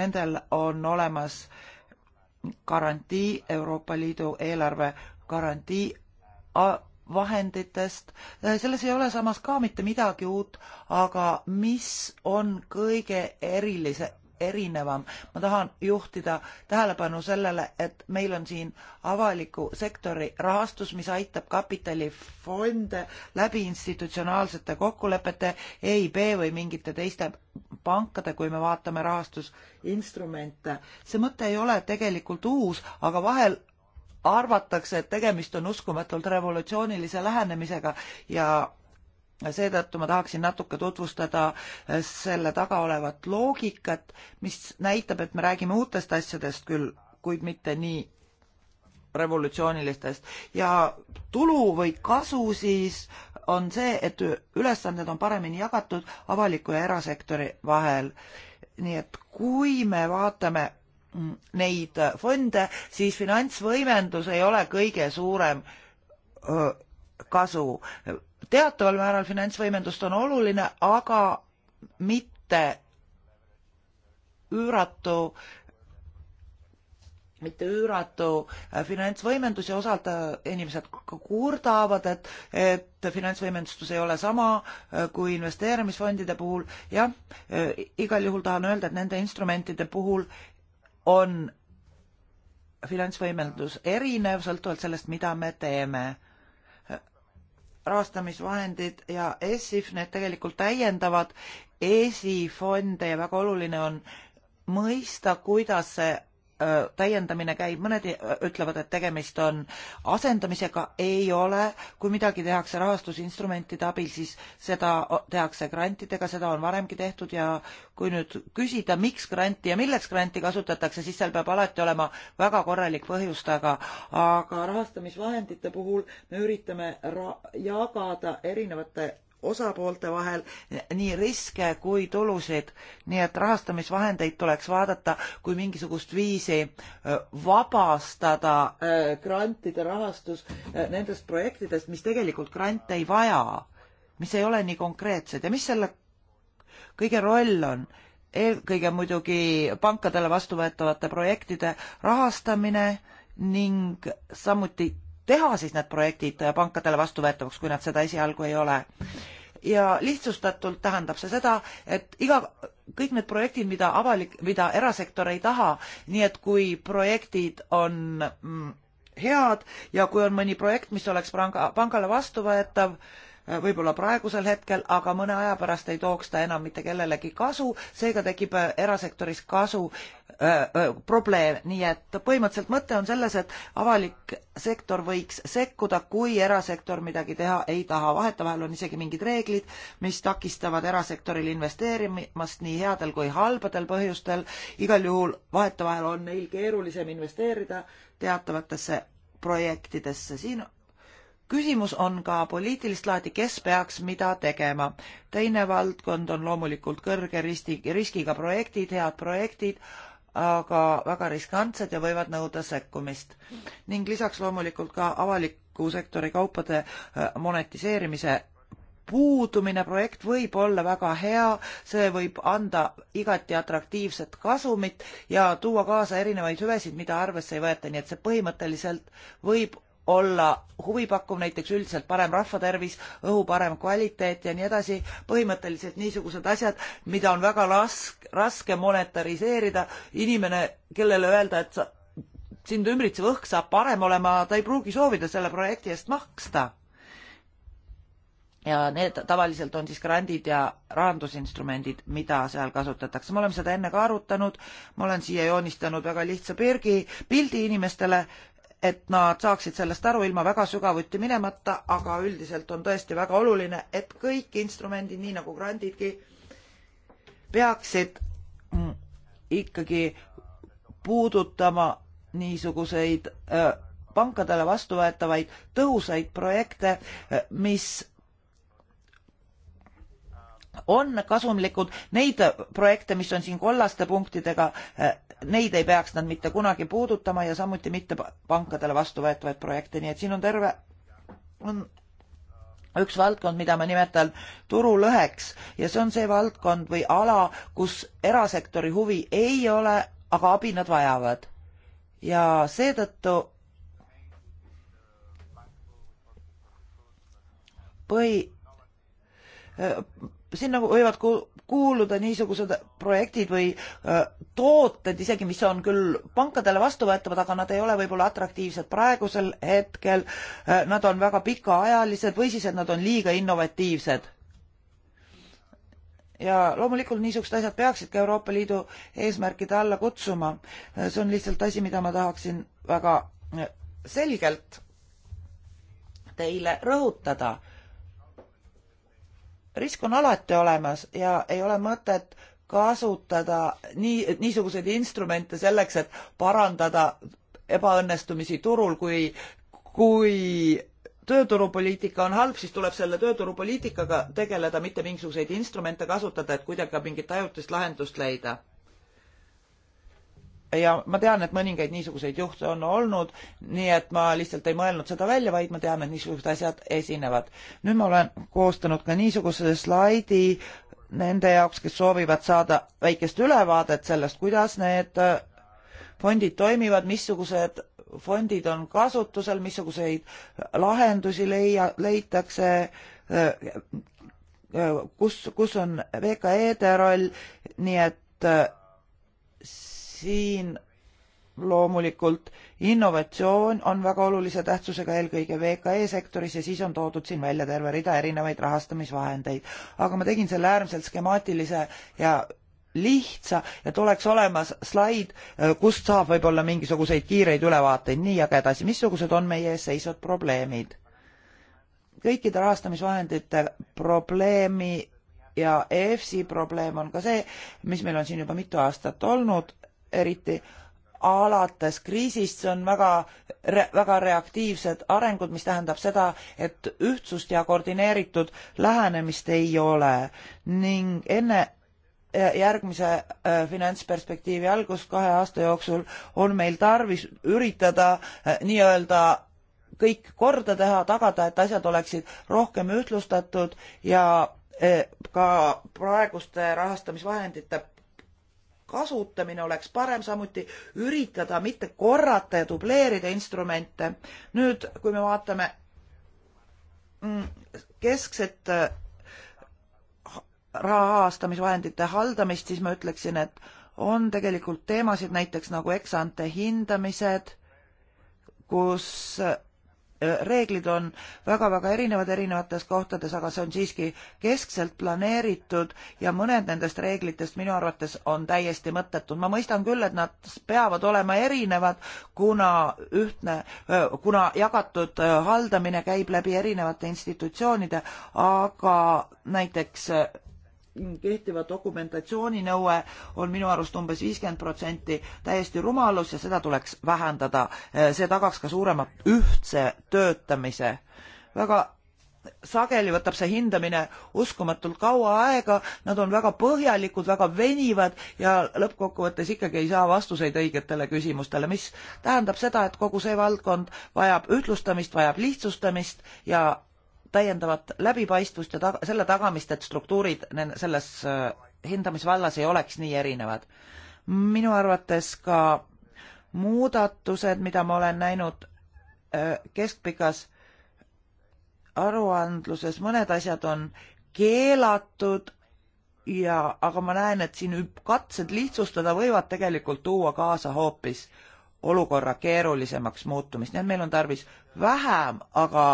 Nendel on olemas garantii Euroopa Liidu eelarve garantii vahenditest, selles ei ole samas ka mitte midagi uut, aga mis on kõige erilise, erinevam. ma tahan juhtida tähelepanu sellele, et meil on siin avaliku sektori rahastus, mis aitab kapitalifonde läbi institutsionaalsete kokkulepete EIB või mingite teiste pankade, kui me vaatame rahastusinstrumente. see mõte ei ole tegelikult uus, aga vahel arvatakse, et tegemist on uskumatult revolutsioonilise lähenemisega ja seetõttu ma tahaksin natuke tutvustada eh, selle taga olevat loogikat, mis näitab, et me räägime uutest asjadest küll, kuid mitte nii revolutsioonilistest ja tulu või kasu siis on see, et ülesanded on paremini jagatud avaliku ja erasektori vahel. nii et kui me vaatame mm, neid fonde, siis finantsvõimendus ei ole kõige suurem kasu teataval määral finantsvõimendust on oluline, aga mitte üüratu mitte üüratu äh, finantsvõimendus ja osalt äh, inimesed kurdavad, et, et finantsvõimendustus ei ole sama äh, kui investeerimisfondide puhul. jah, igal juhul tahan öelda, et nende instrumentide puhul on finantsvõimendus erinev sõltuvalt sellest, mida me teeme rahastamisvahendid ja ESIF, need tegelikult täiendavad ESI fonde ja väga oluline on mõista, kuidas see Äh, täiendamine käib, mõned äh, ütlevad, et tegemist on asendamisega, ei ole, kui midagi tehakse rahastusinstrumentide abil, siis seda tehakse grantidega, seda on varemgi tehtud ja kui nüüd küsida, miks granti ja milleks granti kasutatakse, siis seal peab alati olema väga korralik põhjus taga, aga rahastamisvahendite puhul me üritame ra-, jagada erinevate osapoolte vahel nii riske kui tulusid, nii et rahastamisvahendeid tuleks vaadata kui mingisugust viisi äh, vabastada äh, grantide rahastus äh, nendest projektidest, mis tegelikult grante ei vaja, mis ei ole nii konkreetsed ja mis selle kõige roll on? eelkõige muidugi pankadele vastuvõetavate projektide rahastamine ning samuti teha siis need projektid pankadele vastuvõetavaks, kui nad seda esialgu ei ole. ja lihtsustatult tähendab see seda, et iga, kõik need projektid, mida avalik, mida erasektor ei taha, nii et kui projektid on mm, head ja kui on mõni projekt, mis oleks panga, pangale vastuvõetav, võib-olla praegusel hetkel, aga mõne aja pärast ei tooks ta enam mitte kellelegi kasu, seega tekib äh, erasektoris kasu öö, äh, äh, probleem, nii et põhimõtteliselt mõte on selles, et avalik sektor võiks sekkuda, kui erasektor midagi teha ei taha. vahetevahel on isegi mingid reeglid, mis takistavad erasektoril investeerimast nii headel kui halbadel põhjustel. igal juhul vahetevahel on neil keerulisem investeerida teatavatesse projektidesse. siin küsimus on ka poliitilist laadi, kes peaks mida tegema. teine valdkond on loomulikult kõrge risti, riskiga projektid, head projektid, aga väga riskantsed ja võivad nõuda sekkumist. ning lisaks loomulikult ka avaliku sektori kaupade äh, monetiseerimise puudumine, projekt võib olla väga hea, see võib anda igati atraktiivset kasumit ja tuua kaasa erinevaid hüvesid, mida arvesse ei võeta, nii et see põhimõtteliselt võib olla huvipakkuv, näiteks üldiselt parem rahvatervis, õhu parem kvaliteet ja nii edasi, põhimõtteliselt niisugused asjad, mida on väga rask-, raske monetariseerida, inimene, kellele öelda, et sa, sind ümbritsev õhk saab parem olema, ta ei pruugi soovida selle projekti eest maksta. ja need tavaliselt on siis grandid ja rahandusinstrumendid, mida seal kasutatakse, me oleme seda enne ka arutanud, ma olen siia joonistanud väga lihtsa pirgi, pildi inimestele, et nad saaksid sellest aru ilma väga sügavuti minemata, aga üldiselt on tõesti väga oluline, et kõik instrumendid, nii nagu grandidki, peaksid mm, ikkagi puudutama niisuguseid äh, pankadele vastuvõetavaid tõhusaid projekte, äh, mis on kasumlikud, neid projekte, mis on siin kollaste punktidega äh, neid ei peaks nad mitte kunagi puudutama ja samuti mitte pankadele vastu võetavaid projekte, nii et siin on terve, on üks valdkond, mida ma nimetan turulõheks ja see on see valdkond või ala, kus erasektori huvi ei ole, aga abi nad vajavad. ja seetõttu põhi, äh, sinna võivad ku-, kuuluda niisugused projektid või äh, tooted isegi, mis on küll pankadele vastuvõetavad, aga nad ei ole võib-olla atraktiivsed praegusel hetkel, äh, nad on väga pikaajalised või siis, et nad on liiga innovatiivsed. ja loomulikult niisugused asjad peaksidki Euroopa Liidu eesmärkide alla kutsuma. Äh, see on lihtsalt asi, mida ma tahaksin väga selgelt teile rõhutada risk on alati olemas ja ei ole mõtet kasutada nii, niisuguseid instrumente selleks, et parandada ebaõnnestumisi turul, kui, kui tööturupoliitika on halb, siis tuleb selle tööturupoliitikaga tegeleda, mitte mingisuguseid instrumente kasutada, et kuidagi mingit ajutist lahendust leida ja ma tean, et mõningaid niisuguseid juhte on olnud, nii et ma lihtsalt ei mõelnud seda välja, vaid ma tean, et niisugused asjad esinevad. nüüd ma olen koostanud ka niisuguse slaidi nende jaoks, kes soovivad saada väikest ülevaadet sellest, kuidas need äh, fondid toimivad, missugused fondid on kasutusel, missuguseid lahendusi leia, leitakse, äh, äh, kus, kus on VKE-de roll, nii et siin loomulikult innovatsioon on väga olulise tähtsusega eelkõige VKE sektoris ja siis on toodud siin välja terve rida erinevaid rahastamisvahendeid. aga ma tegin selle äärmiselt skemaatilise ja lihtsa, et oleks olemas slaid, kust saab võib-olla mingisuguseid kiireid ülevaateid, nii, aga edasi, missugused on meie ees seisvad probleemid? kõikide rahastamisvahendite probleemi ja EFSI probleem on ka see, mis meil on siin juba mitu aastat olnud eriti alates kriisist, see on väga, väga reaktiivsed arengud, mis tähendab seda, et ühtsust ja koordineeritud lähenemist ei ole ning enne järgmise äh, finantsperspektiivi algust kahe aasta jooksul on meil tarvis üritada äh, nii-öelda kõik korda teha, tagada, et asjad oleksid rohkem ühtlustatud ja äh, ka praeguste rahastamisvahendite kasutamine oleks parem, samuti üritada mitte korrata ja dubleerida instrumente. nüüd, kui me vaatame mm, keskset äh, rahastamisvahendite haldamist, siis ma ütleksin, et on tegelikult teemasid näiteks nagu eksante hindamised, kus äh, Äh, reeglid on väga-väga erinevad erinevates kohtades, aga see on siiski keskselt planeeritud ja mõned nendest reeglitest minu arvates on täiesti mõttetud. ma mõistan küll, et nad peavad olema erinevad, kuna ühtne, äh, kuna jagatud äh, haldamine käib läbi erinevate institutsioonide, aga näiteks kehtiva dokumentatsiooni nõue on minu arust umbes viiskümmend protsenti täiesti rumalus ja seda tuleks vähendada. see tagaks ka suurema ühtse töötamise. väga sageli võtab see hindamine uskumatult kaua aega, nad on väga põhjalikud, väga venivad ja lõppkokkuvõttes ikkagi ei saa vastuseid õigetele küsimustele, mis tähendab seda, et kogu see valdkond vajab ühtlustamist, vajab lihtsustamist ja täiendavat läbipaistvust ja taga, selle tagamist, et struktuurid selles äh, hindamisvallas ei oleks nii erinevad. minu arvates ka muudatused, mida ma olen näinud äh, keskpikas aruandluses, mõned asjad on keelatud ja, aga ma näen, et siin katsed lihtsustada võivad tegelikult tuua kaasa hoopis olukorra keerulisemaks muutumist, nii et meil on tarvis vähem, aga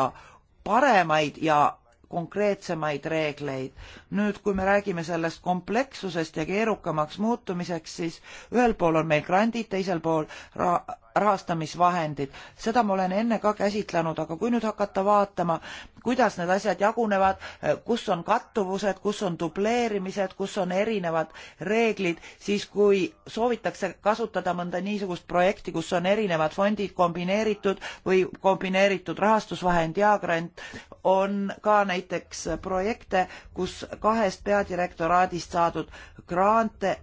paremaid ja konkreetsemaid reegleid. nüüd, kui me räägime sellest komplekssusest ja keerukamaks muutumiseks, siis ühel pool on meil grandid, teisel pool ra rahastamisvahendid. seda ma olen enne ka käsitlenud, aga kui nüüd hakata vaatama, kuidas need asjad jagunevad, kus on kattuvused, kus on dubleerimised, kus on erinevad reeglid, siis kui soovitakse kasutada mõnda niisugust projekti, kus on erinevad fondid kombineeritud või kombineeritud rahastusvahend ja grant, on ka näiteks projekte, kus kahest peadirektoraadist saadud grante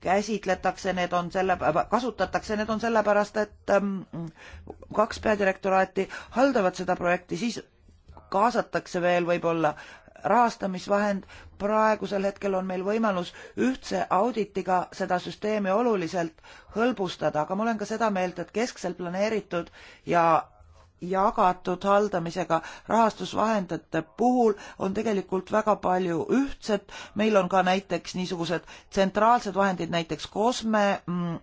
käsitletakse, need on selle, kasutatakse, need on sellepärast, et ähm, kaks peadirektoraati haldavad seda projekti, siis kaasatakse veel võib-olla rahastamisvahend. praegusel hetkel on meil võimalus ühtse auditiga seda süsteemi oluliselt hõlbustada, aga ma olen ka seda meelt, et keskselt planeeritud ja jagatud haldamisega rahastusvahendite puhul on tegelikult väga palju ühtset. meil on ka näiteks niisugused tsentraalsed vahendid, näiteks COSME mm,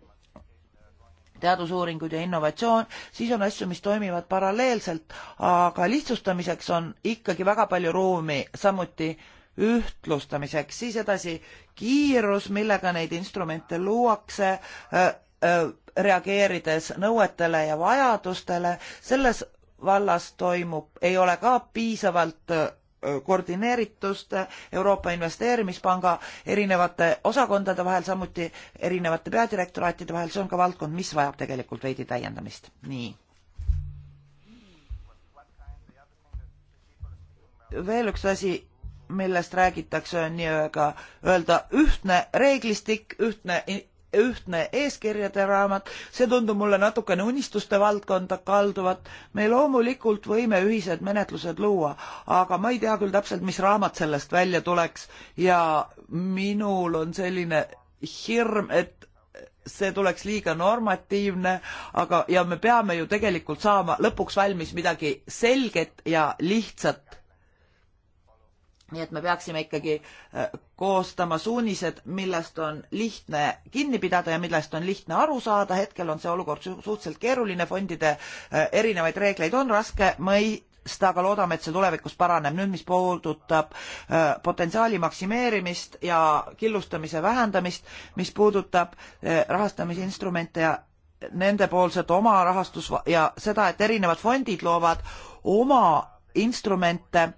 teadusuuringud ja innovatsioon, siis on asju, mis toimivad paralleelselt, aga lihtsustamiseks on ikkagi väga palju ruumi, samuti ühtlustamiseks, siis edasi kiirus, millega neid instrumente luuakse, äh, reageerides nõuetele ja vajadustele, selles vallas toimub, ei ole ka piisavalt koordineeritust Euroopa Investeerimispanga erinevate osakondade vahel, samuti erinevate peadirektoraatide vahel, see on ka valdkond, mis vajab tegelikult veidi täiendamist, nii. veel üks asi, millest räägitakse, on nii-öelda öelda ühtne reeglistik, ühtne ühtne eeskirjade raamat, see tundub mulle natukene unistuste valdkonda kalduvat. me loomulikult võime ühised menetlused luua, aga ma ei tea küll täpselt, mis raamat sellest välja tuleks ja minul on selline hirm, et see tuleks liiga normatiivne, aga, ja me peame ju tegelikult saama lõpuks valmis midagi selget ja lihtsat nii et me peaksime ikkagi äh, koostama suunised, millest on lihtne kinni pidada ja millest on lihtne aru saada. hetkel on see olukord suhteliselt keeruline, fondide äh, erinevaid reegleid on raske mõista, aga loodame, et see tulevikus paraneb. nüüd, mis puudutab äh, potentsiaali maksimeerimist ja killustamise vähendamist, mis puudutab rahastamisinstrumente ja nendepoolset oma rahastus ja seda, et erinevad fondid loovad oma instrumente. Äh,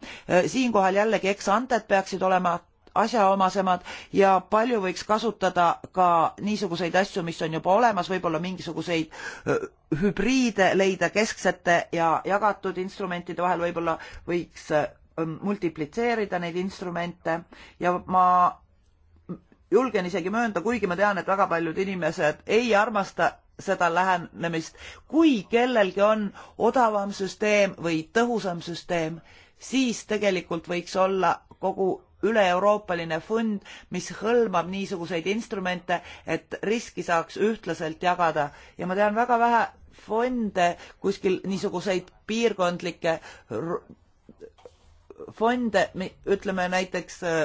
siinkohal jällegi ex-anted peaksid olema asjaomasemad ja palju võiks kasutada ka niisuguseid asju, mis on juba olemas, võib-olla mingisuguseid äh, hübriide leida kesksete ja jagatud instrumentide vahel, võib-olla võiks äh, multiplitseerida neid instrumente ja ma julgen isegi möönda, kuigi ma tean, et väga paljud inimesed ei armasta seda lähenemist. kui kellelgi on odavam süsteem või tõhusam süsteem, siis tegelikult võiks olla kogu üle-euroopaline fond, mis hõlmab niisuguseid instrumente, et riski saaks ühtlaselt jagada ja ma tean väga vähe fonde kuskil niisuguseid piirkondlikke fonde, ütleme näiteks äh,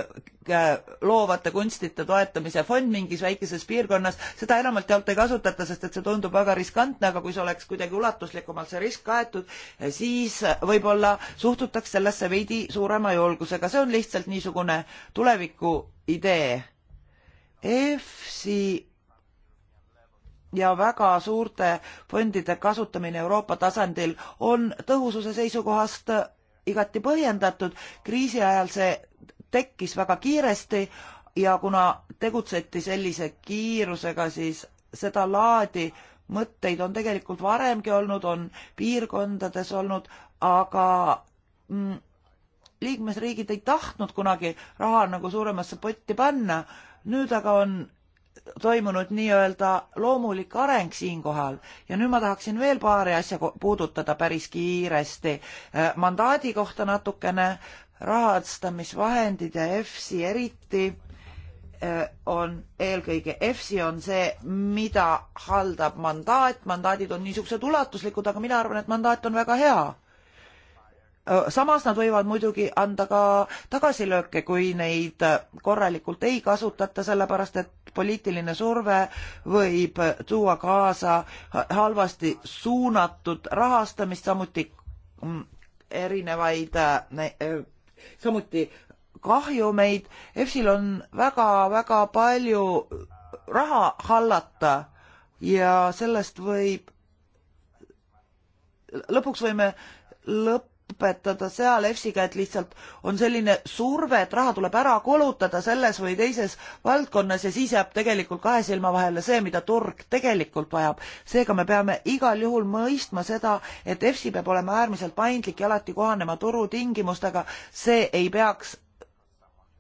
äh, loovate kunstide toetamise fond mingis väikeses piirkonnas, seda enamalt jaolt ei kasutata, sest et see tundub väga riskantne, aga kui see oleks kuidagi ulatuslikumalt see risk kaetud, siis võib-olla suhtutaks sellesse veidi suurema julgusega, see on lihtsalt niisugune tuleviku idee. EFSi ja väga suurte fondide kasutamine Euroopa tasandil on tõhususe seisukohast igati põhjendatud, kriisi ajal see tekkis väga kiiresti ja kuna tegutseti sellise kiirusega, siis sedalaadi mõtteid on tegelikult varemgi olnud, on piirkondades olnud, aga mm, liikmesriigid ei tahtnud kunagi raha nagu suuremasse potti panna. nüüd aga on toimunud nii-öelda loomulik areng siinkohal ja nüüd ma tahaksin veel paari asja puudutada päris kiiresti. Äh, mandaadi kohta natukene, rahastamisvahendid ja EFSI eriti äh, on eelkõige, EFSI on see, mida haldab mandaat, mandaadid on niisugused ulatuslikud, aga mina arvan, et mandaat on väga hea samas nad võivad muidugi anda ka tagasilööke, kui neid äh, korralikult ei kasutata, sellepärast et poliitiline surve võib tuua kaasa halvasti suunatud rahastamist, samuti mm, erinevaid, äh, äh, samuti kahjumeid. EFSil on väga-väga palju raha hallata ja sellest võib, lõpuks võime lõpp, lõpetada seal EFSiga, et lihtsalt on selline surve, et raha tuleb ära kulutada selles või teises valdkonnas ja siis jääb tegelikult kahe silma vahele see, mida turg tegelikult vajab. seega me peame igal juhul mõistma seda, et EFSi peab olema äärmiselt paindlik ja alati kohanema turutingimustega, see ei peaks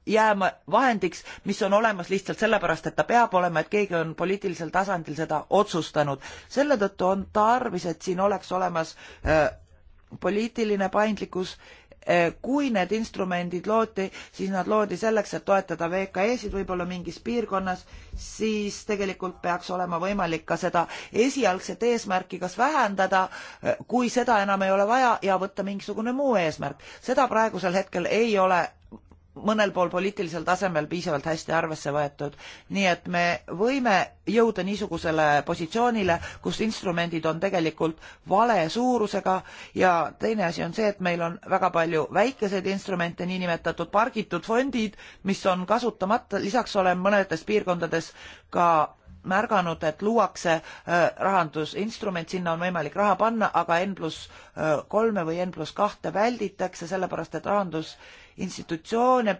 jääma vahendiks, mis on olemas lihtsalt sellepärast, et ta peab olema, et keegi on poliitilisel tasandil seda otsustanud. selle tõttu on tarvis, et siin oleks olemas öö, äh, poliitiline paindlikkus, eh, kui need instrumendid loodi, siis nad loodi selleks, et toetada VKE-sid võib-olla mingis piirkonnas, siis tegelikult peaks olema võimalik ka seda esialgset eesmärki kas vähendada, eh, kui seda enam ei ole vaja ja võtta mingisugune muu eesmärk. seda praegusel hetkel ei ole mõnel pool poliitilisel tasemel piisavalt hästi arvesse võetud. nii et me võime jõuda niisugusele positsioonile, kus instrumendid on tegelikult vale suurusega ja teine asi on see, et meil on väga palju väikeseid instrumente, niinimetatud pargitud fondid, mis on kasutamata, lisaks olen mõnedes piirkondades ka märganud, et luuakse äh, rahandusinstrument, sinna on võimalik raha panna, aga N pluss äh, kolme või N pluss kahte välditakse, sellepärast et rahandus institutsioone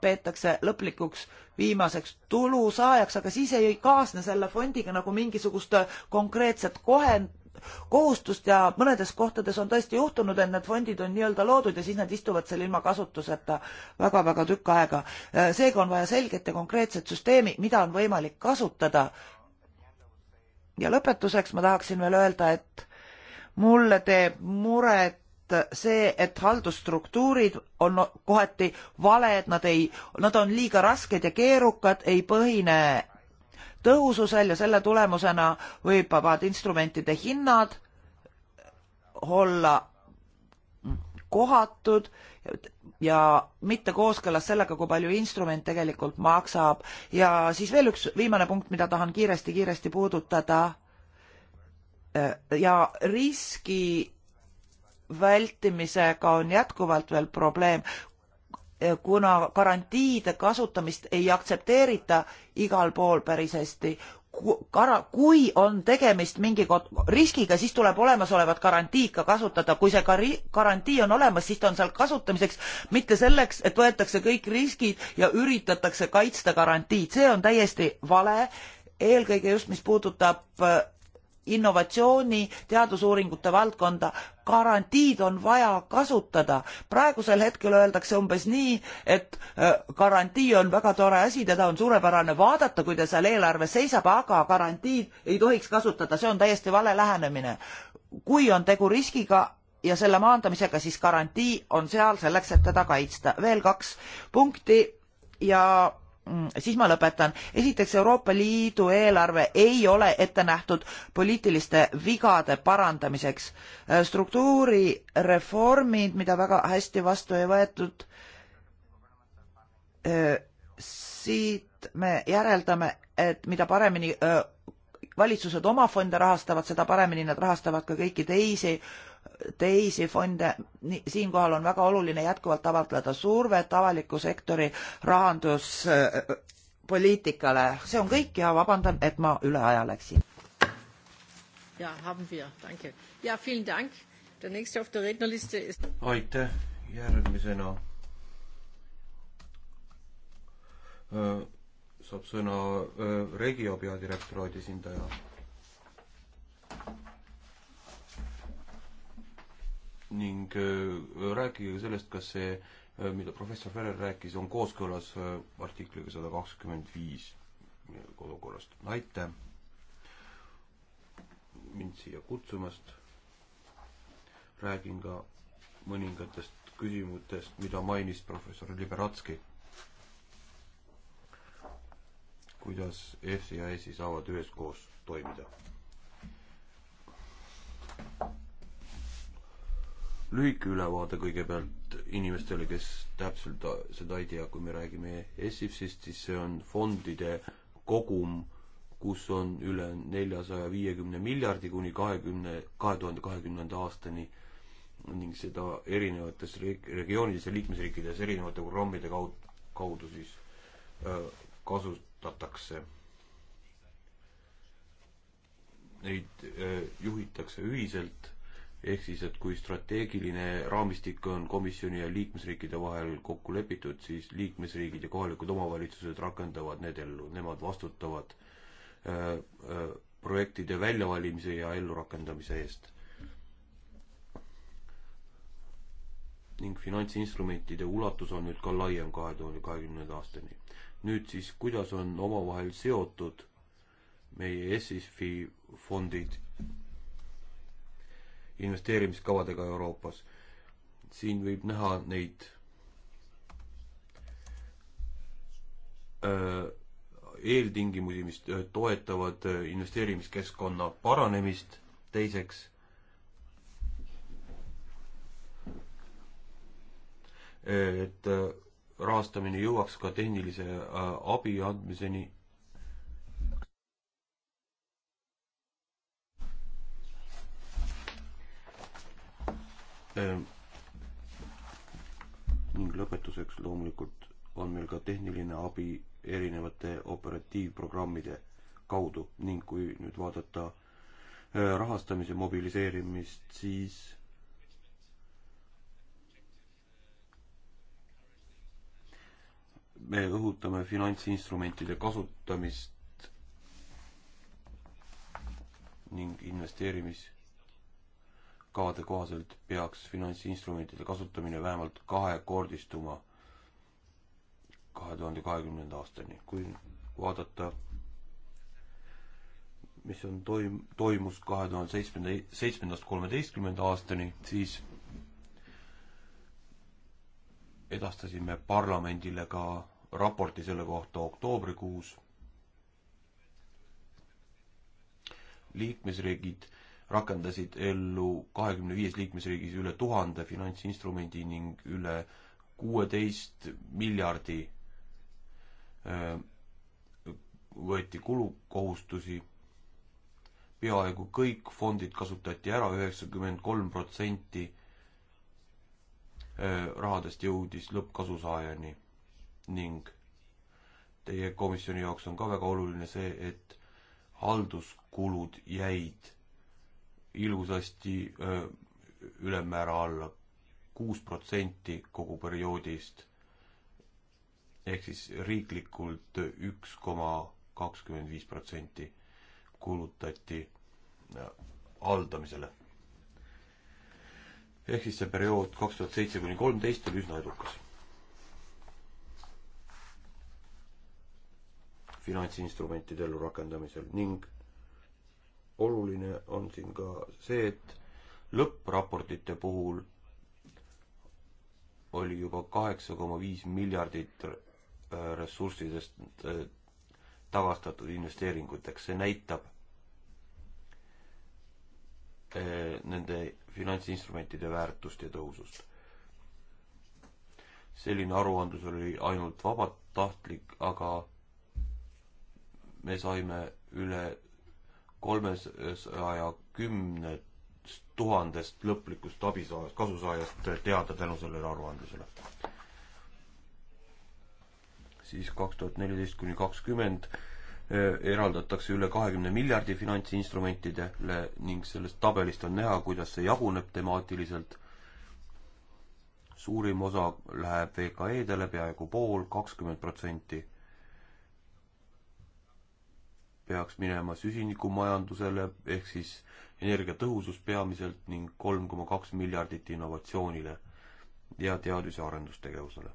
peetakse lõplikuks viimaseks tulusaajaks, aga siis ei kaasne selle fondiga nagu mingisugust konkreetset kohend-, kohustust ja mõnedes kohtades on tõesti juhtunud, et need fondid on nii-öelda loodud ja siis nad istuvad seal ilma kasutuseta väga-väga tükk aega. seega on vaja selget ja konkreetset süsteemi, mida on võimalik kasutada. ja lõpetuseks ma tahaksin veel öelda, et mulle teeb muret see, et haldusstruktuurid on kohati valed, nad ei, nad on liiga rasked ja keerukad, ei põhine tõhususel ja selle tulemusena võivad instrumentide hinnad olla kohatud ja mitte kooskõlas sellega, kui palju instrument tegelikult maksab. ja siis veel üks viimane punkt, mida tahan kiiresti-kiiresti puudutada. ja riski vältimisega on jätkuvalt veel probleem, kuna garantiide kasutamist ei aktsepteerita igal pool päris hästi. kui on tegemist mingi riskiga, siis tuleb olemasolevat garantiid ka kasutada, kui see garantii on olemas, siis ta on seal kasutamiseks, mitte selleks, et võetakse kõik riskid ja üritatakse kaitsta garantiid, see on täiesti vale eelkõige just mis puudutab äh, innovatsiooni, teadusuuringute valdkonda, garantiid on vaja kasutada. praegusel hetkel öeldakse umbes nii, et äh, garantii on väga tore asi, teda on suurepärane vaadata, kui ta seal eelarves seisab, aga garantiid ei tohiks kasutada, see on täiesti vale lähenemine. kui on tegu riskiga, ja selle maandamisega siis garantii on seal selleks, et teda kaitsta. veel kaks punkti ja Mm, siis ma lõpetan. esiteks, Euroopa Liidu eelarve ei ole ette nähtud poliitiliste vigade parandamiseks. Äh, struktuurireformid, mida väga hästi vastu ei võetud, äh, siit me järeldame, et mida paremini äh, valitsused oma fonde rahastavad, seda paremini nad rahastavad ka kõiki teisi teisi fonde, siinkohal on väga oluline jätkuvalt avaldada survet avaliku sektori rahanduspoliitikale. Äh, see on kõik ja vabandan, et ma üle aja läksin. ja, haben wir, danke. ja, vielen dank. Der nächste auf der Rednerliste ist... aitäh, järgmisena äh, saab sõna äh, Regio peadirektoraadi esindaja ning äh, rääkige sellest, kas see, äh, mida professor Ferrer rääkis, on kooskõlas äh, artikliga sada kakskümmend viis kodukorrast. aitäh mind siia kutsumast. räägin ka mõningatest küsimustest, mida mainis professor Liberatski. kuidas EFSI ja ESI saavad üheskoos toimida? lühike ülevaade kõigepealt inimestele, kes täpselt seda ei tea, kui me räägime ESIF-ist, siis see on fondide kogum, kus on üle neljasaja viiekümne miljardi kuni kahekümne, kahe tuhande kahekümnenda aastani ning seda erinevates regioonides ja liikmesriikides erinevate programmide kaud-, kaudu siis öö, kasutatakse. Neid öö, juhitakse ühiselt ehk siis, et kui strateegiline raamistik on komisjoni ja liikmesriikide vahel kokku lepitud, siis liikmesriigid ja kohalikud omavalitsused rakendavad need ellu, nemad vastutavad öö, äh, öö, äh, projektide väljavalimise ja ellurakendamise eest. ning finantsinstrumentide ulatus on nüüd ka laiem kahe tuhande kahekümnenda aastani. nüüd siis, kuidas on omavahel seotud meie SISFi fondid investeerimiskavadega Euroopas. siin võib näha neid eeltingimusi, mis toetavad investeerimiskeskkonna paranemist, teiseks et rahastamine jõuaks ka tehnilise abi andmiseni Ehm, ning lõpetuseks loomulikult on meil ka tehniline abi erinevate operatiivprogrammide kaudu ning kui nüüd vaadata ehm, rahastamise mobiliseerimist, siis me õhutame finantsinstrumentide kasutamist ning investeerimis- kavade kohaselt peaks finantsinstrumentide kasutamine vähemalt kahekordistuma kahe tuhande kahekümnenda aastani. kui vaadata, mis on toim-, toimus kahe tuhande seitsmenda, seitsmendast kolmeteistkümnenda aastani, siis edastasime parlamendile ka raporti selle kohta oktoobrikuus. liikmesriigid rakendasid ellu kahekümne viies liikmesriigis üle tuhande finantsinstrumendi ning üle kuueteist miljardi võeti kulukohustusi, peaaegu kõik fondid kasutati ära, üheksakümmend kolm protsenti rahadest jõudis lõppkasusaajani ning teie komisjoni jaoks on ka väga oluline see, et halduskulud jäid ilusasti ülemmäära alla, kuus protsenti kogu perioodist. ehk siis riiklikult üks koma kakskümmend viis protsenti kulutati haldamisele. ehk siis see periood kaks tuhat seitse kuni kolmteist oli üsna edukas. finantsinstrumentide ellurakendamisel ning oluline on siin ka see, et lõppraportite puhul oli juba kaheksa koma viis miljardit äh, ressurssidest äh, tagastatud investeeringuteks, see näitab äh, nende finantsinstrumentide väärtust ja tõusust. selline aruandlus oli ainult vabatahtlik, aga me saime üle kolmesaja kümnest tuhandest lõplikust abisaajast, kasusaajast teada tänu sellele aruandlusele. siis kaks tuhat neliteist kuni kakskümmend eh, eraldatakse üle kahekümne miljardi finantsinstrumentidele ning sellest tabelist on näha, kuidas see jaguneb temaatiliselt. suurim osa läheb VKE-dele, peaaegu pool, kakskümmend protsenti peaks minema süsinikumajandusele ehk siis energiatõhusus peamiselt ning kolm koma kaks miljardit innovatsioonile ja teadus- ja arendustegevusele.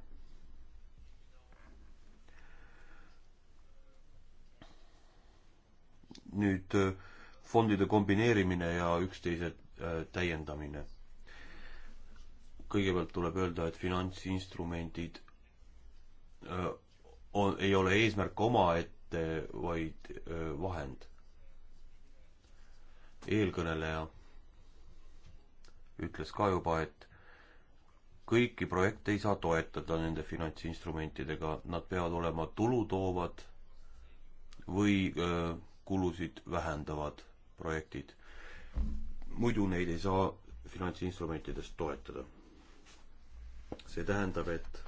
nüüd äh, fondide kombineerimine ja üksteise äh, täiendamine. kõigepealt tuleb öelda, et finantsinstrumendid äh, on, ei ole eesmärk omaette, mitte vaid vahend. eelkõneleja ütles ka juba, et kõiki projekte ei saa toetada nende finantsinstrumentidega, nad peavad olema tulutoovad või öö, kulusid vähendavad projektid. muidu neid ei saa finantsinstrumentidest toetada. see tähendab, et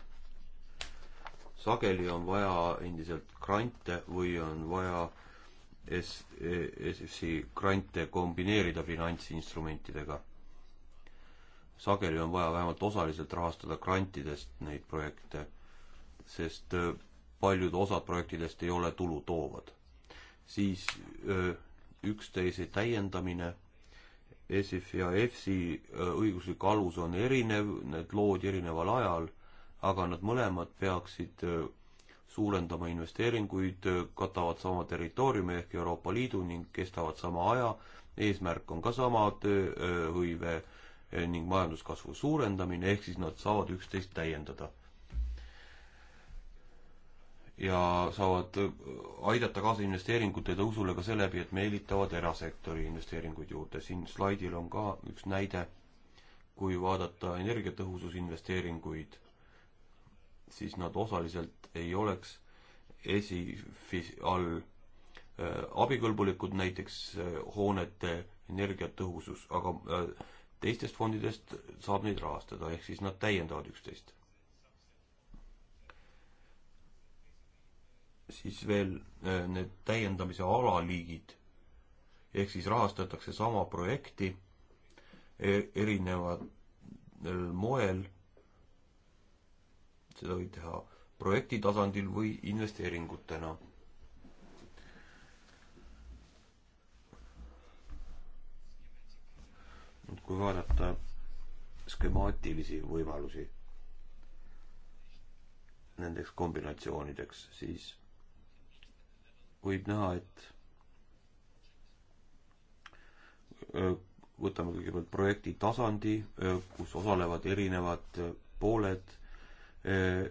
sageli on vaja endiselt grante või on vaja S-, SFC grante kombineerida finantsinstrumentidega. sageli on vaja vähemalt osaliselt rahastada grantidest neid projekte, sest paljud osad projektidest ei ole tulutoovad. siis üksteise täiendamine ESIF ja EFSI õiguslik alus on erinev, need loodi erineval ajal aga nad mõlemad peaksid äh, suurendama investeeringuid, äh, katavad sama territooriumi ehk Euroopa Liidu ning kestavad sama aja. eesmärk on ka sama tööhõive äh, ning majanduskasvu suurendamine, ehk siis nad saavad üksteist täiendada. ja saavad aidata kaasa investeeringute tõusule ka seeläbi, et meelitavad erasektori investeeringuid juurde. siin slaidil on ka üks näide, kui vaadata energiatõhususinvesteeringuid siis nad osaliselt ei oleks esifis-, all äh, abikõlbulikud, näiteks äh, hoonete energiatõhusus, aga äh, teistest fondidest saab neid rahastada, ehk siis nad täiendavad üksteist. siis veel need täiendamise alaliigid, ehk siis rahastatakse sama projekti e-, erineval moel seda võib teha projekti tasandil või investeeringutena. kui vaadata skemaatilisi võimalusi nendeks kombinatsioonideks, siis võib näha, et äh, võtame kõigepealt projekti tasandi, äh, kus osalevad erinevad äh, pooled Äh,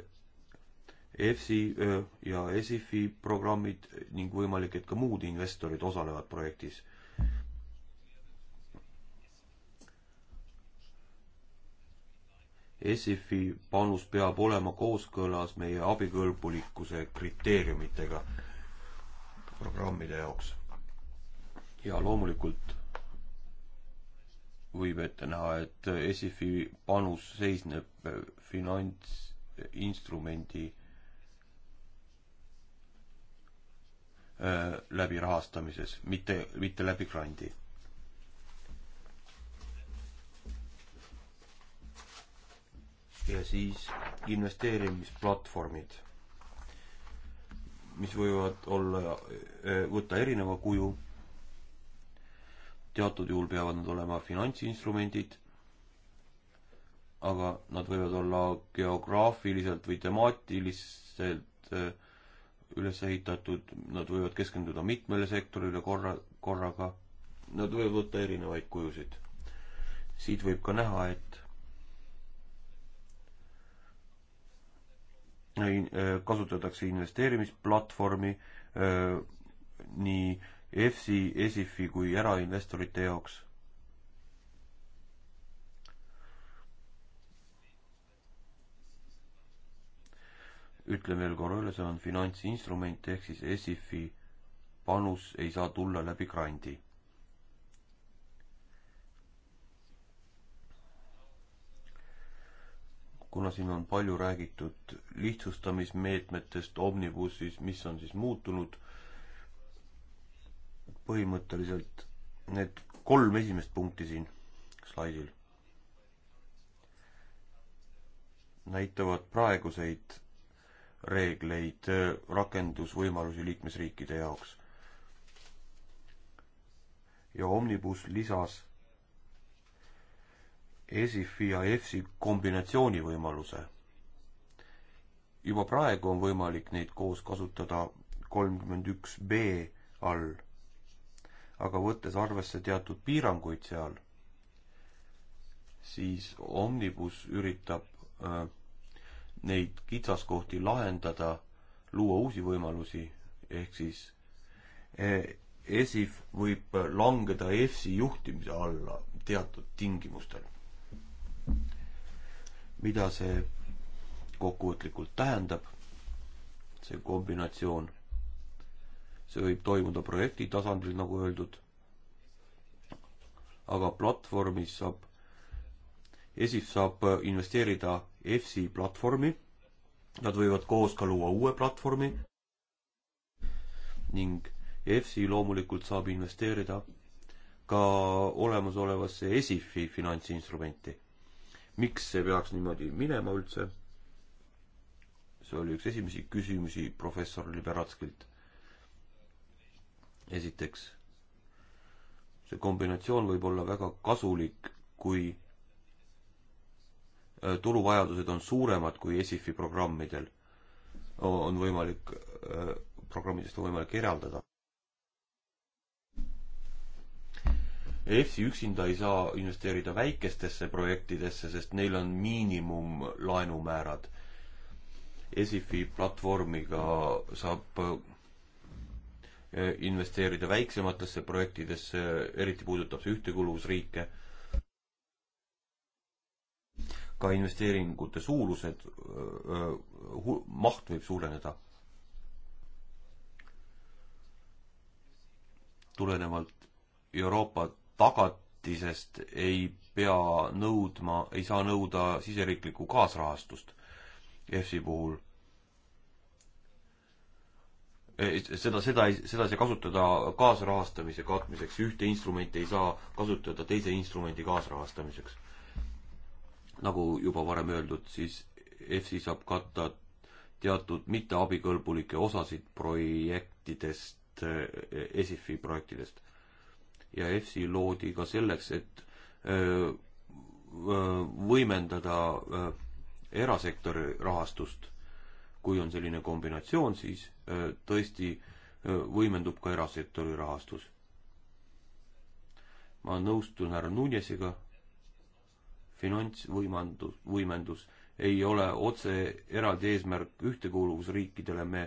EFSI äh, ja ESIFi programmid ning võimalik, et ka muud investorid osalevad projektis. ESIFi panus peab olema kooskõlas meie abikõlbulikkuse kriteeriumitega programmide jaoks. ja loomulikult võib ette näha, et ESIFi panus seisneb äh, finants instrumendi äh, läbi rahastamises, mitte, mitte läbi grandi. ja siis investeerimisplatvormid, mis võivad olla, äh, võtta erineva kuju. teatud juhul peavad nad olema finantsinstrumendid aga nad võivad olla geograafiliselt või temaatiliselt äh, üles ehitatud, nad võivad keskenduda mitmele sektorile korra, korraga, nad võivad võtta erinevaid kujusid. siit võib ka näha, et äh, kasutatakse investeerimisplatvormi äh, nii EFSI, ESIFi kui erainvestorite jaoks ütlen veel korra üle, see on finantsinstrument ehk siis ESIF-i panus ei saa tulla läbi grandi. kuna siin on palju räägitud lihtsustamismeetmetest Omnibusis, mis on siis muutunud, põhimõtteliselt need kolm esimest punkti siin slaidil näitavad praeguseid reegleid, äh, rakendusvõimalusi liikmesriikide jaoks. ja Omnibus lisas ESIF-i ja EFSI kombinatsiooni võimaluse. juba praegu on võimalik neid koos kasutada kolmkümmend üks B all, aga võttes arvesse teatud piiranguid seal, siis Omnibus üritab öö, äh, neid kitsaskohti lahendada, luua uusi võimalusi, ehk siis e, ESIF võib langeda EFSI juhtimise alla teatud tingimustel. mida see kokkuvõtlikult tähendab, see kombinatsioon? see võib toimuda projekti tasandil, nagu öeldud, aga platvormis saab, ESIF saab investeerida EFSI platvormi. Nad võivad koos ka luua uue platvormi ning EFSI loomulikult saab investeerida ka olemasolevasse ESIFi finantsinstrumenti. miks see peaks niimoodi minema üldse? see oli üks esimesi küsimusi professor Liberatskilt. esiteks, see kombinatsioon võib olla väga kasulik, kui turuvajadused on suuremad kui ESIF-i programmidel, on võimalik, äh, programmidest on võimalik eraldada. EFSI üksinda ei saa investeerida väikestesse projektidesse, sest neil on miinimumlaenumäärad. ESIF-i platvormiga saab äh, investeerida väiksematesse projektidesse, eriti puudutab see ühtekuuluvusriike ka investeeringute suurused, maht võib suureneda. tulenevalt Euroopa tagatisest ei pea nõudma, ei saa nõuda siseriiklikku kaasrahastust EFSi puhul. E, seda, seda ei, seda ei saa kasutada kaasrahastamise katmiseks, ühte instrumenti ei saa kasutada teise instrumendi kaasrahastamiseks nagu juba varem öeldud, siis EFSI saab katta teatud mitteabikõlbulikke osasid projektidest, ESIF-i projektidest. ja EFSI loodi ka selleks, et võimendada erasektori rahastust. kui on selline kombinatsioon, siis tõesti võimendub ka erasektori rahastus. ma nõustun härra Nunesiga finantsvõimandus, võimendus ei ole otse eraldi eesmärk ühtekuuluvusriikidele, me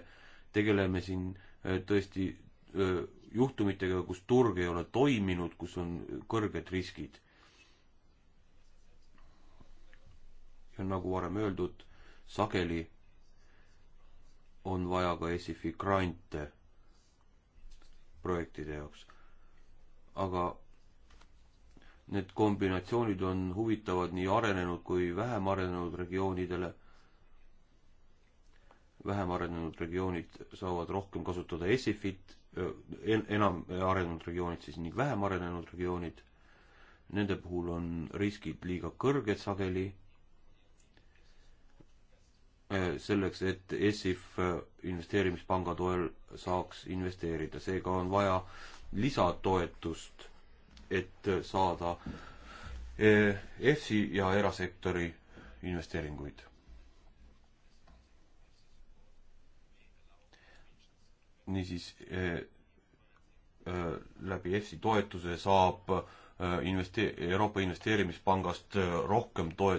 tegeleme siin äh, tõesti äh, juhtumitega, kus turg ei ole toiminud, kus on kõrged riskid. ja nagu varem öeldud, sageli on vaja ka SEFi grante projektide jaoks. aga Need kombinatsioonid on huvitavad nii arenenud kui vähem arenenud regioonidele. vähem arenenud regioonid saavad rohkem kasutada ESIF-it, enam arenenud regioonid siis ning vähem arenenud regioonid. Nende puhul on riskid liiga kõrged sageli selleks, et ESIF investeerimispanga toel saaks investeerida, seega on vaja lisatoetust et saada eh, EFSI ja erasektori investeeringuid. niisiis eh, eh, läbi EFSI toetuse saab investe-, Euroopa Investeerimispangast rohkem toe-,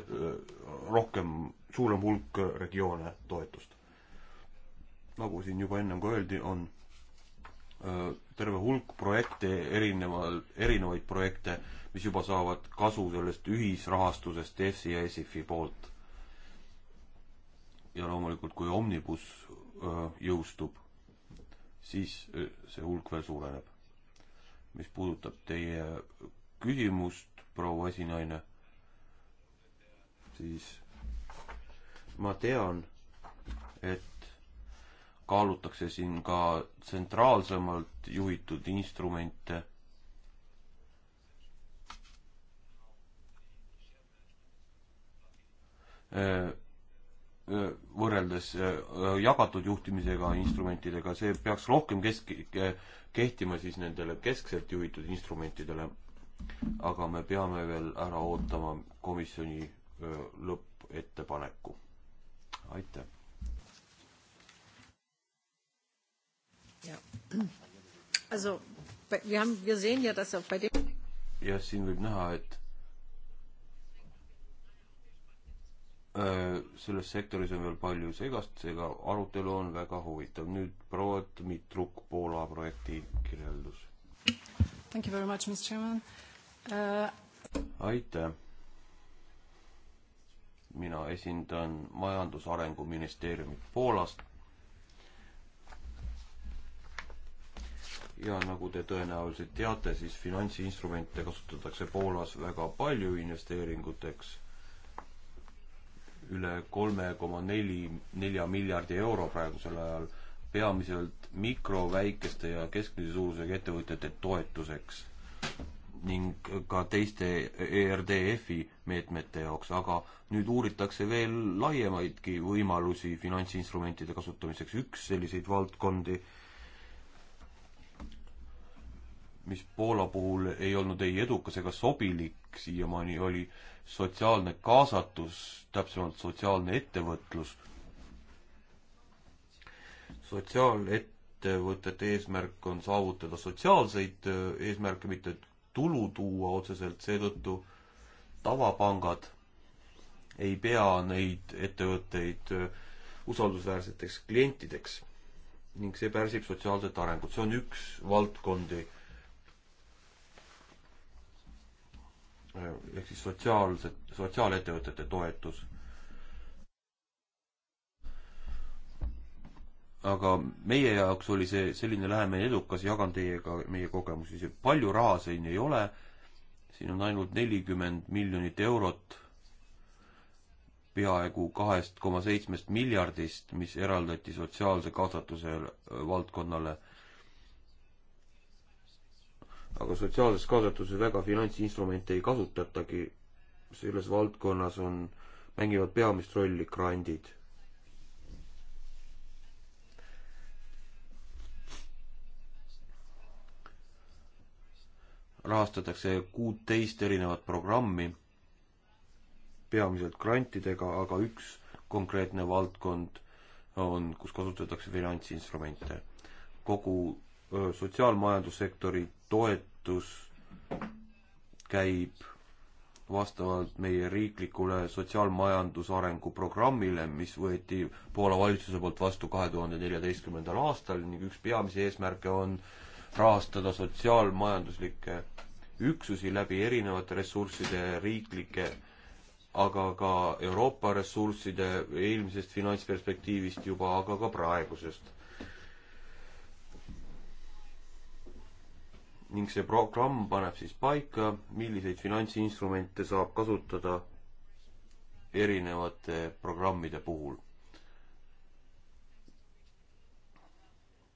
rohkem, suurem hulk regioone toetust. nagu siin juba ennem ka öeldi, on Äh, terve hulk projekte, erineval, erinevaid projekte, mis juba saavad kasu sellest ühisrahastusest EFSI ja ESIFi poolt. ja loomulikult, kui Omnibus äh, jõustub, siis äh, see hulk veel suureneb. mis puudutab teie küsimust, proua esinaine, siis ma tean, et kaalutakse siin ka tsentraalsemalt juhitud instrumente. võrreldes jagatud juhtimisega instrumentidega, see peaks rohkem kesk-, kehtima siis nendele keskselt juhitud instrumentidele. aga me peame veel ära ootama komisjoni lõppettepaneku. aitäh! ja, also, wir haben, wir sehen ja, dass auch bei dem jah, siin võib näha, et äh, selles sektoris on veel palju segast, seega arutelu on väga huvitav. nüüd proua Dmitruk, Poola projekti kirjeldus. Thank you very much, Mr Chairman uh.... aitäh. mina esindan Majandusarengu ministeeriumit Poolast. ja nagu te tõenäoliselt teate, siis finantsinstrumente kasutatakse Poolas väga palju investeeringuteks, üle kolme koma neli, nelja miljardi euro praegusel ajal, peamiselt mikro, väikeste ja keskmise suurusega ettevõtjate toetuseks ning ka teiste ERDF-i meetmete jaoks, aga nüüd uuritakse veel laiemaidki võimalusi finantsinstrumentide kasutamiseks. üks selliseid valdkondi mis Poola puhul ei olnud ei edukas ega sobilik siiamaani, oli sotsiaalne kaasatus, täpsemalt sotsiaalne ettevõtlus. sotsiaalettevõtete eesmärk on saavutada sotsiaalseid äh, eesmärke, mitte tulu tuua otseselt, seetõttu tavapangad ei pea neid ettevõtteid äh, usaldusväärseteks klientideks ning see pärsib sotsiaalset arengut. see on üks valdkondi Äh, ehk siis sotsiaalsed, sotsiaalettevõtete toetus. aga meie jaoks oli see selline lähemine edukas, jagan teiega meie kogemusi, see palju raha siin ei ole, siin on ainult nelikümmend miljonit eurot, peaaegu kahest koma seitsmest miljardist, mis eraldati sotsiaalse kaasatuse valdkonnale aga sotsiaalses kaasatuses väga finantsinstrumente ei kasutatagi. selles valdkonnas on, mängivad peamist rolli grandid. rahastatakse kuuteist erinevat programmi, peamiselt grantidega, aga üks konkreetne valdkond on, kus kasutatakse finantsinstrumente. kogu sotsiaalmajandussektori toetus käib vastavalt meie riiklikule sotsiaalmajandusarengu programmile, mis võeti Poola valitsuse poolt vastu kahe tuhande neljateistkümnendal aastal ning üks peamisi eesmärke on rahastada sotsiaalmajanduslikke üksusi läbi erinevate ressursside, riiklike, aga ka Euroopa ressursside eelmisest finantsperspektiivist juba, aga ka praegusest ning see programm paneb siis paika, milliseid finantsinstrumente saab kasutada erinevate programmide puhul.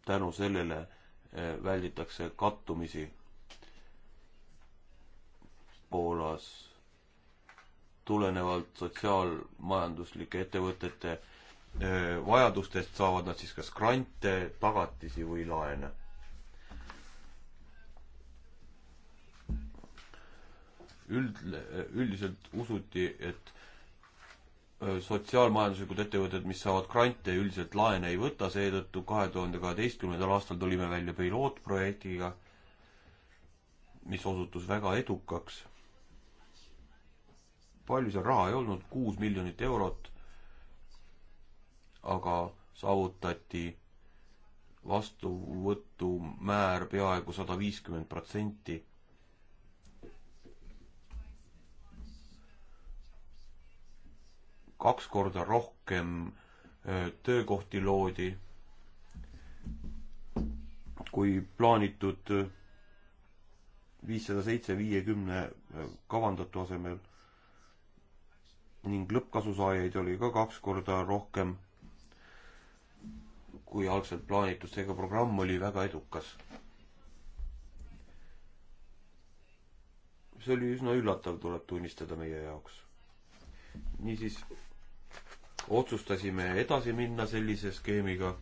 tänu sellele eh, välditakse kattumisi Poolas tulenevalt sotsiaalmajanduslike ettevõtete eh, vajadustest saavad nad siis kas grante, tagatisi või laene üld, üldiselt usuti, et sotsiaalmajanduslikud ettevõtted, mis saavad grante, üldiselt laene ei võta, seetõttu kahe tuhande kaheteistkümnendal aastal tulime välja pilootprojektiga, mis osutus väga edukaks. palju seal raha ei olnud, kuus miljonit eurot, aga saavutati vastuvõtumäär peaaegu sada viiskümmend protsenti kaks korda rohkem töökohti loodi kui plaanitud viissada seitse viiekümne kavandatu asemel ning lõppkasusaajaid oli ka kaks korda rohkem kui algselt plaanitud, seega programm oli väga edukas. see oli üsna üllatav, tuleb tunnistada meie jaoks. niisiis otsustasime edasi minna sellise skeemiga.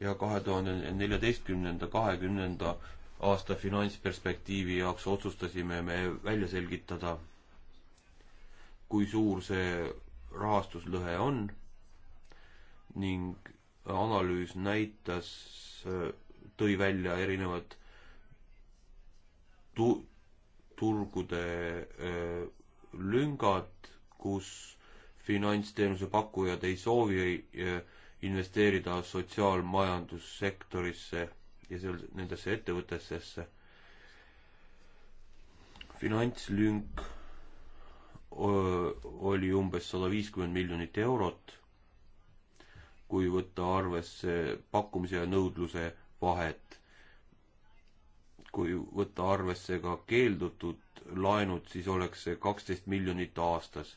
ja kahe tuhande neljateistkümnenda, kahekümnenda aasta finantsperspektiivi jaoks otsustasime me välja selgitada, kui suur see rahastuslõhe on ning analüüs näitas, tõi välja erinevad tu-, turgude öö, lüngad, kus finantsteenuse pakkujad ei soovi eh, investeerida sotsiaalmajandussektorisse ja seal nendesse ettevõtetesse. finantslünk oli umbes sada viiskümmend miljonit eurot, kui võtta arvesse pakkumise ja nõudluse vahet kui võtta arvesse ka keeldutud laenud, siis oleks see kaksteist miljonit aastas.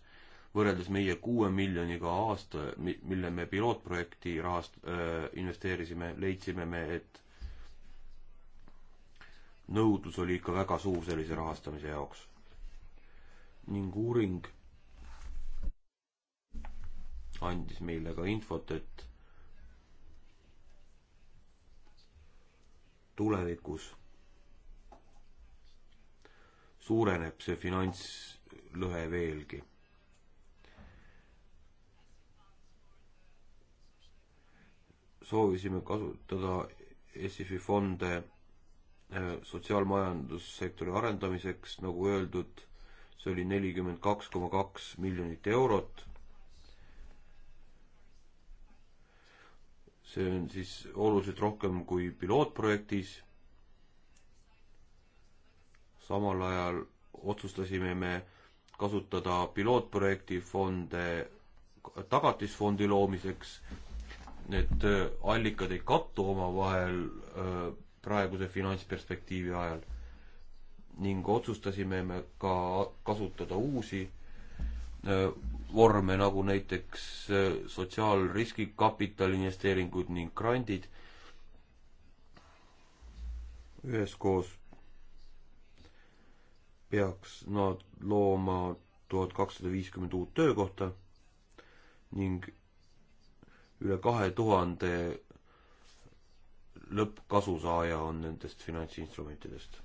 võrreldes meie kuue miljoniga aasta, mille me pilootprojekti rahast äh, investeerisime, leidsime me, et nõudlus oli ikka väga suur sellise rahastamise jaoks. ning uuring andis meile ka infot, et tulevikus suureneb see finantslõhe veelgi. soovisime kasutada SEFi fonde äh, sotsiaalmajandussektori arendamiseks, nagu öeldud, see oli nelikümmend kaks koma kaks miljonit eurot see on siis oluliselt rohkem kui pilootprojektis samal ajal otsustasime me kasutada pilootprojekti fonde tagatisfondi loomiseks. Need äh, allikad ei kattu omavahel äh, praeguse finantsperspektiivi ajal ning otsustasime me ka kasutada uusi äh, vorme, nagu näiteks sotsiaalriski kapitaliinvesteeringud ning grandid üheskoos peaks nad looma tuhat kakssada viiskümmend uut töökohta ning üle kahe tuhande lõppkasusaaja on nendest finantsinstrumentidest.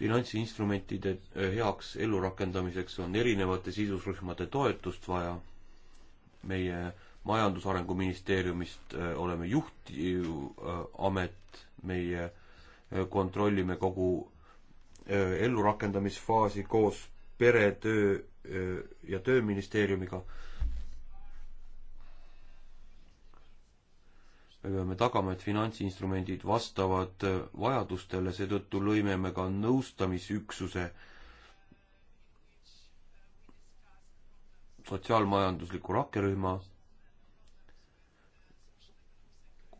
finantsinstrumentide äh, heaks ellurakendamiseks on erinevate sisusrühmade toetust vaja. meie majandusarengu ministeeriumist äh, oleme juhtivamet, meie äh, kontrollime kogu äh, ellurakendamisfaasi koos peretöö ja tööministeeriumiga. me peame tagama, et finantsinstrumendid vastavad vajadustele, seetõttu lõime me ka nõustamisüksuse sotsiaalmajandusliku rakkerühma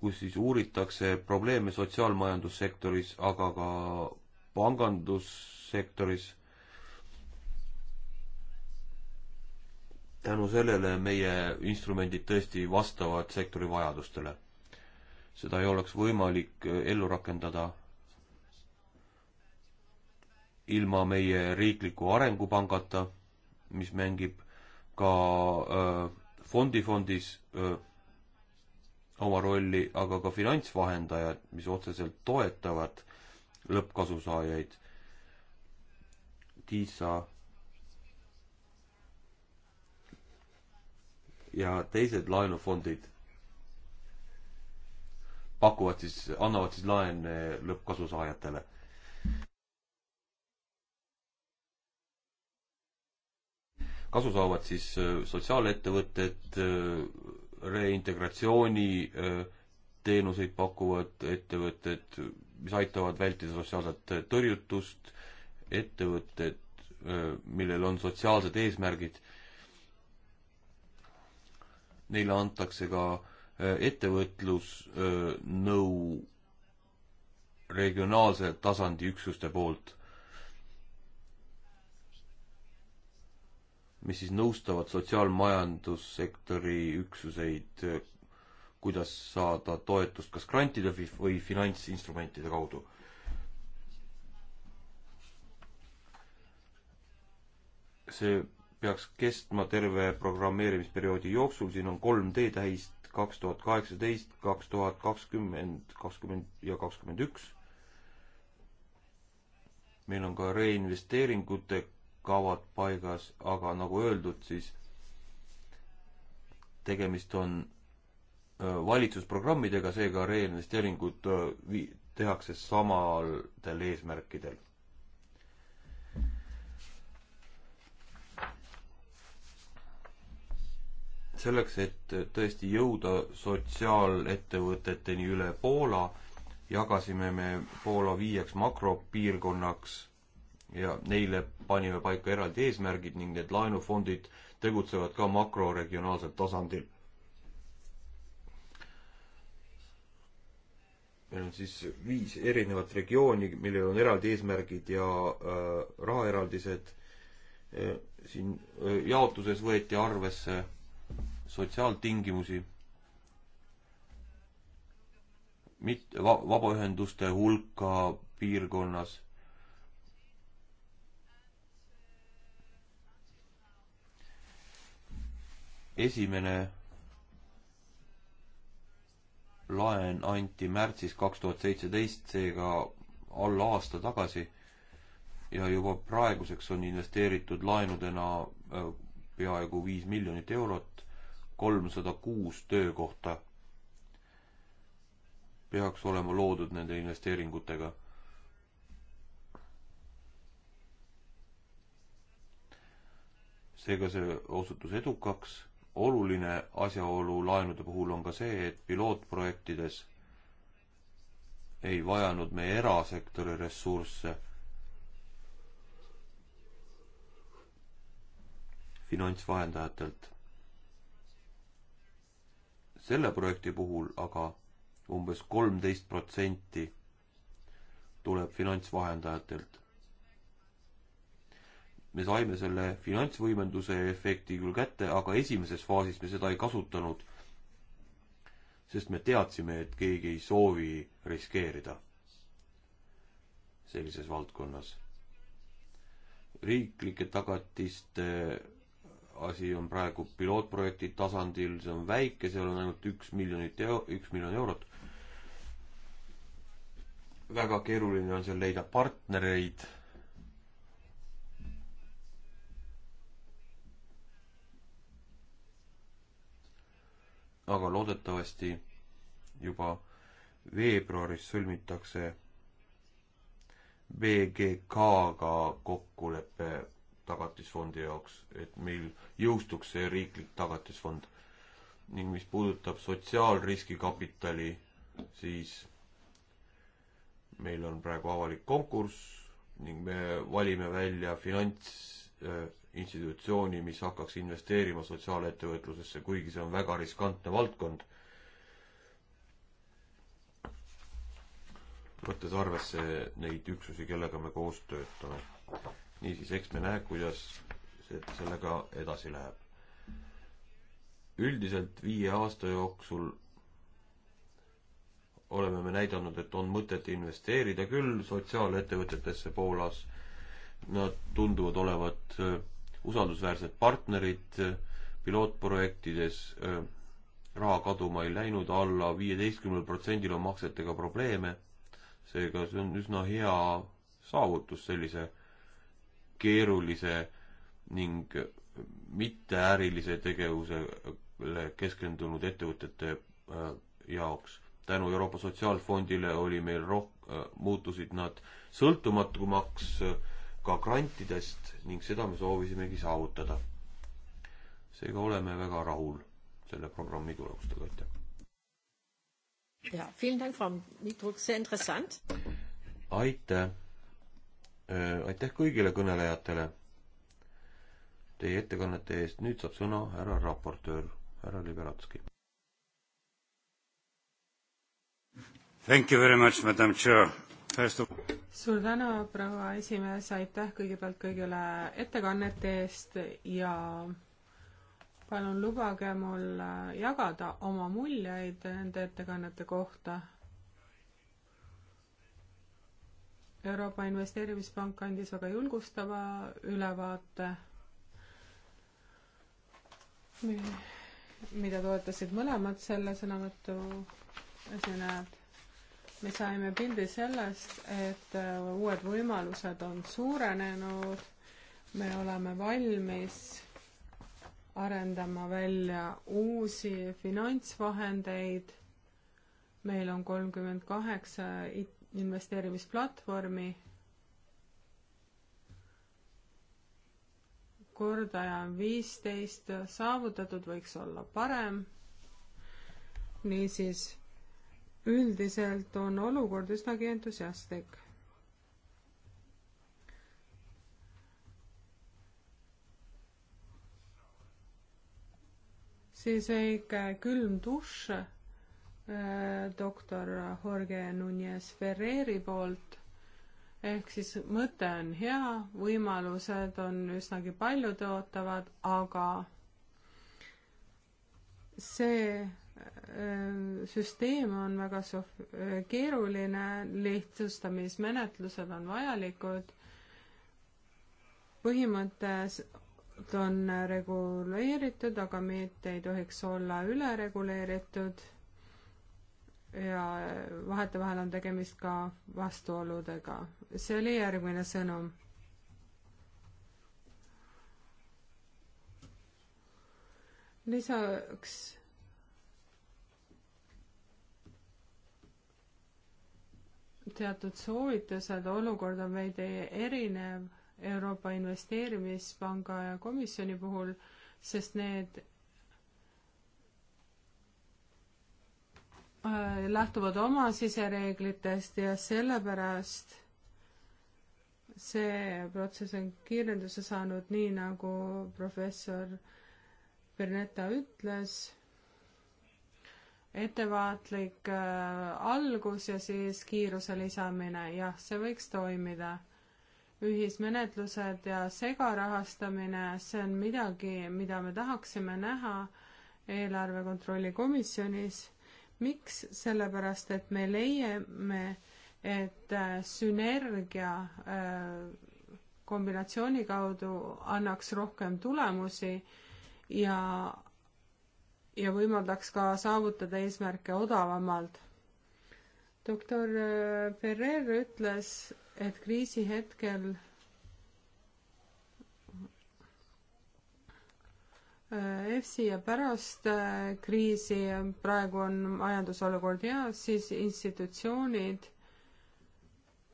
kus siis uuritakse probleeme sotsiaalmajandussektoris, aga ka pangandussektoris. tänu sellele meie instrumendid tõesti vastavad sektori vajadustele. seda ei oleks võimalik äh, ellu rakendada ilma meie riikliku arengupangata, mis mängib ka öö, äh, fondifondis öö, äh, oma rolli, aga ka finantsvahendajad, mis otseselt toetavad lõppkasusaajaid. TISA ja teised laenufondid pakuvad siis, annavad siis laene lõppkasusaajatele kasu saavad siis äh, sotsiaalettevõtted, äh, reintegratsiooni äh, teenuseid pakuvad ettevõtted, mis aitavad vältida sotsiaalset äh, tõrjutust, ettevõtted, äh, millel on sotsiaalsed eesmärgid. Neile antakse ka ettevõtlusnõu regionaalse tasandi üksuste poolt mis siis nõustavad sotsiaalmajandussektori üksuseid, kuidas saada toetust kas grantide või finantsinstrumentide kaudu. see peaks kestma terve programmeerimisperioodi jooksul, siin on kolm D-tähist kaks tuhat kaheksateist, kaks tuhat kakskümmend, kakskümmend ja kakskümmend üks. meil on ka reinvesteeringute kavad paigas, aga nagu öeldud, siis tegemist on valitsusprogrammidega, seega reinvesteeringud vi-, tehakse samadel eesmärkidel. selleks, et tõesti jõuda sotsiaalettevõteteni üle Poola, jagasime me Poola viieks makropiirkonnaks ja neile panime paika eraldi eesmärgid ning need laenufondid tegutsevad ka makroregionaalsel tasandil. meil on siis viis erinevat regiooni, millel on eraldi eesmärgid ja äh, rahaeraldised. Äh, siin äh, jaotuses võeti arvesse sotsiaaltingimusi mit- va,, vabaühenduste hulka piirkonnas esimene laen anti märtsis kaks tuhat seitseteist, seega alla aasta tagasi ja juba praeguseks on investeeritud laenudena äh, peaaegu viis miljonit eurot, kolmsada kuus töökohta peaks olema loodud nende investeeringutega. seega see osutus edukaks oluline asjaolu laenude puhul on ka see, et pilootprojektides ei vajanud me erasektori ressursse. finantsvahendajatelt. selle projekti puhul aga umbes kolmteist protsenti tuleb finantsvahendajatelt me saime selle finantsvõimenduse efekti küll kätte, aga esimeses faasis me seda ei kasutanud, sest me teadsime, et keegi ei soovi riskeerida sellises valdkonnas. riiklike tagatiste asi on praegu pilootprojekti tasandil, see on väike, seal on ainult üks miljonit eo-, üks miljon eurot. väga keeruline on seal leida partnereid aga loodetavasti juba veebruaris sõlmitakse BGK-ga kokkulepe tagatisfondi jaoks, et meil jõustuks see riiklik tagatisfond. ning mis puudutab sotsiaalriskikapitali, siis meil on praegu avalik konkurss ning me valime välja finants äh, institutsiooni, mis hakkaks investeerima sotsiaalettevõtlusesse, kuigi see on väga riskantne valdkond. võttes arvesse neid üksusi, kellega me koos töötame. niisiis, eks me näe, kuidas see, sellega edasi läheb. üldiselt viie aasta jooksul oleme me näidanud, et on mõtet investeerida küll sotsiaalettevõtetesse Poolas. Nad tunduvad olevat usaldusväärsed partnerid äh, pilootprojektides, äh, raha kaduma ei läinud alla, alla viieteistkümnel protsendil on maksetega probleeme, seega see on üsna hea saavutus sellise keerulise ning äh, mitteärilise tegevusele keskendunud ettevõtete jaoks. tänu Euroopa Sotsiaalfondile oli meil roh-, muutusid nad sõltumatumaks äh, ka grantidest ning seda me soovisimegi saavutada. seega oleme väga rahul selle programmi tulemustega, aitäh. ja, vielen Dank, Frau Mitruk, see interessant. aitäh. Äh, aitäh kõigile kõnelejatele teie ettekannete eest. nüüd saab sõna härra raportöör, härra Liberatski. Thank you very much, madam chair suur tänu, proua esimees, aitäh kõigepealt kõigile ettekannete eest ja palun lubage mul äh, jagada oma muljeid nende ettekannete kohta. Euroopa Investeerimispank andis väga julgustava ülevaate, mida toetasid mõlemad selle sõnavõtu esinejad me saime pildi sellest, et äh, uued võimalused on suurenenud, me oleme valmis arendama välja uusi finantsvahendeid, meil on kolmkümmend kaheksa investeerimisplatvormi, kordaja on viisteist, saavutatud võiks olla parem, niisiis üldiselt on olukord üsnagi entusiastlik. siis väike külm dušš äh, doktor Jorge Nunez Ferreri poolt. ehk siis mõte on hea, võimalused on üsnagi paljutõotavad, aga see Äh, süsteem on väga sof-, äh, keeruline, lihtsustamismenetlused on vajalikud, põhimõtted on reguleeritud, aga mitte ei tohiks olla ülereguleeritud ja vahetevahel on tegemist ka vastuoludega. see oli järgmine sõnum lisaks teatud soovitused, olukord on veidi erinev Euroopa Investeerimispanga ja komisjoni puhul, sest need äh, lähtuvad oma sisereeglitest ja sellepärast see protsess on kiirenduse saanud, nii nagu professor Berneta ütles ettevaatlik äh, algus ja siis kiiruse lisamine, jah, see võiks toimida. ühismenetlused ja segarahastamine, see on midagi, mida me tahaksime näha eelarve kontrolli komisjonis. miks? sellepärast, et me leiame, et äh, sünergia äh, kombinatsiooni kaudu annaks rohkem tulemusi ja ja võimaldaks ka saavutada eesmärke odavamalt. doktor äh, Ferrer ütles, et kriisi hetkel äh, EFSi ja pärast äh, kriisi, praegu on majandusolukord hea, siis institutsioonid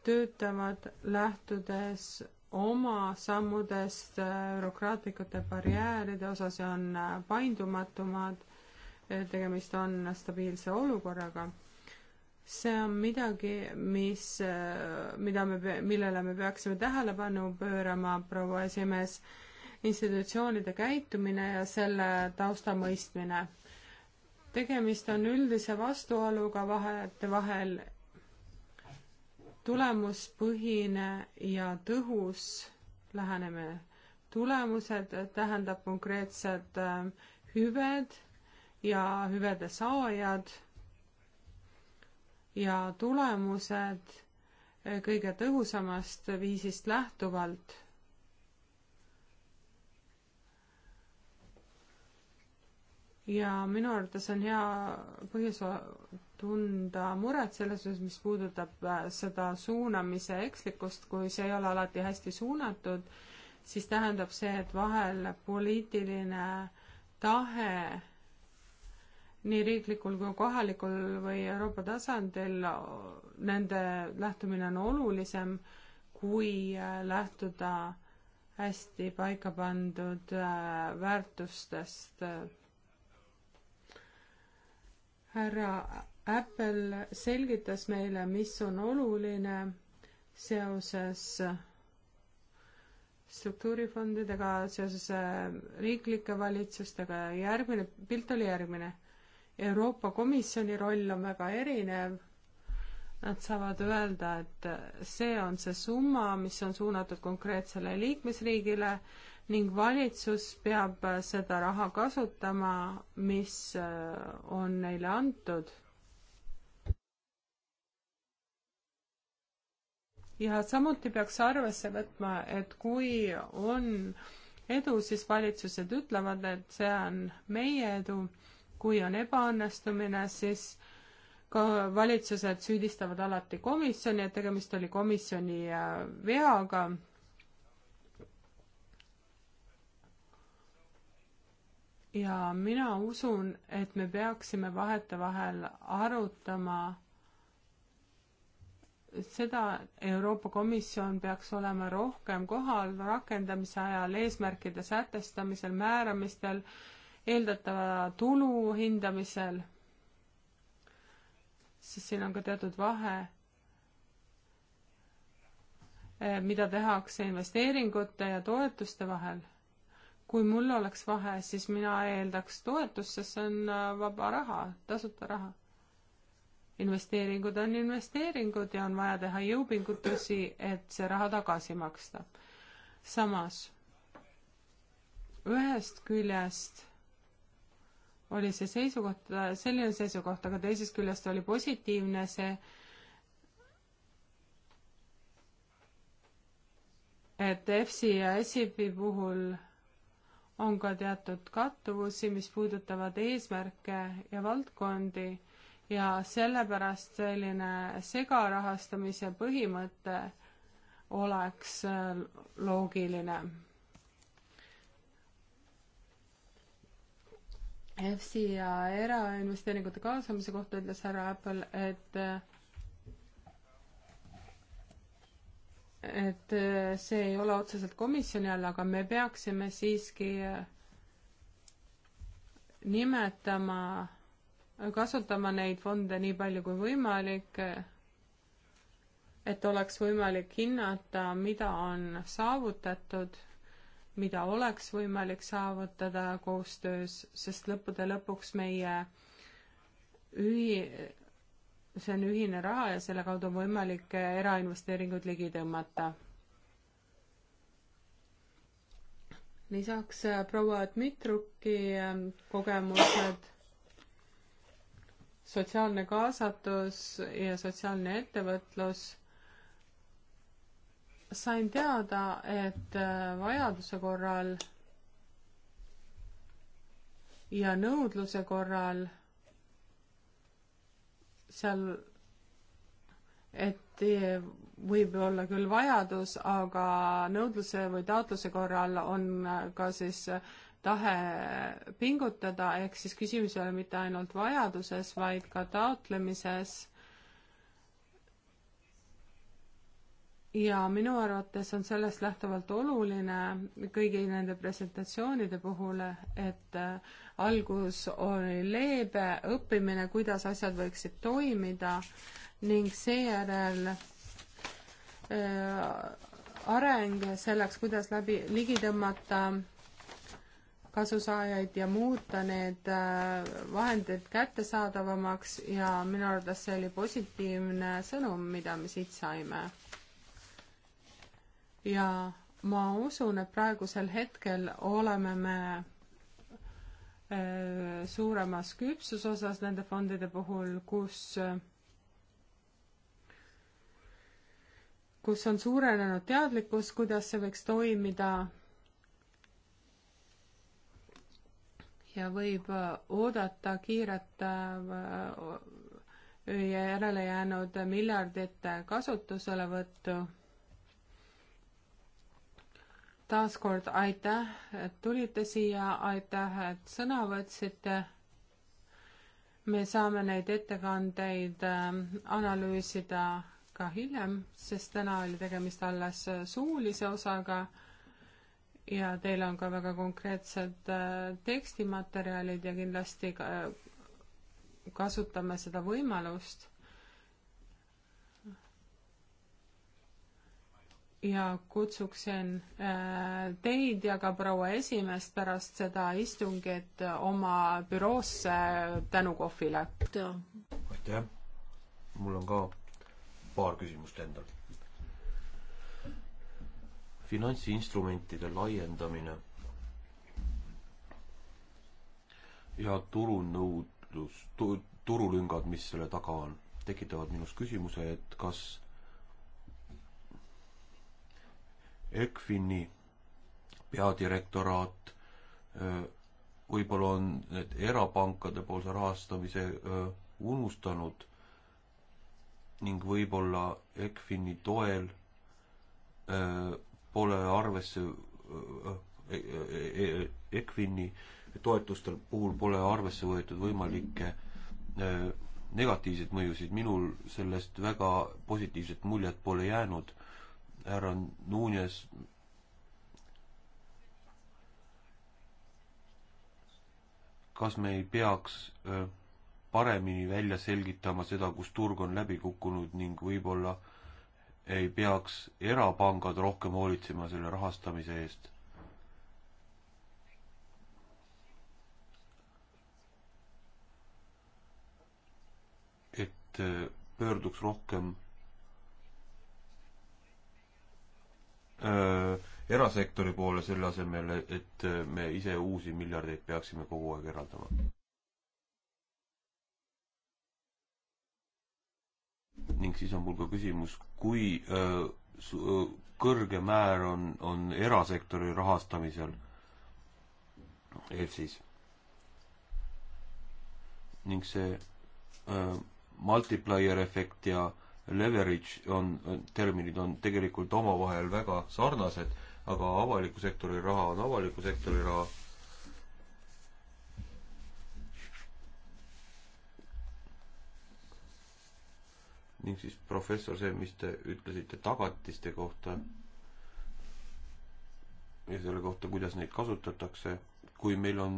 töötavad lähtudes oma sammudest bürokraatlikute barjääride osas ja on paindumatumad tegemist on stabiilse olukorraga. see on midagi, mis, mida me, millele me peaksime tähelepanu pöörama, proua esimees, institutsioonide käitumine ja selle tausta mõistmine. tegemist on üldise vastuoluga vahete vahel tulemuspõhine ja tõhus lähenemine. tulemused tähendab konkreetsed äh, hüved ja hüvede saajad ja tulemused kõige tõhusamast viisist lähtuvalt. ja minu arvates on hea põhjus tunda muret selles osas, mis puudutab äh, seda suunamise ekslikkust, kui see ei ole alati hästi suunatud, siis tähendab see, et vahel poliitiline tahe nii riiklikul kui kohalikul või Euroopa tasandil nende lähtumine on olulisem, kui äh, lähtuda hästi paika pandud äh, väärtustest. härra Apple selgitas meile, mis on oluline seoses struktuurifondidega, seoses äh, riiklike valitsustega ja järgmine, pilt oli järgmine Euroopa Komisjoni roll on väga erinev. Nad saavad öelda, et see on see summa, mis on suunatud konkreetsele liikmesriigile ning valitsus peab seda raha kasutama, mis äh, on neile antud. ja samuti peaks arvesse võtma, et kui on edu, siis valitsused ütlevad, et see on meie edu kui on ebaõnnestumine, siis ka valitsused süüdistavad alati komisjoni, et tegemist oli komisjoni äh, veaga. ja mina usun, et me peaksime vahetevahel arutama seda Euroopa Komisjon peaks olema rohkem kohal rakendamise ajal, eesmärkide sätestamisel, määramistel äh,, eeldatava tulu hindamisel, sest siin on ka teatud vahe, eh, mida tehakse investeeringute ja toetuste vahel. kui mul oleks vahe, siis mina eeldaks toetust, sest see on eh, vaba raha, tasuta raha. investeeringud on investeeringud ja on vaja teha jõupingutusi, et see raha tagasi maksta. samas ühest küljest oli see seisukoht, selline seisukoht, aga teisest küljest oli positiivne see, et EFSI ja ESIF-i puhul on ka teatud kattuvusi, mis puudutavad eesmärke ja valdkondi ja sellepärast selline segarahastamise põhimõte oleks loogiline EFSI ja erainvesteeringute kaasamise kohta ütles härra Apple, et et see ei ole otseselt komisjoni all, aga me peaksime siiski nimetama, kasutama neid fonde nii palju kui võimalik, et oleks võimalik hinnata, mida on saavutatud mida oleks võimalik saavutada koostöös, sest lõppude lõpuks meie ühi-, see on ühine raha ja selle kaudu on võimalik erainvesteeringuid ligi tõmmata. lisaks äh, proua Dmitruki ähm, kogemused, sotsiaalne kaasatus ja sotsiaalne ettevõtlus sain teada, et äh, vajaduse korral ja nõudluse korral seal, et äh, võib olla küll vajadus, aga nõudluse või taotluse korral on äh, ka siis tahe pingutada, ehk siis küsimus ei ole mitte ainult vajaduses, vaid ka taotlemises ja minu arvates on sellest lähtuvalt oluline kõigi nende presentatsioonide puhul, et äh, algus oli leebe õppimine, kuidas asjad võiksid toimida ning seejärel äh, areng selleks, kuidas läbi, ligi tõmmata kasusaajaid ja muuta need äh, vahendid kättesaadavamaks ja minu arvates see oli positiivne sõnum, mida me siit saime ja ma usun, et praegusel hetkel oleme me äh, suuremas küpsusosas nende fondide puhul, kus, kus on suurenenud teadlikkus, kuidas see võiks toimida. ja võib äh, oodata kiiret äh, järele jäänud miljardite kasutuselevõttu taaskord aitäh, et tulite siia, aitäh, et sõna võtsite. me saame neid ettekandeid ähm, analüüsida ka hiljem, sest täna oli tegemist alles äh, suulise osaga ja teil on ka väga konkreetsed äh, tekstimaterjalid ja kindlasti äh, kasutame seda võimalust ja kutsuksin äh, teid ja ka proua esimeest pärast seda istungit oma büroosse tänukohvile. aitäh, mul on ka paar küsimust endal. finantsinstrumentide laiendamine ja turunõudlus tu,, turulüngad, mis selle taga on, tekitavad minus küsimuse, et kas ECFIN-i peadirektoraat, võib-olla on need erapankade poolse rahastamise unustanud ning võib-olla ECFIN-i toel pole arvesse e, e, e, ECFIN-i toetustel puhul pole arvesse võetud võimalikke negatiivseid mõjusid, minul sellest väga positiivset muljet pole jäänud härra Nunes kas me ei peaks paremini välja selgitama seda, kus turg on läbi kukkunud ning võib-olla ei peaks erapangad rohkem hoolitsema selle rahastamise eest? et pöörduks rohkem Äh, erasektori poole, selle asemel, et äh, me ise uusi miljardeid peaksime kogu aeg eraldama. ning siis on mul ka küsimus, kui öö, äh, öö, kõrge määr on, on erasektori rahastamisel EFSis? ning see öö, multiplier efekt ja öö, leverage on, terminid on tegelikult omavahel väga sarnased, aga avaliku sektori raha on avaliku sektori raha. ning siis professor, see, mis te ütlesite tagatiste kohta ja selle kohta, kuidas neid kasutatakse, kui meil on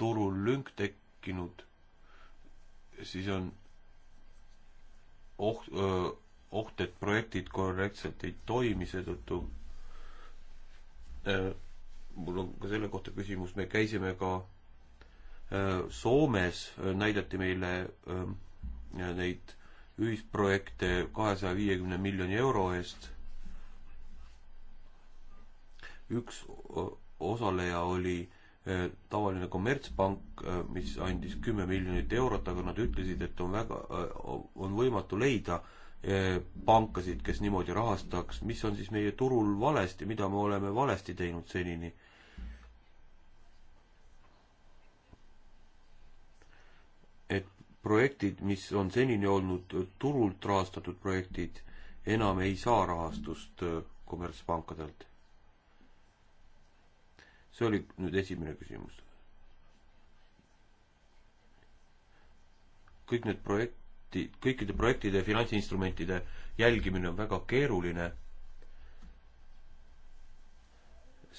turul lünk tekkinud, siis on oht, oht, et projektid korrektselt ei toimi, seetõttu mul on ka selle kohta küsimus, me käisime ka Soomes, näidati meile neid ühisprojekte kahesaja viiekümne miljoni euro eest. üks osaleja oli Äh, tavaline kommertspank, äh, mis andis kümme miljonit eurot, aga nad ütlesid, et on väga, äh, on võimatu leida pankasid, kes niimoodi rahastaks, mis on siis meie turul valesti, mida me oleme valesti teinud senini? et projektid, mis on senini olnud turult rahastatud projektid, enam ei saa rahastust kommertspankadelt see oli nüüd esimene küsimus. kõik need projekti, kõikide projektide finantsinstrumentide jälgimine on väga keeruline.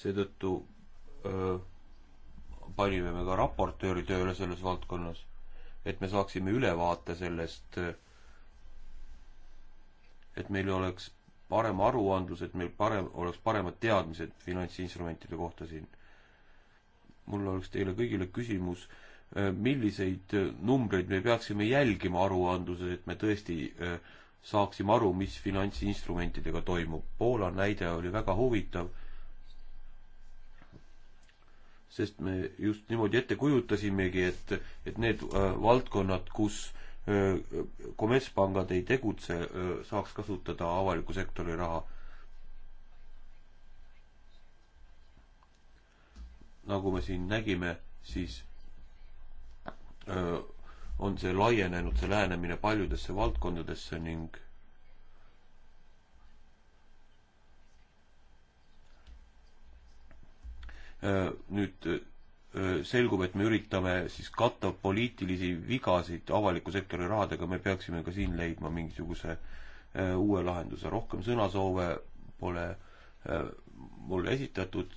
seetõttu öö, panime me ka raportööri tööle selles valdkonnas, et me saaksime ülevaate sellest, et meil oleks parem aruandlus, et meil parem, oleks paremad teadmised finantsinstrumentide kohta siin mul oleks teile kõigile küsimus, äh, milliseid äh, numbreid me peaksime jälgima aruandluses, et me tõesti äh, saaksime aru, mis finantsinstrumentidega toimub. Poola näide oli väga huvitav, sest me just niimoodi ette kujutasimegi, et, et need valdkonnad, kus kommertspangad ei tegutse, saaks kasutada avaliku sektori raha nagu me siin nägime, siis öö, on see laienenud, see lähenemine paljudesse valdkondadesse ning öö, nüüd öö, selgub, et me üritame siis katta poliitilisi vigasid avaliku sektori rahadega, me peaksime ka siin leidma mingisuguse öö, uue lahenduse, rohkem sõnasoove pole öö, mulle esitatud,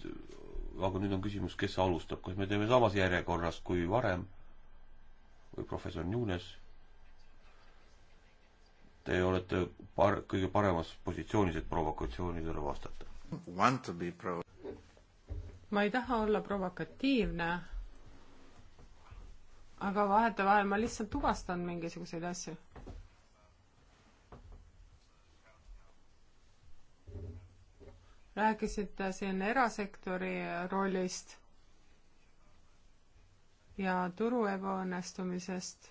aga nüüd on küsimus, kes alustab, kas me teeme samas järjekorras kui varem või professor Nunes? Te olete par-, kõige paremas positsioonis, et provokatsioonidele vastata. ma ei taha olla provokatiivne, aga vahetevahel ma lihtsalt tuvastan mingisuguseid asju rääkisite siin erasektori rollist ja turu ebaõnnestumisest.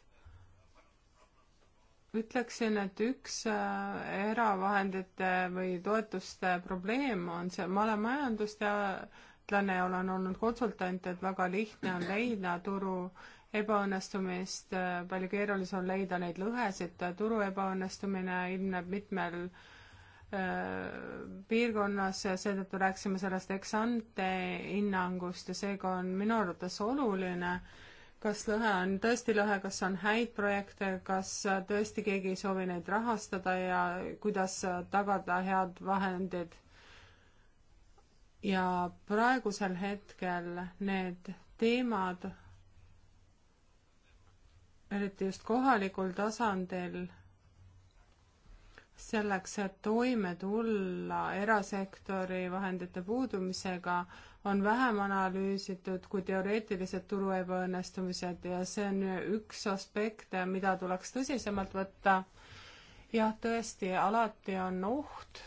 ütleksin, et üks äh, eravahendite või toetuste probleem on see, ma olen majandusteadlane ja olen olnud konsultant, et väga lihtne on leida turu ebaõnnestumist, äh, palju keerulisem on leida neid lõhesid, turu ebaõnnestumine ilmneb mitmel äh, piirkonnas ja seetõttu rääkisime sellest eksante hinnangust ja seega on minu arvates oluline, kas lõhe on tõesti lõhe, kas on häid projekte, kas tõesti keegi ei soovi neid rahastada ja kuidas tagada head vahendid. ja praegusel hetkel need teemad, eriti just kohalikul tasandil selleks, et toime tulla erasektori vahendite puudumisega, on vähem analüüsitud kui teoreetilised turu ebaõnnestumised ja see on üks aspekte, mida tuleks tõsisemalt võtta. jah, tõesti, alati on oht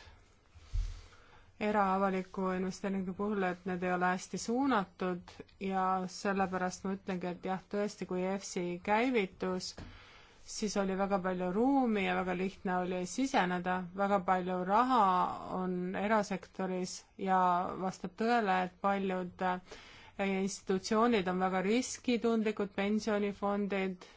eraavaliku investeeringu puhul, et need ei ole hästi suunatud ja sellepärast ma ütlengi, et jah, tõesti, kui EFSI käivitus, siis oli väga palju ruumi ja väga lihtne oli siseneda, väga palju raha on erasektoris ja vastab tõele, et paljud äh, institutsioonid on väga riskitundlikud, pensionifondid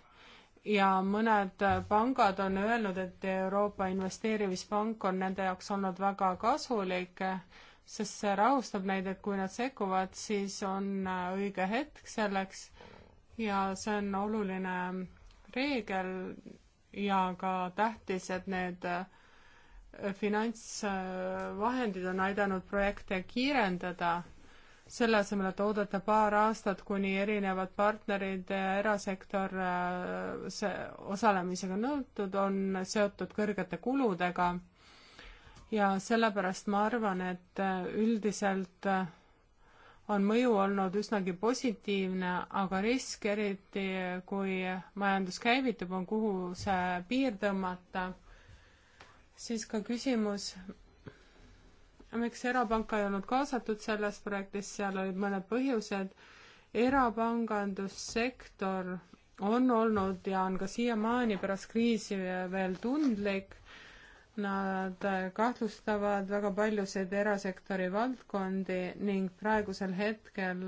ja mõned äh, pangad on öelnud, et Euroopa Investeerimispank on nende jaoks olnud väga kasulik, sest see rahustab neid, et kui nad sekkuvad, siis on äh, õige hetk selleks ja see on oluline reegel ja ka tähtis, et need äh, finantsvahendid on aidanud projekte kiirendada, selle asemel, et oodata paar aastat, kuni erinevad partnerid erasektor äh, see osalemisega nõutud on seotud kõrgete kuludega. ja sellepärast ma arvan, et äh, üldiselt on mõju olnud üsnagi positiivne, aga risk, eriti kui majandus käivitub, on kuhu see piir tõmmata. siis ka küsimus, miks Erapanka ei olnud kaasatud selles projektis, seal olid mõned põhjused. erapangandussektor on olnud ja on ka siiamaani pärast kriisi veel tundlik Nad kahtlustavad väga paljusid erasektori valdkondi ning praegusel hetkel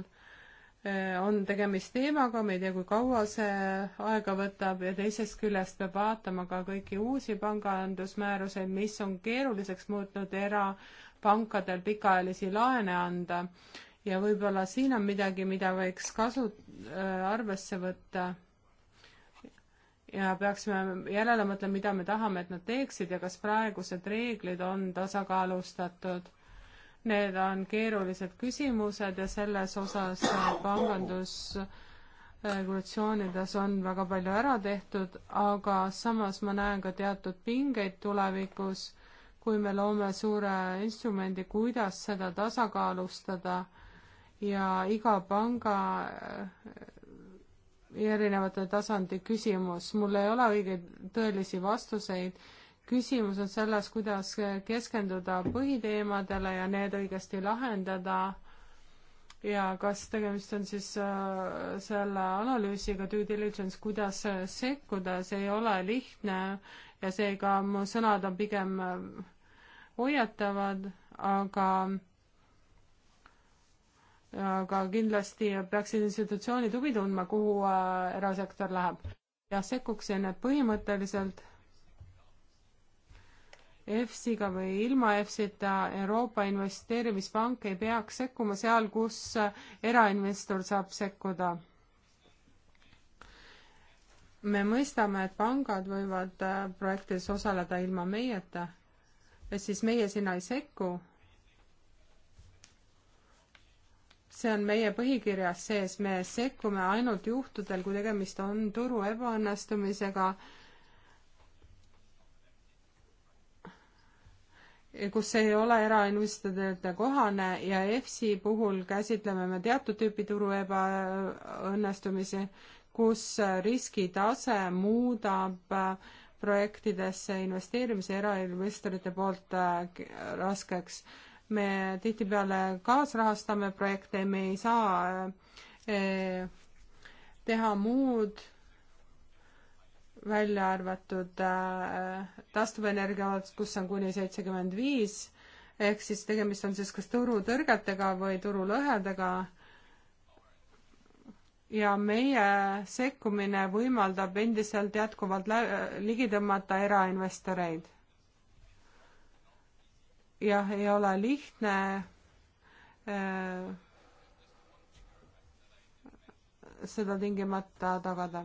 eh, on tegemist teemaga, me ei tea, kui kaua see aega võtab ja teisest küljest peab vaatama ka kõiki uusi pangandusmääruseid, mis on keeruliseks muutnud erapankadel pikaajalisi laene anda. ja võib-olla siin on midagi, mida võiks kasu äh,, arvesse võtta ja peaksime järele mõtlema, mida me tahame, et nad teeksid ja kas praegused reeglid on tasakaalustatud. Need on keerulised küsimused ja selles osas pangandusregulatsioonides on väga palju ära tehtud, aga samas ma näen ka teatud pingeid tulevikus, kui me loome suure instrumendi, kuidas seda tasakaalustada ja iga panga erinevate tasandi küsimus, mul ei ole õigeid tõelisi vastuseid, küsimus on selles, kuidas keskenduda põhiteemadele ja need õigesti lahendada ja kas tegemist on siis äh, selle analüüsiga due diligence, kuidas sekkuda, see ei ole lihtne ja seega mu sõnad on pigem äh, hoiatavad, aga aga kindlasti peaksid institutsioonid huvi tundma, kuhu äh, erasektor läheb. jah, sekkuksin, et põhimõtteliselt EFSiga või ilma EFSita Euroopa Investeerimispank ei peaks sekkuma seal, kus äh, erainvestor saab sekkuda. me mõistame, et pangad võivad äh, projektis osaleda ilma meieta, et siis meie sinna ei sekku see on meie põhikirjas sees, me sekkume ainult juhtudel, kui tegemist on turu ebaõnnestumisega, kus ei ole erainvestorite kohane ja EFSi puhul käsitleme me teatud tüüpi turu ebaõnnestumisi, kus riskitase muudab äh, projektidesse investeerimise erainvestorite poolt äh, raskeks me tihtipeale kaasrahastame projekte, me ei saa eh, teha muud välja arvatud eh, taastuvenergia osas, kus on kuni seitsekümmend viis, ehk siis tegemist on siis kas turutõrgetega või turulõhedega. ja meie sekkumine võimaldab endiselt jätkuvalt ligi tõmmata erainvestoreid jah, ei ole lihtne äh, seda tingimata tagada.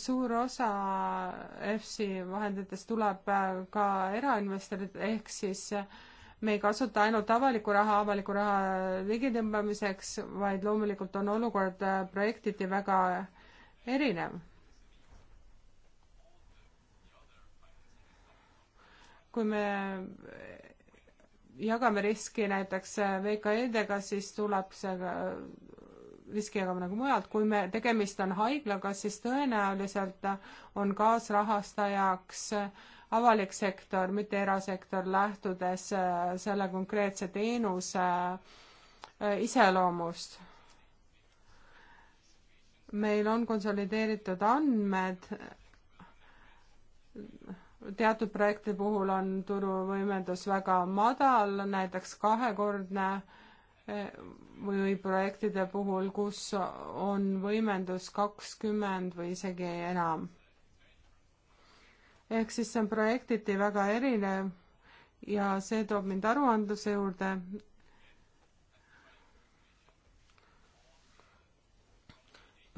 suur osa EFSI vahenditest tuleb äh, ka erainvestorid, ehk siis äh, me ei kasuta ainult avalikku raha avaliku raha ligitõmbamiseks, vaid loomulikult on olukord projektiti väga erinev kui me jagame riski näiteks VKE-dega, siis tuleb see riski jagamine ka nagu mujalt, kui me, tegemist on haiglaga, siis tõenäoliselt on kaasrahastajaks avalik sektor, mitte erasektor, lähtudes selle konkreetse teenuse iseloomust. meil on konsolideeritud andmed teatud projekti puhul on turuvõimendus väga madal, näiteks kahekordne eh, või projektide puhul, kus on võimendus kakskümmend või isegi enam. ehk siis see on projektiti väga erinev ja see toob mind aruandluse juurde,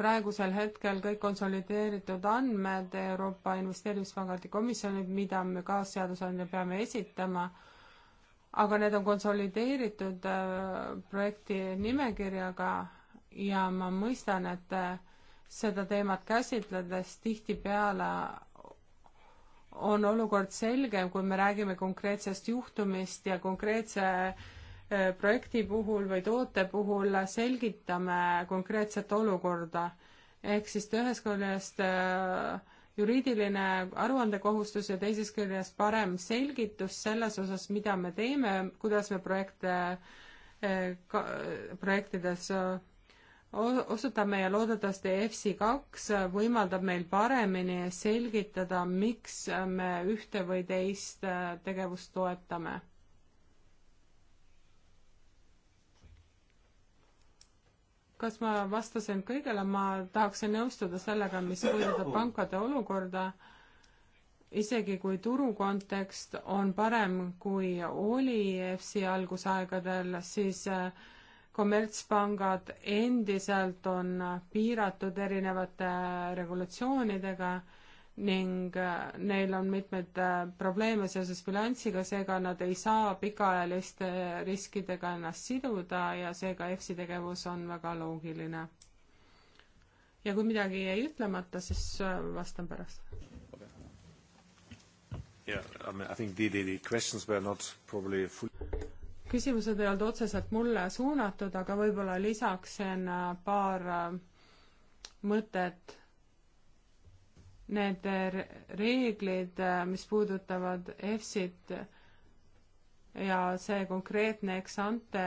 praegusel hetkel kõik konsolideeritud andmed Euroopa Investeerimispangalt ja komisjonilt, mida me kaasseadusandja peame esitama, aga need on konsolideeritud äh, projekti nimekirjaga ja ma mõistan, et äh, seda teemat käsitledes tihtipeale on olukord selgem, kui me räägime konkreetsest juhtumist ja konkreetse Äh, projekti puhul või toote puhul selgitame konkreetset olukorda. ehk siis ühest küljest äh, juriidiline aruandekohustus ja teisest küljest parem selgitus selles osas, mida me teeme, kuidas me projekte, äh, projektides osutame ja loodetavasti EFSI kaks võimaldab meil paremini selgitada, miks me ühte või teist tegevust toetame kas ma vastasin kõigele, ma tahaksin nõustuda sellega, mis puudutab pankade olukorda, isegi kui turu kontekst on parem, kui oli EFSi algusaegadel, siis äh, kommertspangad endiselt on piiratud erinevate regulatsioonidega ning äh, neil on mitmeid äh, probleeme seoses bilansiga, seega nad ei saa pikaajaliste riskidega ennast siduda ja seega EFSi tegevus on väga loogiline. ja kui midagi jäi ütlemata, siis äh, vastan pärast. Yeah, I mean, I think the, the, the questions were not probably fully küsimused ei olnud otseselt mulle suunatud, aga võib-olla lisaksin paar mõtet need reeglid, äh, mis puudutavad EFSit ja see konkreetne eksante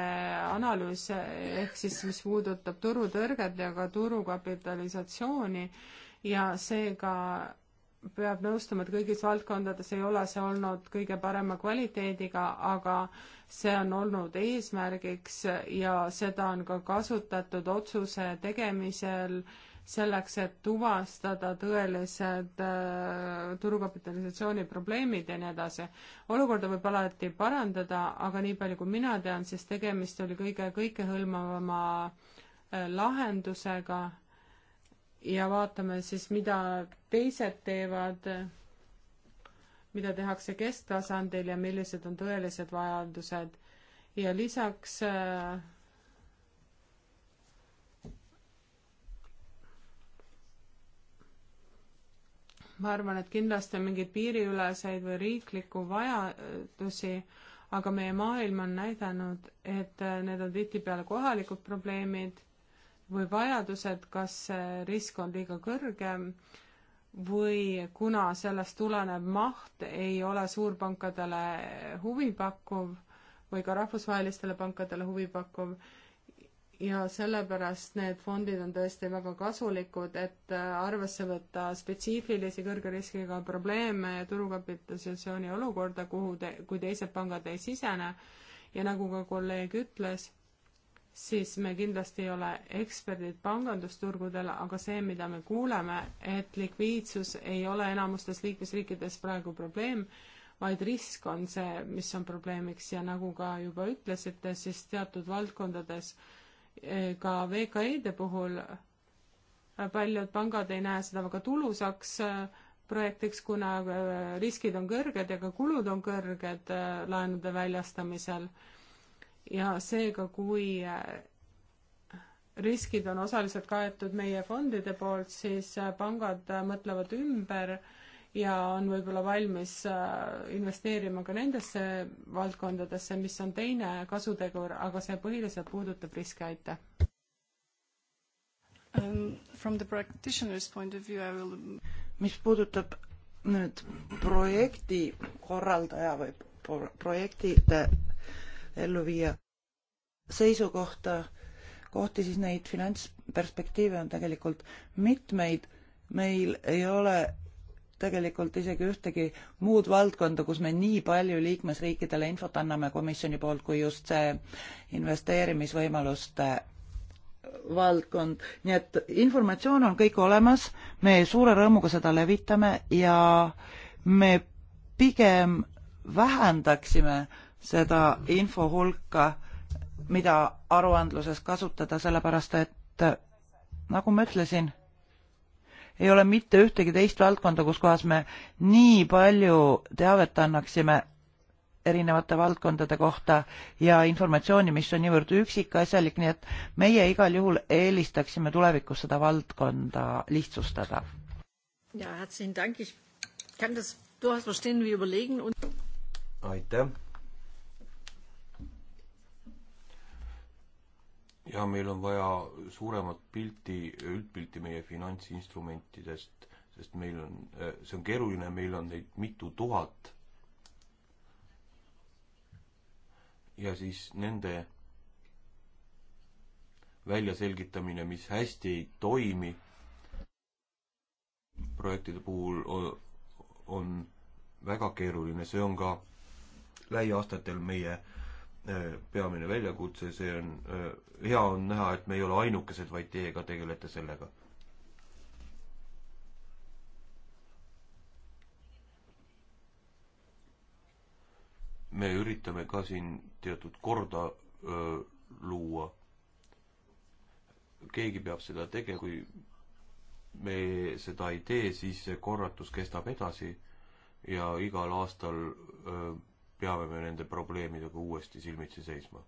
analüüs, ehk siis mis puudutab turutõrget ja ka turukapitalisatsiooni ja seega peab nõustuma, et kõigis valdkondades ei ole see olnud kõige parema kvaliteediga, aga see on olnud eesmärgiks ja seda on ka kasutatud otsuse tegemisel äh, selleks, et tuvastada tõelised äh, turukapitalisatsiooni probleemid ja nii edasi. olukorda võib alati parandada, aga nii palju, kui mina tean, siis tegemist oli kõige kõikehõlmavama äh, lahendusega ja vaatame siis, mida teised teevad, mida tehakse kesktasandil ja millised on tõelised vajadused. ja lisaks äh, ma arvan, et kindlasti on mingeid piiriüleseid või riiklikku vajadusi, aga meie maailm on näidanud, et need on tihtipeale kohalikud probleemid või vajadused, kas see risk on liiga kõrge või kuna sellest tulenev maht ei ole suurpankadele huvipakkuv või ka rahvusvahelistele pankadele huvipakkuv, ja sellepärast need fondid on tõesti väga kasulikud, et äh, arvesse võtta spetsiifilisi kõrge riskiga probleeme ja turukapitalisatsiooni olukorda, kuhu te, kui teised pangad ei sisene ja nagu ka kolleeg ütles, siis me kindlasti ei ole eksperdid pangandusturgudel, aga see, mida me kuuleme, et likviidsus ei ole enamustes liikmesriikides praegu probleem, vaid risk on see, mis on probleemiks ja nagu ka juba ütlesite, siis teatud valdkondades äh, ka VKE-de puhul paljud pangad ei näe seda väga tulusaks äh, projektiks, kuna äh, riskid on kõrged ja ka kulud on kõrged äh, laenude väljastamisel. ja seega, kui riskid on osaliselt kaetud meie fondide poolt, siis pangad mõtlevad ümber äh, ja on võib-olla valmis äh, investeerima ka nendesse valdkondadesse, mis on teine kasutegur, aga see põhiliselt puudutab riske, aitäh. Um, from the practitioner's point of view I will mis puudutab nüüd projekti korraldaja või pro projektide elluviija seisukohta, kohti, siis neid finantsperspektiive on tegelikult mitmeid. meil ei ole tegelikult isegi ühtegi muud valdkonda, kus me nii palju liikmesriikidele infot anname komisjoni poolt, kui just see investeerimisvõimaluste valdkond, nii et informatsioon on kõik olemas, me suure rõõmuga seda levitame ja me pigem vähendaksime seda info hulka, mida aruandluses kasutada, sellepärast et nagu ma ütlesin ei ole mitte ühtegi teist valdkonda, kus kohas me nii palju teavet annaksime erinevate valdkondade kohta ja informatsiooni, mis on niivõrd üksikasjalik, nii et meie igal juhul eelistaksime tulevikus seda valdkonda lihtsustada. aitäh ja meil on vaja suuremat pilti, üldpilti meie finantsinstrumentidest, sest meil on, eh, see on keeruline, meil on neid mitu tuhat. ja siis nende väljaselgitamine, mis hästi ei toimi projektide puhul on, on väga keeruline, see on ka lähiaastatel meie äh, Äh, peamine väljakutse, see on, äh, hea on näha, et me ei ole ainukesed, vaid teie ka tegelete sellega. me üritame ka siin teatud korda öö, äh, luua. keegi peab seda tegema, kui me seda ei tee, siis see korratus kestab edasi ja igal aastal öö, peame me nende probleemidega uuesti silmitsi seisma.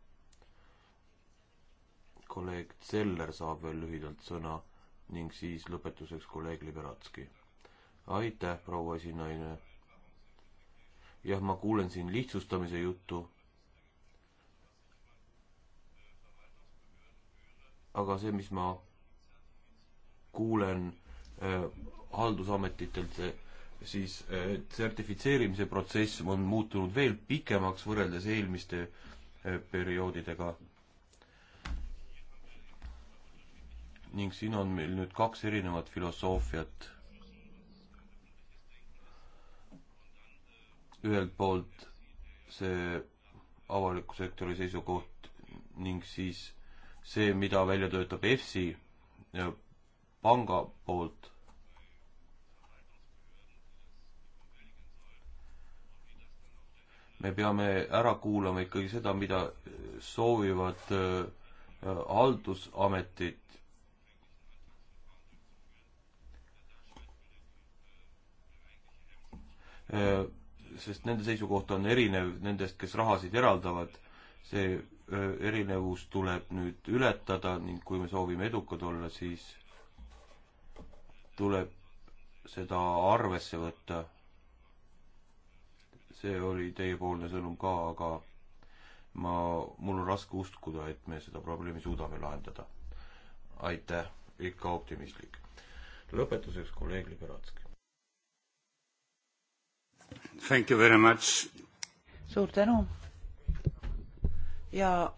kolleeg Zeller saab veel lühidalt sõna ning siis lõpetuseks kolleeg Liberatski. aitäh, proua esinaine. jah, ma kuulen siin lihtsustamise juttu aga see, mis ma kuulen äh, haldusametitelt, see siis eh, sertifitseerimise protsess on muutunud veel pikemaks võrreldes eelmiste eh, perioodidega. ning siin on meil nüüd kaks erinevat filosoofiat. ühelt poolt see avaliku sektori seisukoht ning siis see, mida välja töötab EFSI panga poolt me peame ära kuulama ikkagi seda, mida soovivad äh, haldusametid. Äh, sest nende seisukoht on erinev nendest, kes rahasid eraldavad. see äh, erinevus tuleb nüüd ületada ning kui me soovime edukad olla, siis tuleb seda arvesse võtta see oli teiepoolne sõnum ka, aga ma, mul on raske uskuda, et me seda probleemi suudame lahendada. aitäh, ikka optimistlik. lõpetuseks kolleeg Liberatski. Thank you very much. suur tänu. ja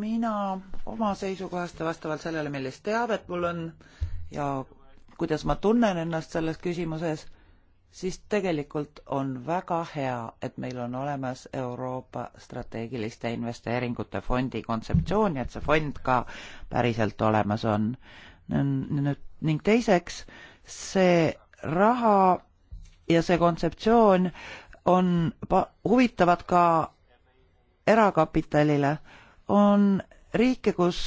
mina oma seisukohast ja vastavalt sellele, millist teavet mul on ja kuidas ma tunnen ennast selles küsimuses siis tegelikult on väga hea, et meil on olemas Euroopa strateegiliste investeeringute fondi kontseptsioon ja et see fond ka päriselt olemas on. ning teiseks, see raha ja see kontseptsioon on huvitavad ka erakapitalile. on riike, kus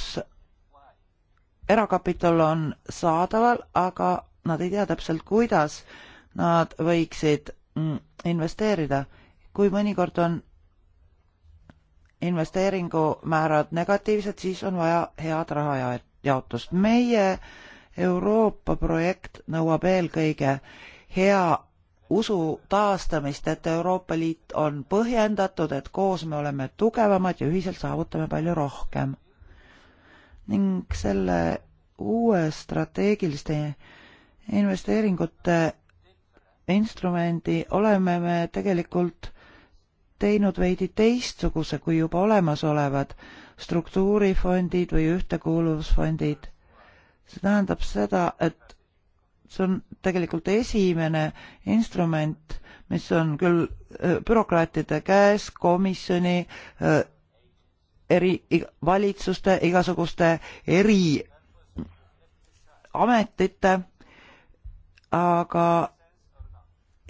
erakapital on saadaval, aga nad ei tea täpselt, kuidas äh, nad võiksid mm, investeerida. kui mõnikord on investeeringumäärad negatiivsed, siis on vaja head rahajaotust. meie Euroopa projekt nõuab eelkõige hea usu taastamist, et Euroopa Liit on põhjendatud, et koos me oleme tugevamad ja ühiselt saavutame palju rohkem. ning selle uue strateegiliste investeeringute instrumendi oleme me tegelikult teinud veidi teistsuguse kui juba olemasolevad struktuurifondid või ühtekuuluvusfondid. see tähendab seda, et see on tegelikult esimene instrument, mis on küll äh, bürokraatide käes, komisjoni, äh, eri, valitsuste, igasuguste eri ametite, aga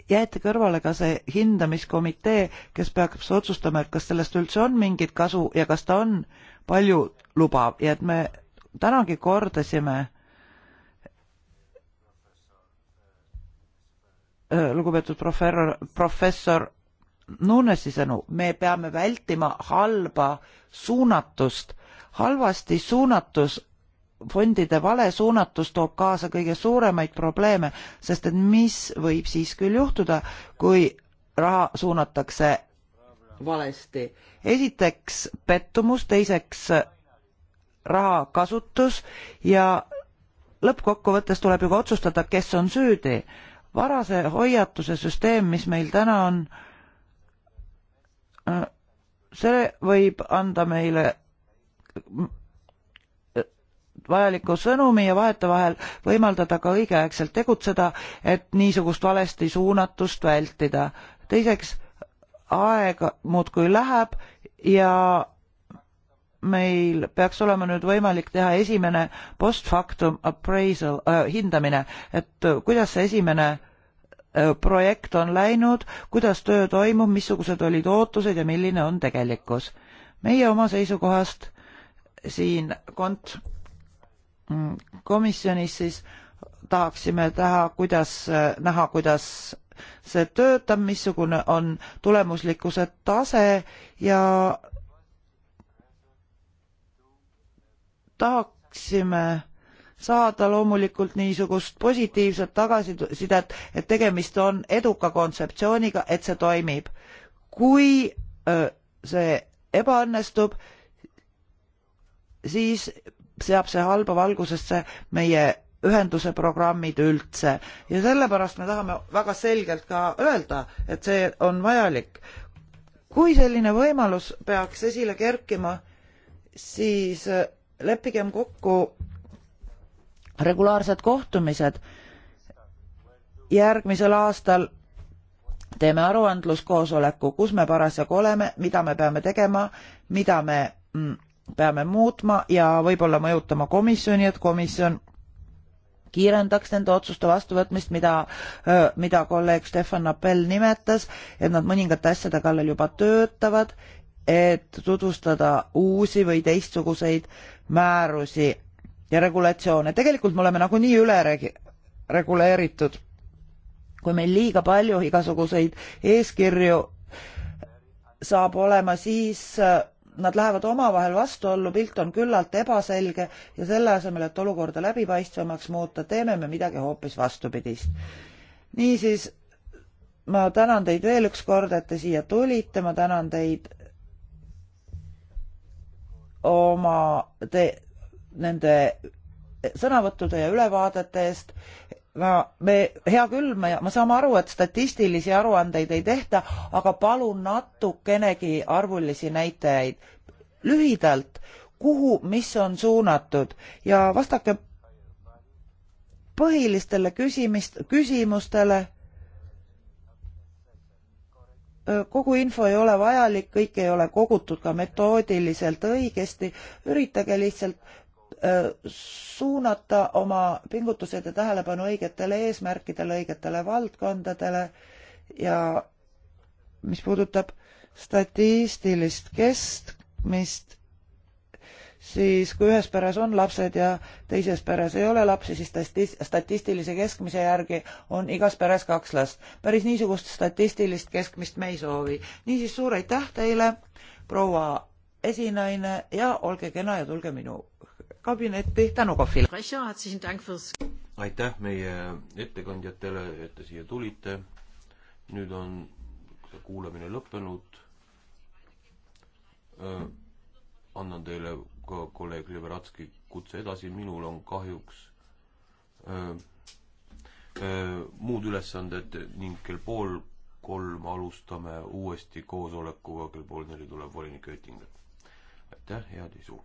jäeti kõrvale ka see hindamiskomitee, kes peaks otsustama, et kas sellest üldse on mingit kasu ja kas ta on palju lubav ja et me tänagi kordasime äh, lugupeetud professor, professor Nunesi sõnu, me peame vältima halba suunatust. halvasti suunatus fondide vale suunatus toob kaasa kõige suuremaid probleeme, sest et mis võib siis küll juhtuda, kui raha suunatakse valesti. esiteks pettumus, teiseks raha kasutus ja lõppkokkuvõttes tuleb ju ka otsustada, kes on süüdi. varase hoiatuse süsteem, mis meil täna on, äh, see võib anda meile vajaliku sõnumi ja vahetevahel võimaldada ka õigeaegselt tegutseda, et niisugust valesti suunatust vältida. teiseks, aeg muudkui läheb ja meil peaks olema nüüd võimalik teha esimene post factum appraisal äh,, hindamine, et äh, kuidas see esimene äh, projekt on läinud, kuidas töö toimub, missugused olid ootused ja milline on tegelikkus. meie oma seisukohast siin kont- komisjonis siis tahaksime teha, kuidas, näha, kuidas see töötab, missugune on tulemuslikkuse tase ja tahaksime saada loomulikult niisugust positiivset tagasisidet, et tegemist on eduka kontseptsiooniga, et see toimib. kui see ebaõnnestub, siis seab see halba valgusesse meie ühenduse programmid üldse ja sellepärast me tahame väga selgelt ka öelda, et see on vajalik. kui selline võimalus peaks esile kerkima, siis leppigem kokku regulaarsed kohtumised. järgmisel aastal teeme aruandluskoosoleku, kus me parasjagu oleme, mida me peame tegema, mida me mm, peame muutma ja võib-olla mõjutama komisjoni, et komisjon kiirendaks nende otsuste vastuvõtmist, mida, mida kolleeg Stefan Appell nimetas, et nad mõningate asjade kallal juba töötavad, et tutvustada uusi või teistsuguseid määrusi ja regulatsioone. tegelikult me oleme nagunii üle reguleeritud. kui meil liiga palju igasuguseid eeskirju saab olema, siis nad lähevad omavahel vastuollu, pilt on küllalt ebaselge ja selle asemel, et olukorda läbipaistvamaks muuta, teeme me midagi hoopis vastupidist. niisiis, ma tänan teid veel üks kord, et te siia tulite, ma tänan teid oma, te, nende sõnavõttude ja ülevaadete eest ma, me, hea küll, me, ma saan aru, et statistilisi aruandeid ei tehta, aga palun natukenegi arvulisi näitajaid. lühidalt, kuhu, mis on suunatud ja vastake põhilistele küsimist, küsimustele. kogu info ei ole vajalik, kõik ei ole kogutud ka metoodiliselt õigesti, üritage lihtsalt Äh, suunata oma pingutused ja tähelepanu õigetele eesmärkidele, õigetele valdkondadele ja mis puudutab statistilist kestmist, siis kui ühes peres on lapsed ja teises peres ei ole lapsi, siis statistilise keskmise järgi on igas peres kaks last. päris niisugust statistilist keskmist me ei soovi. niisiis suur aitäh teile, proua esinaine ja olge kena ja tulge minu kabinetti tänu kohvile. aitäh meie ettekandjatele, et te siia tulite. nüüd on kuulamine lõppenud. Äh, annan teile ka kolleeg Liberatski kutse edasi, minul on kahjuks öö, äh, öö, äh, muud ülesanded ning kell pool kolm alustame uuesti koosolekuga, kell pool neli tuleb volinik Oettinger. aitäh, head isu!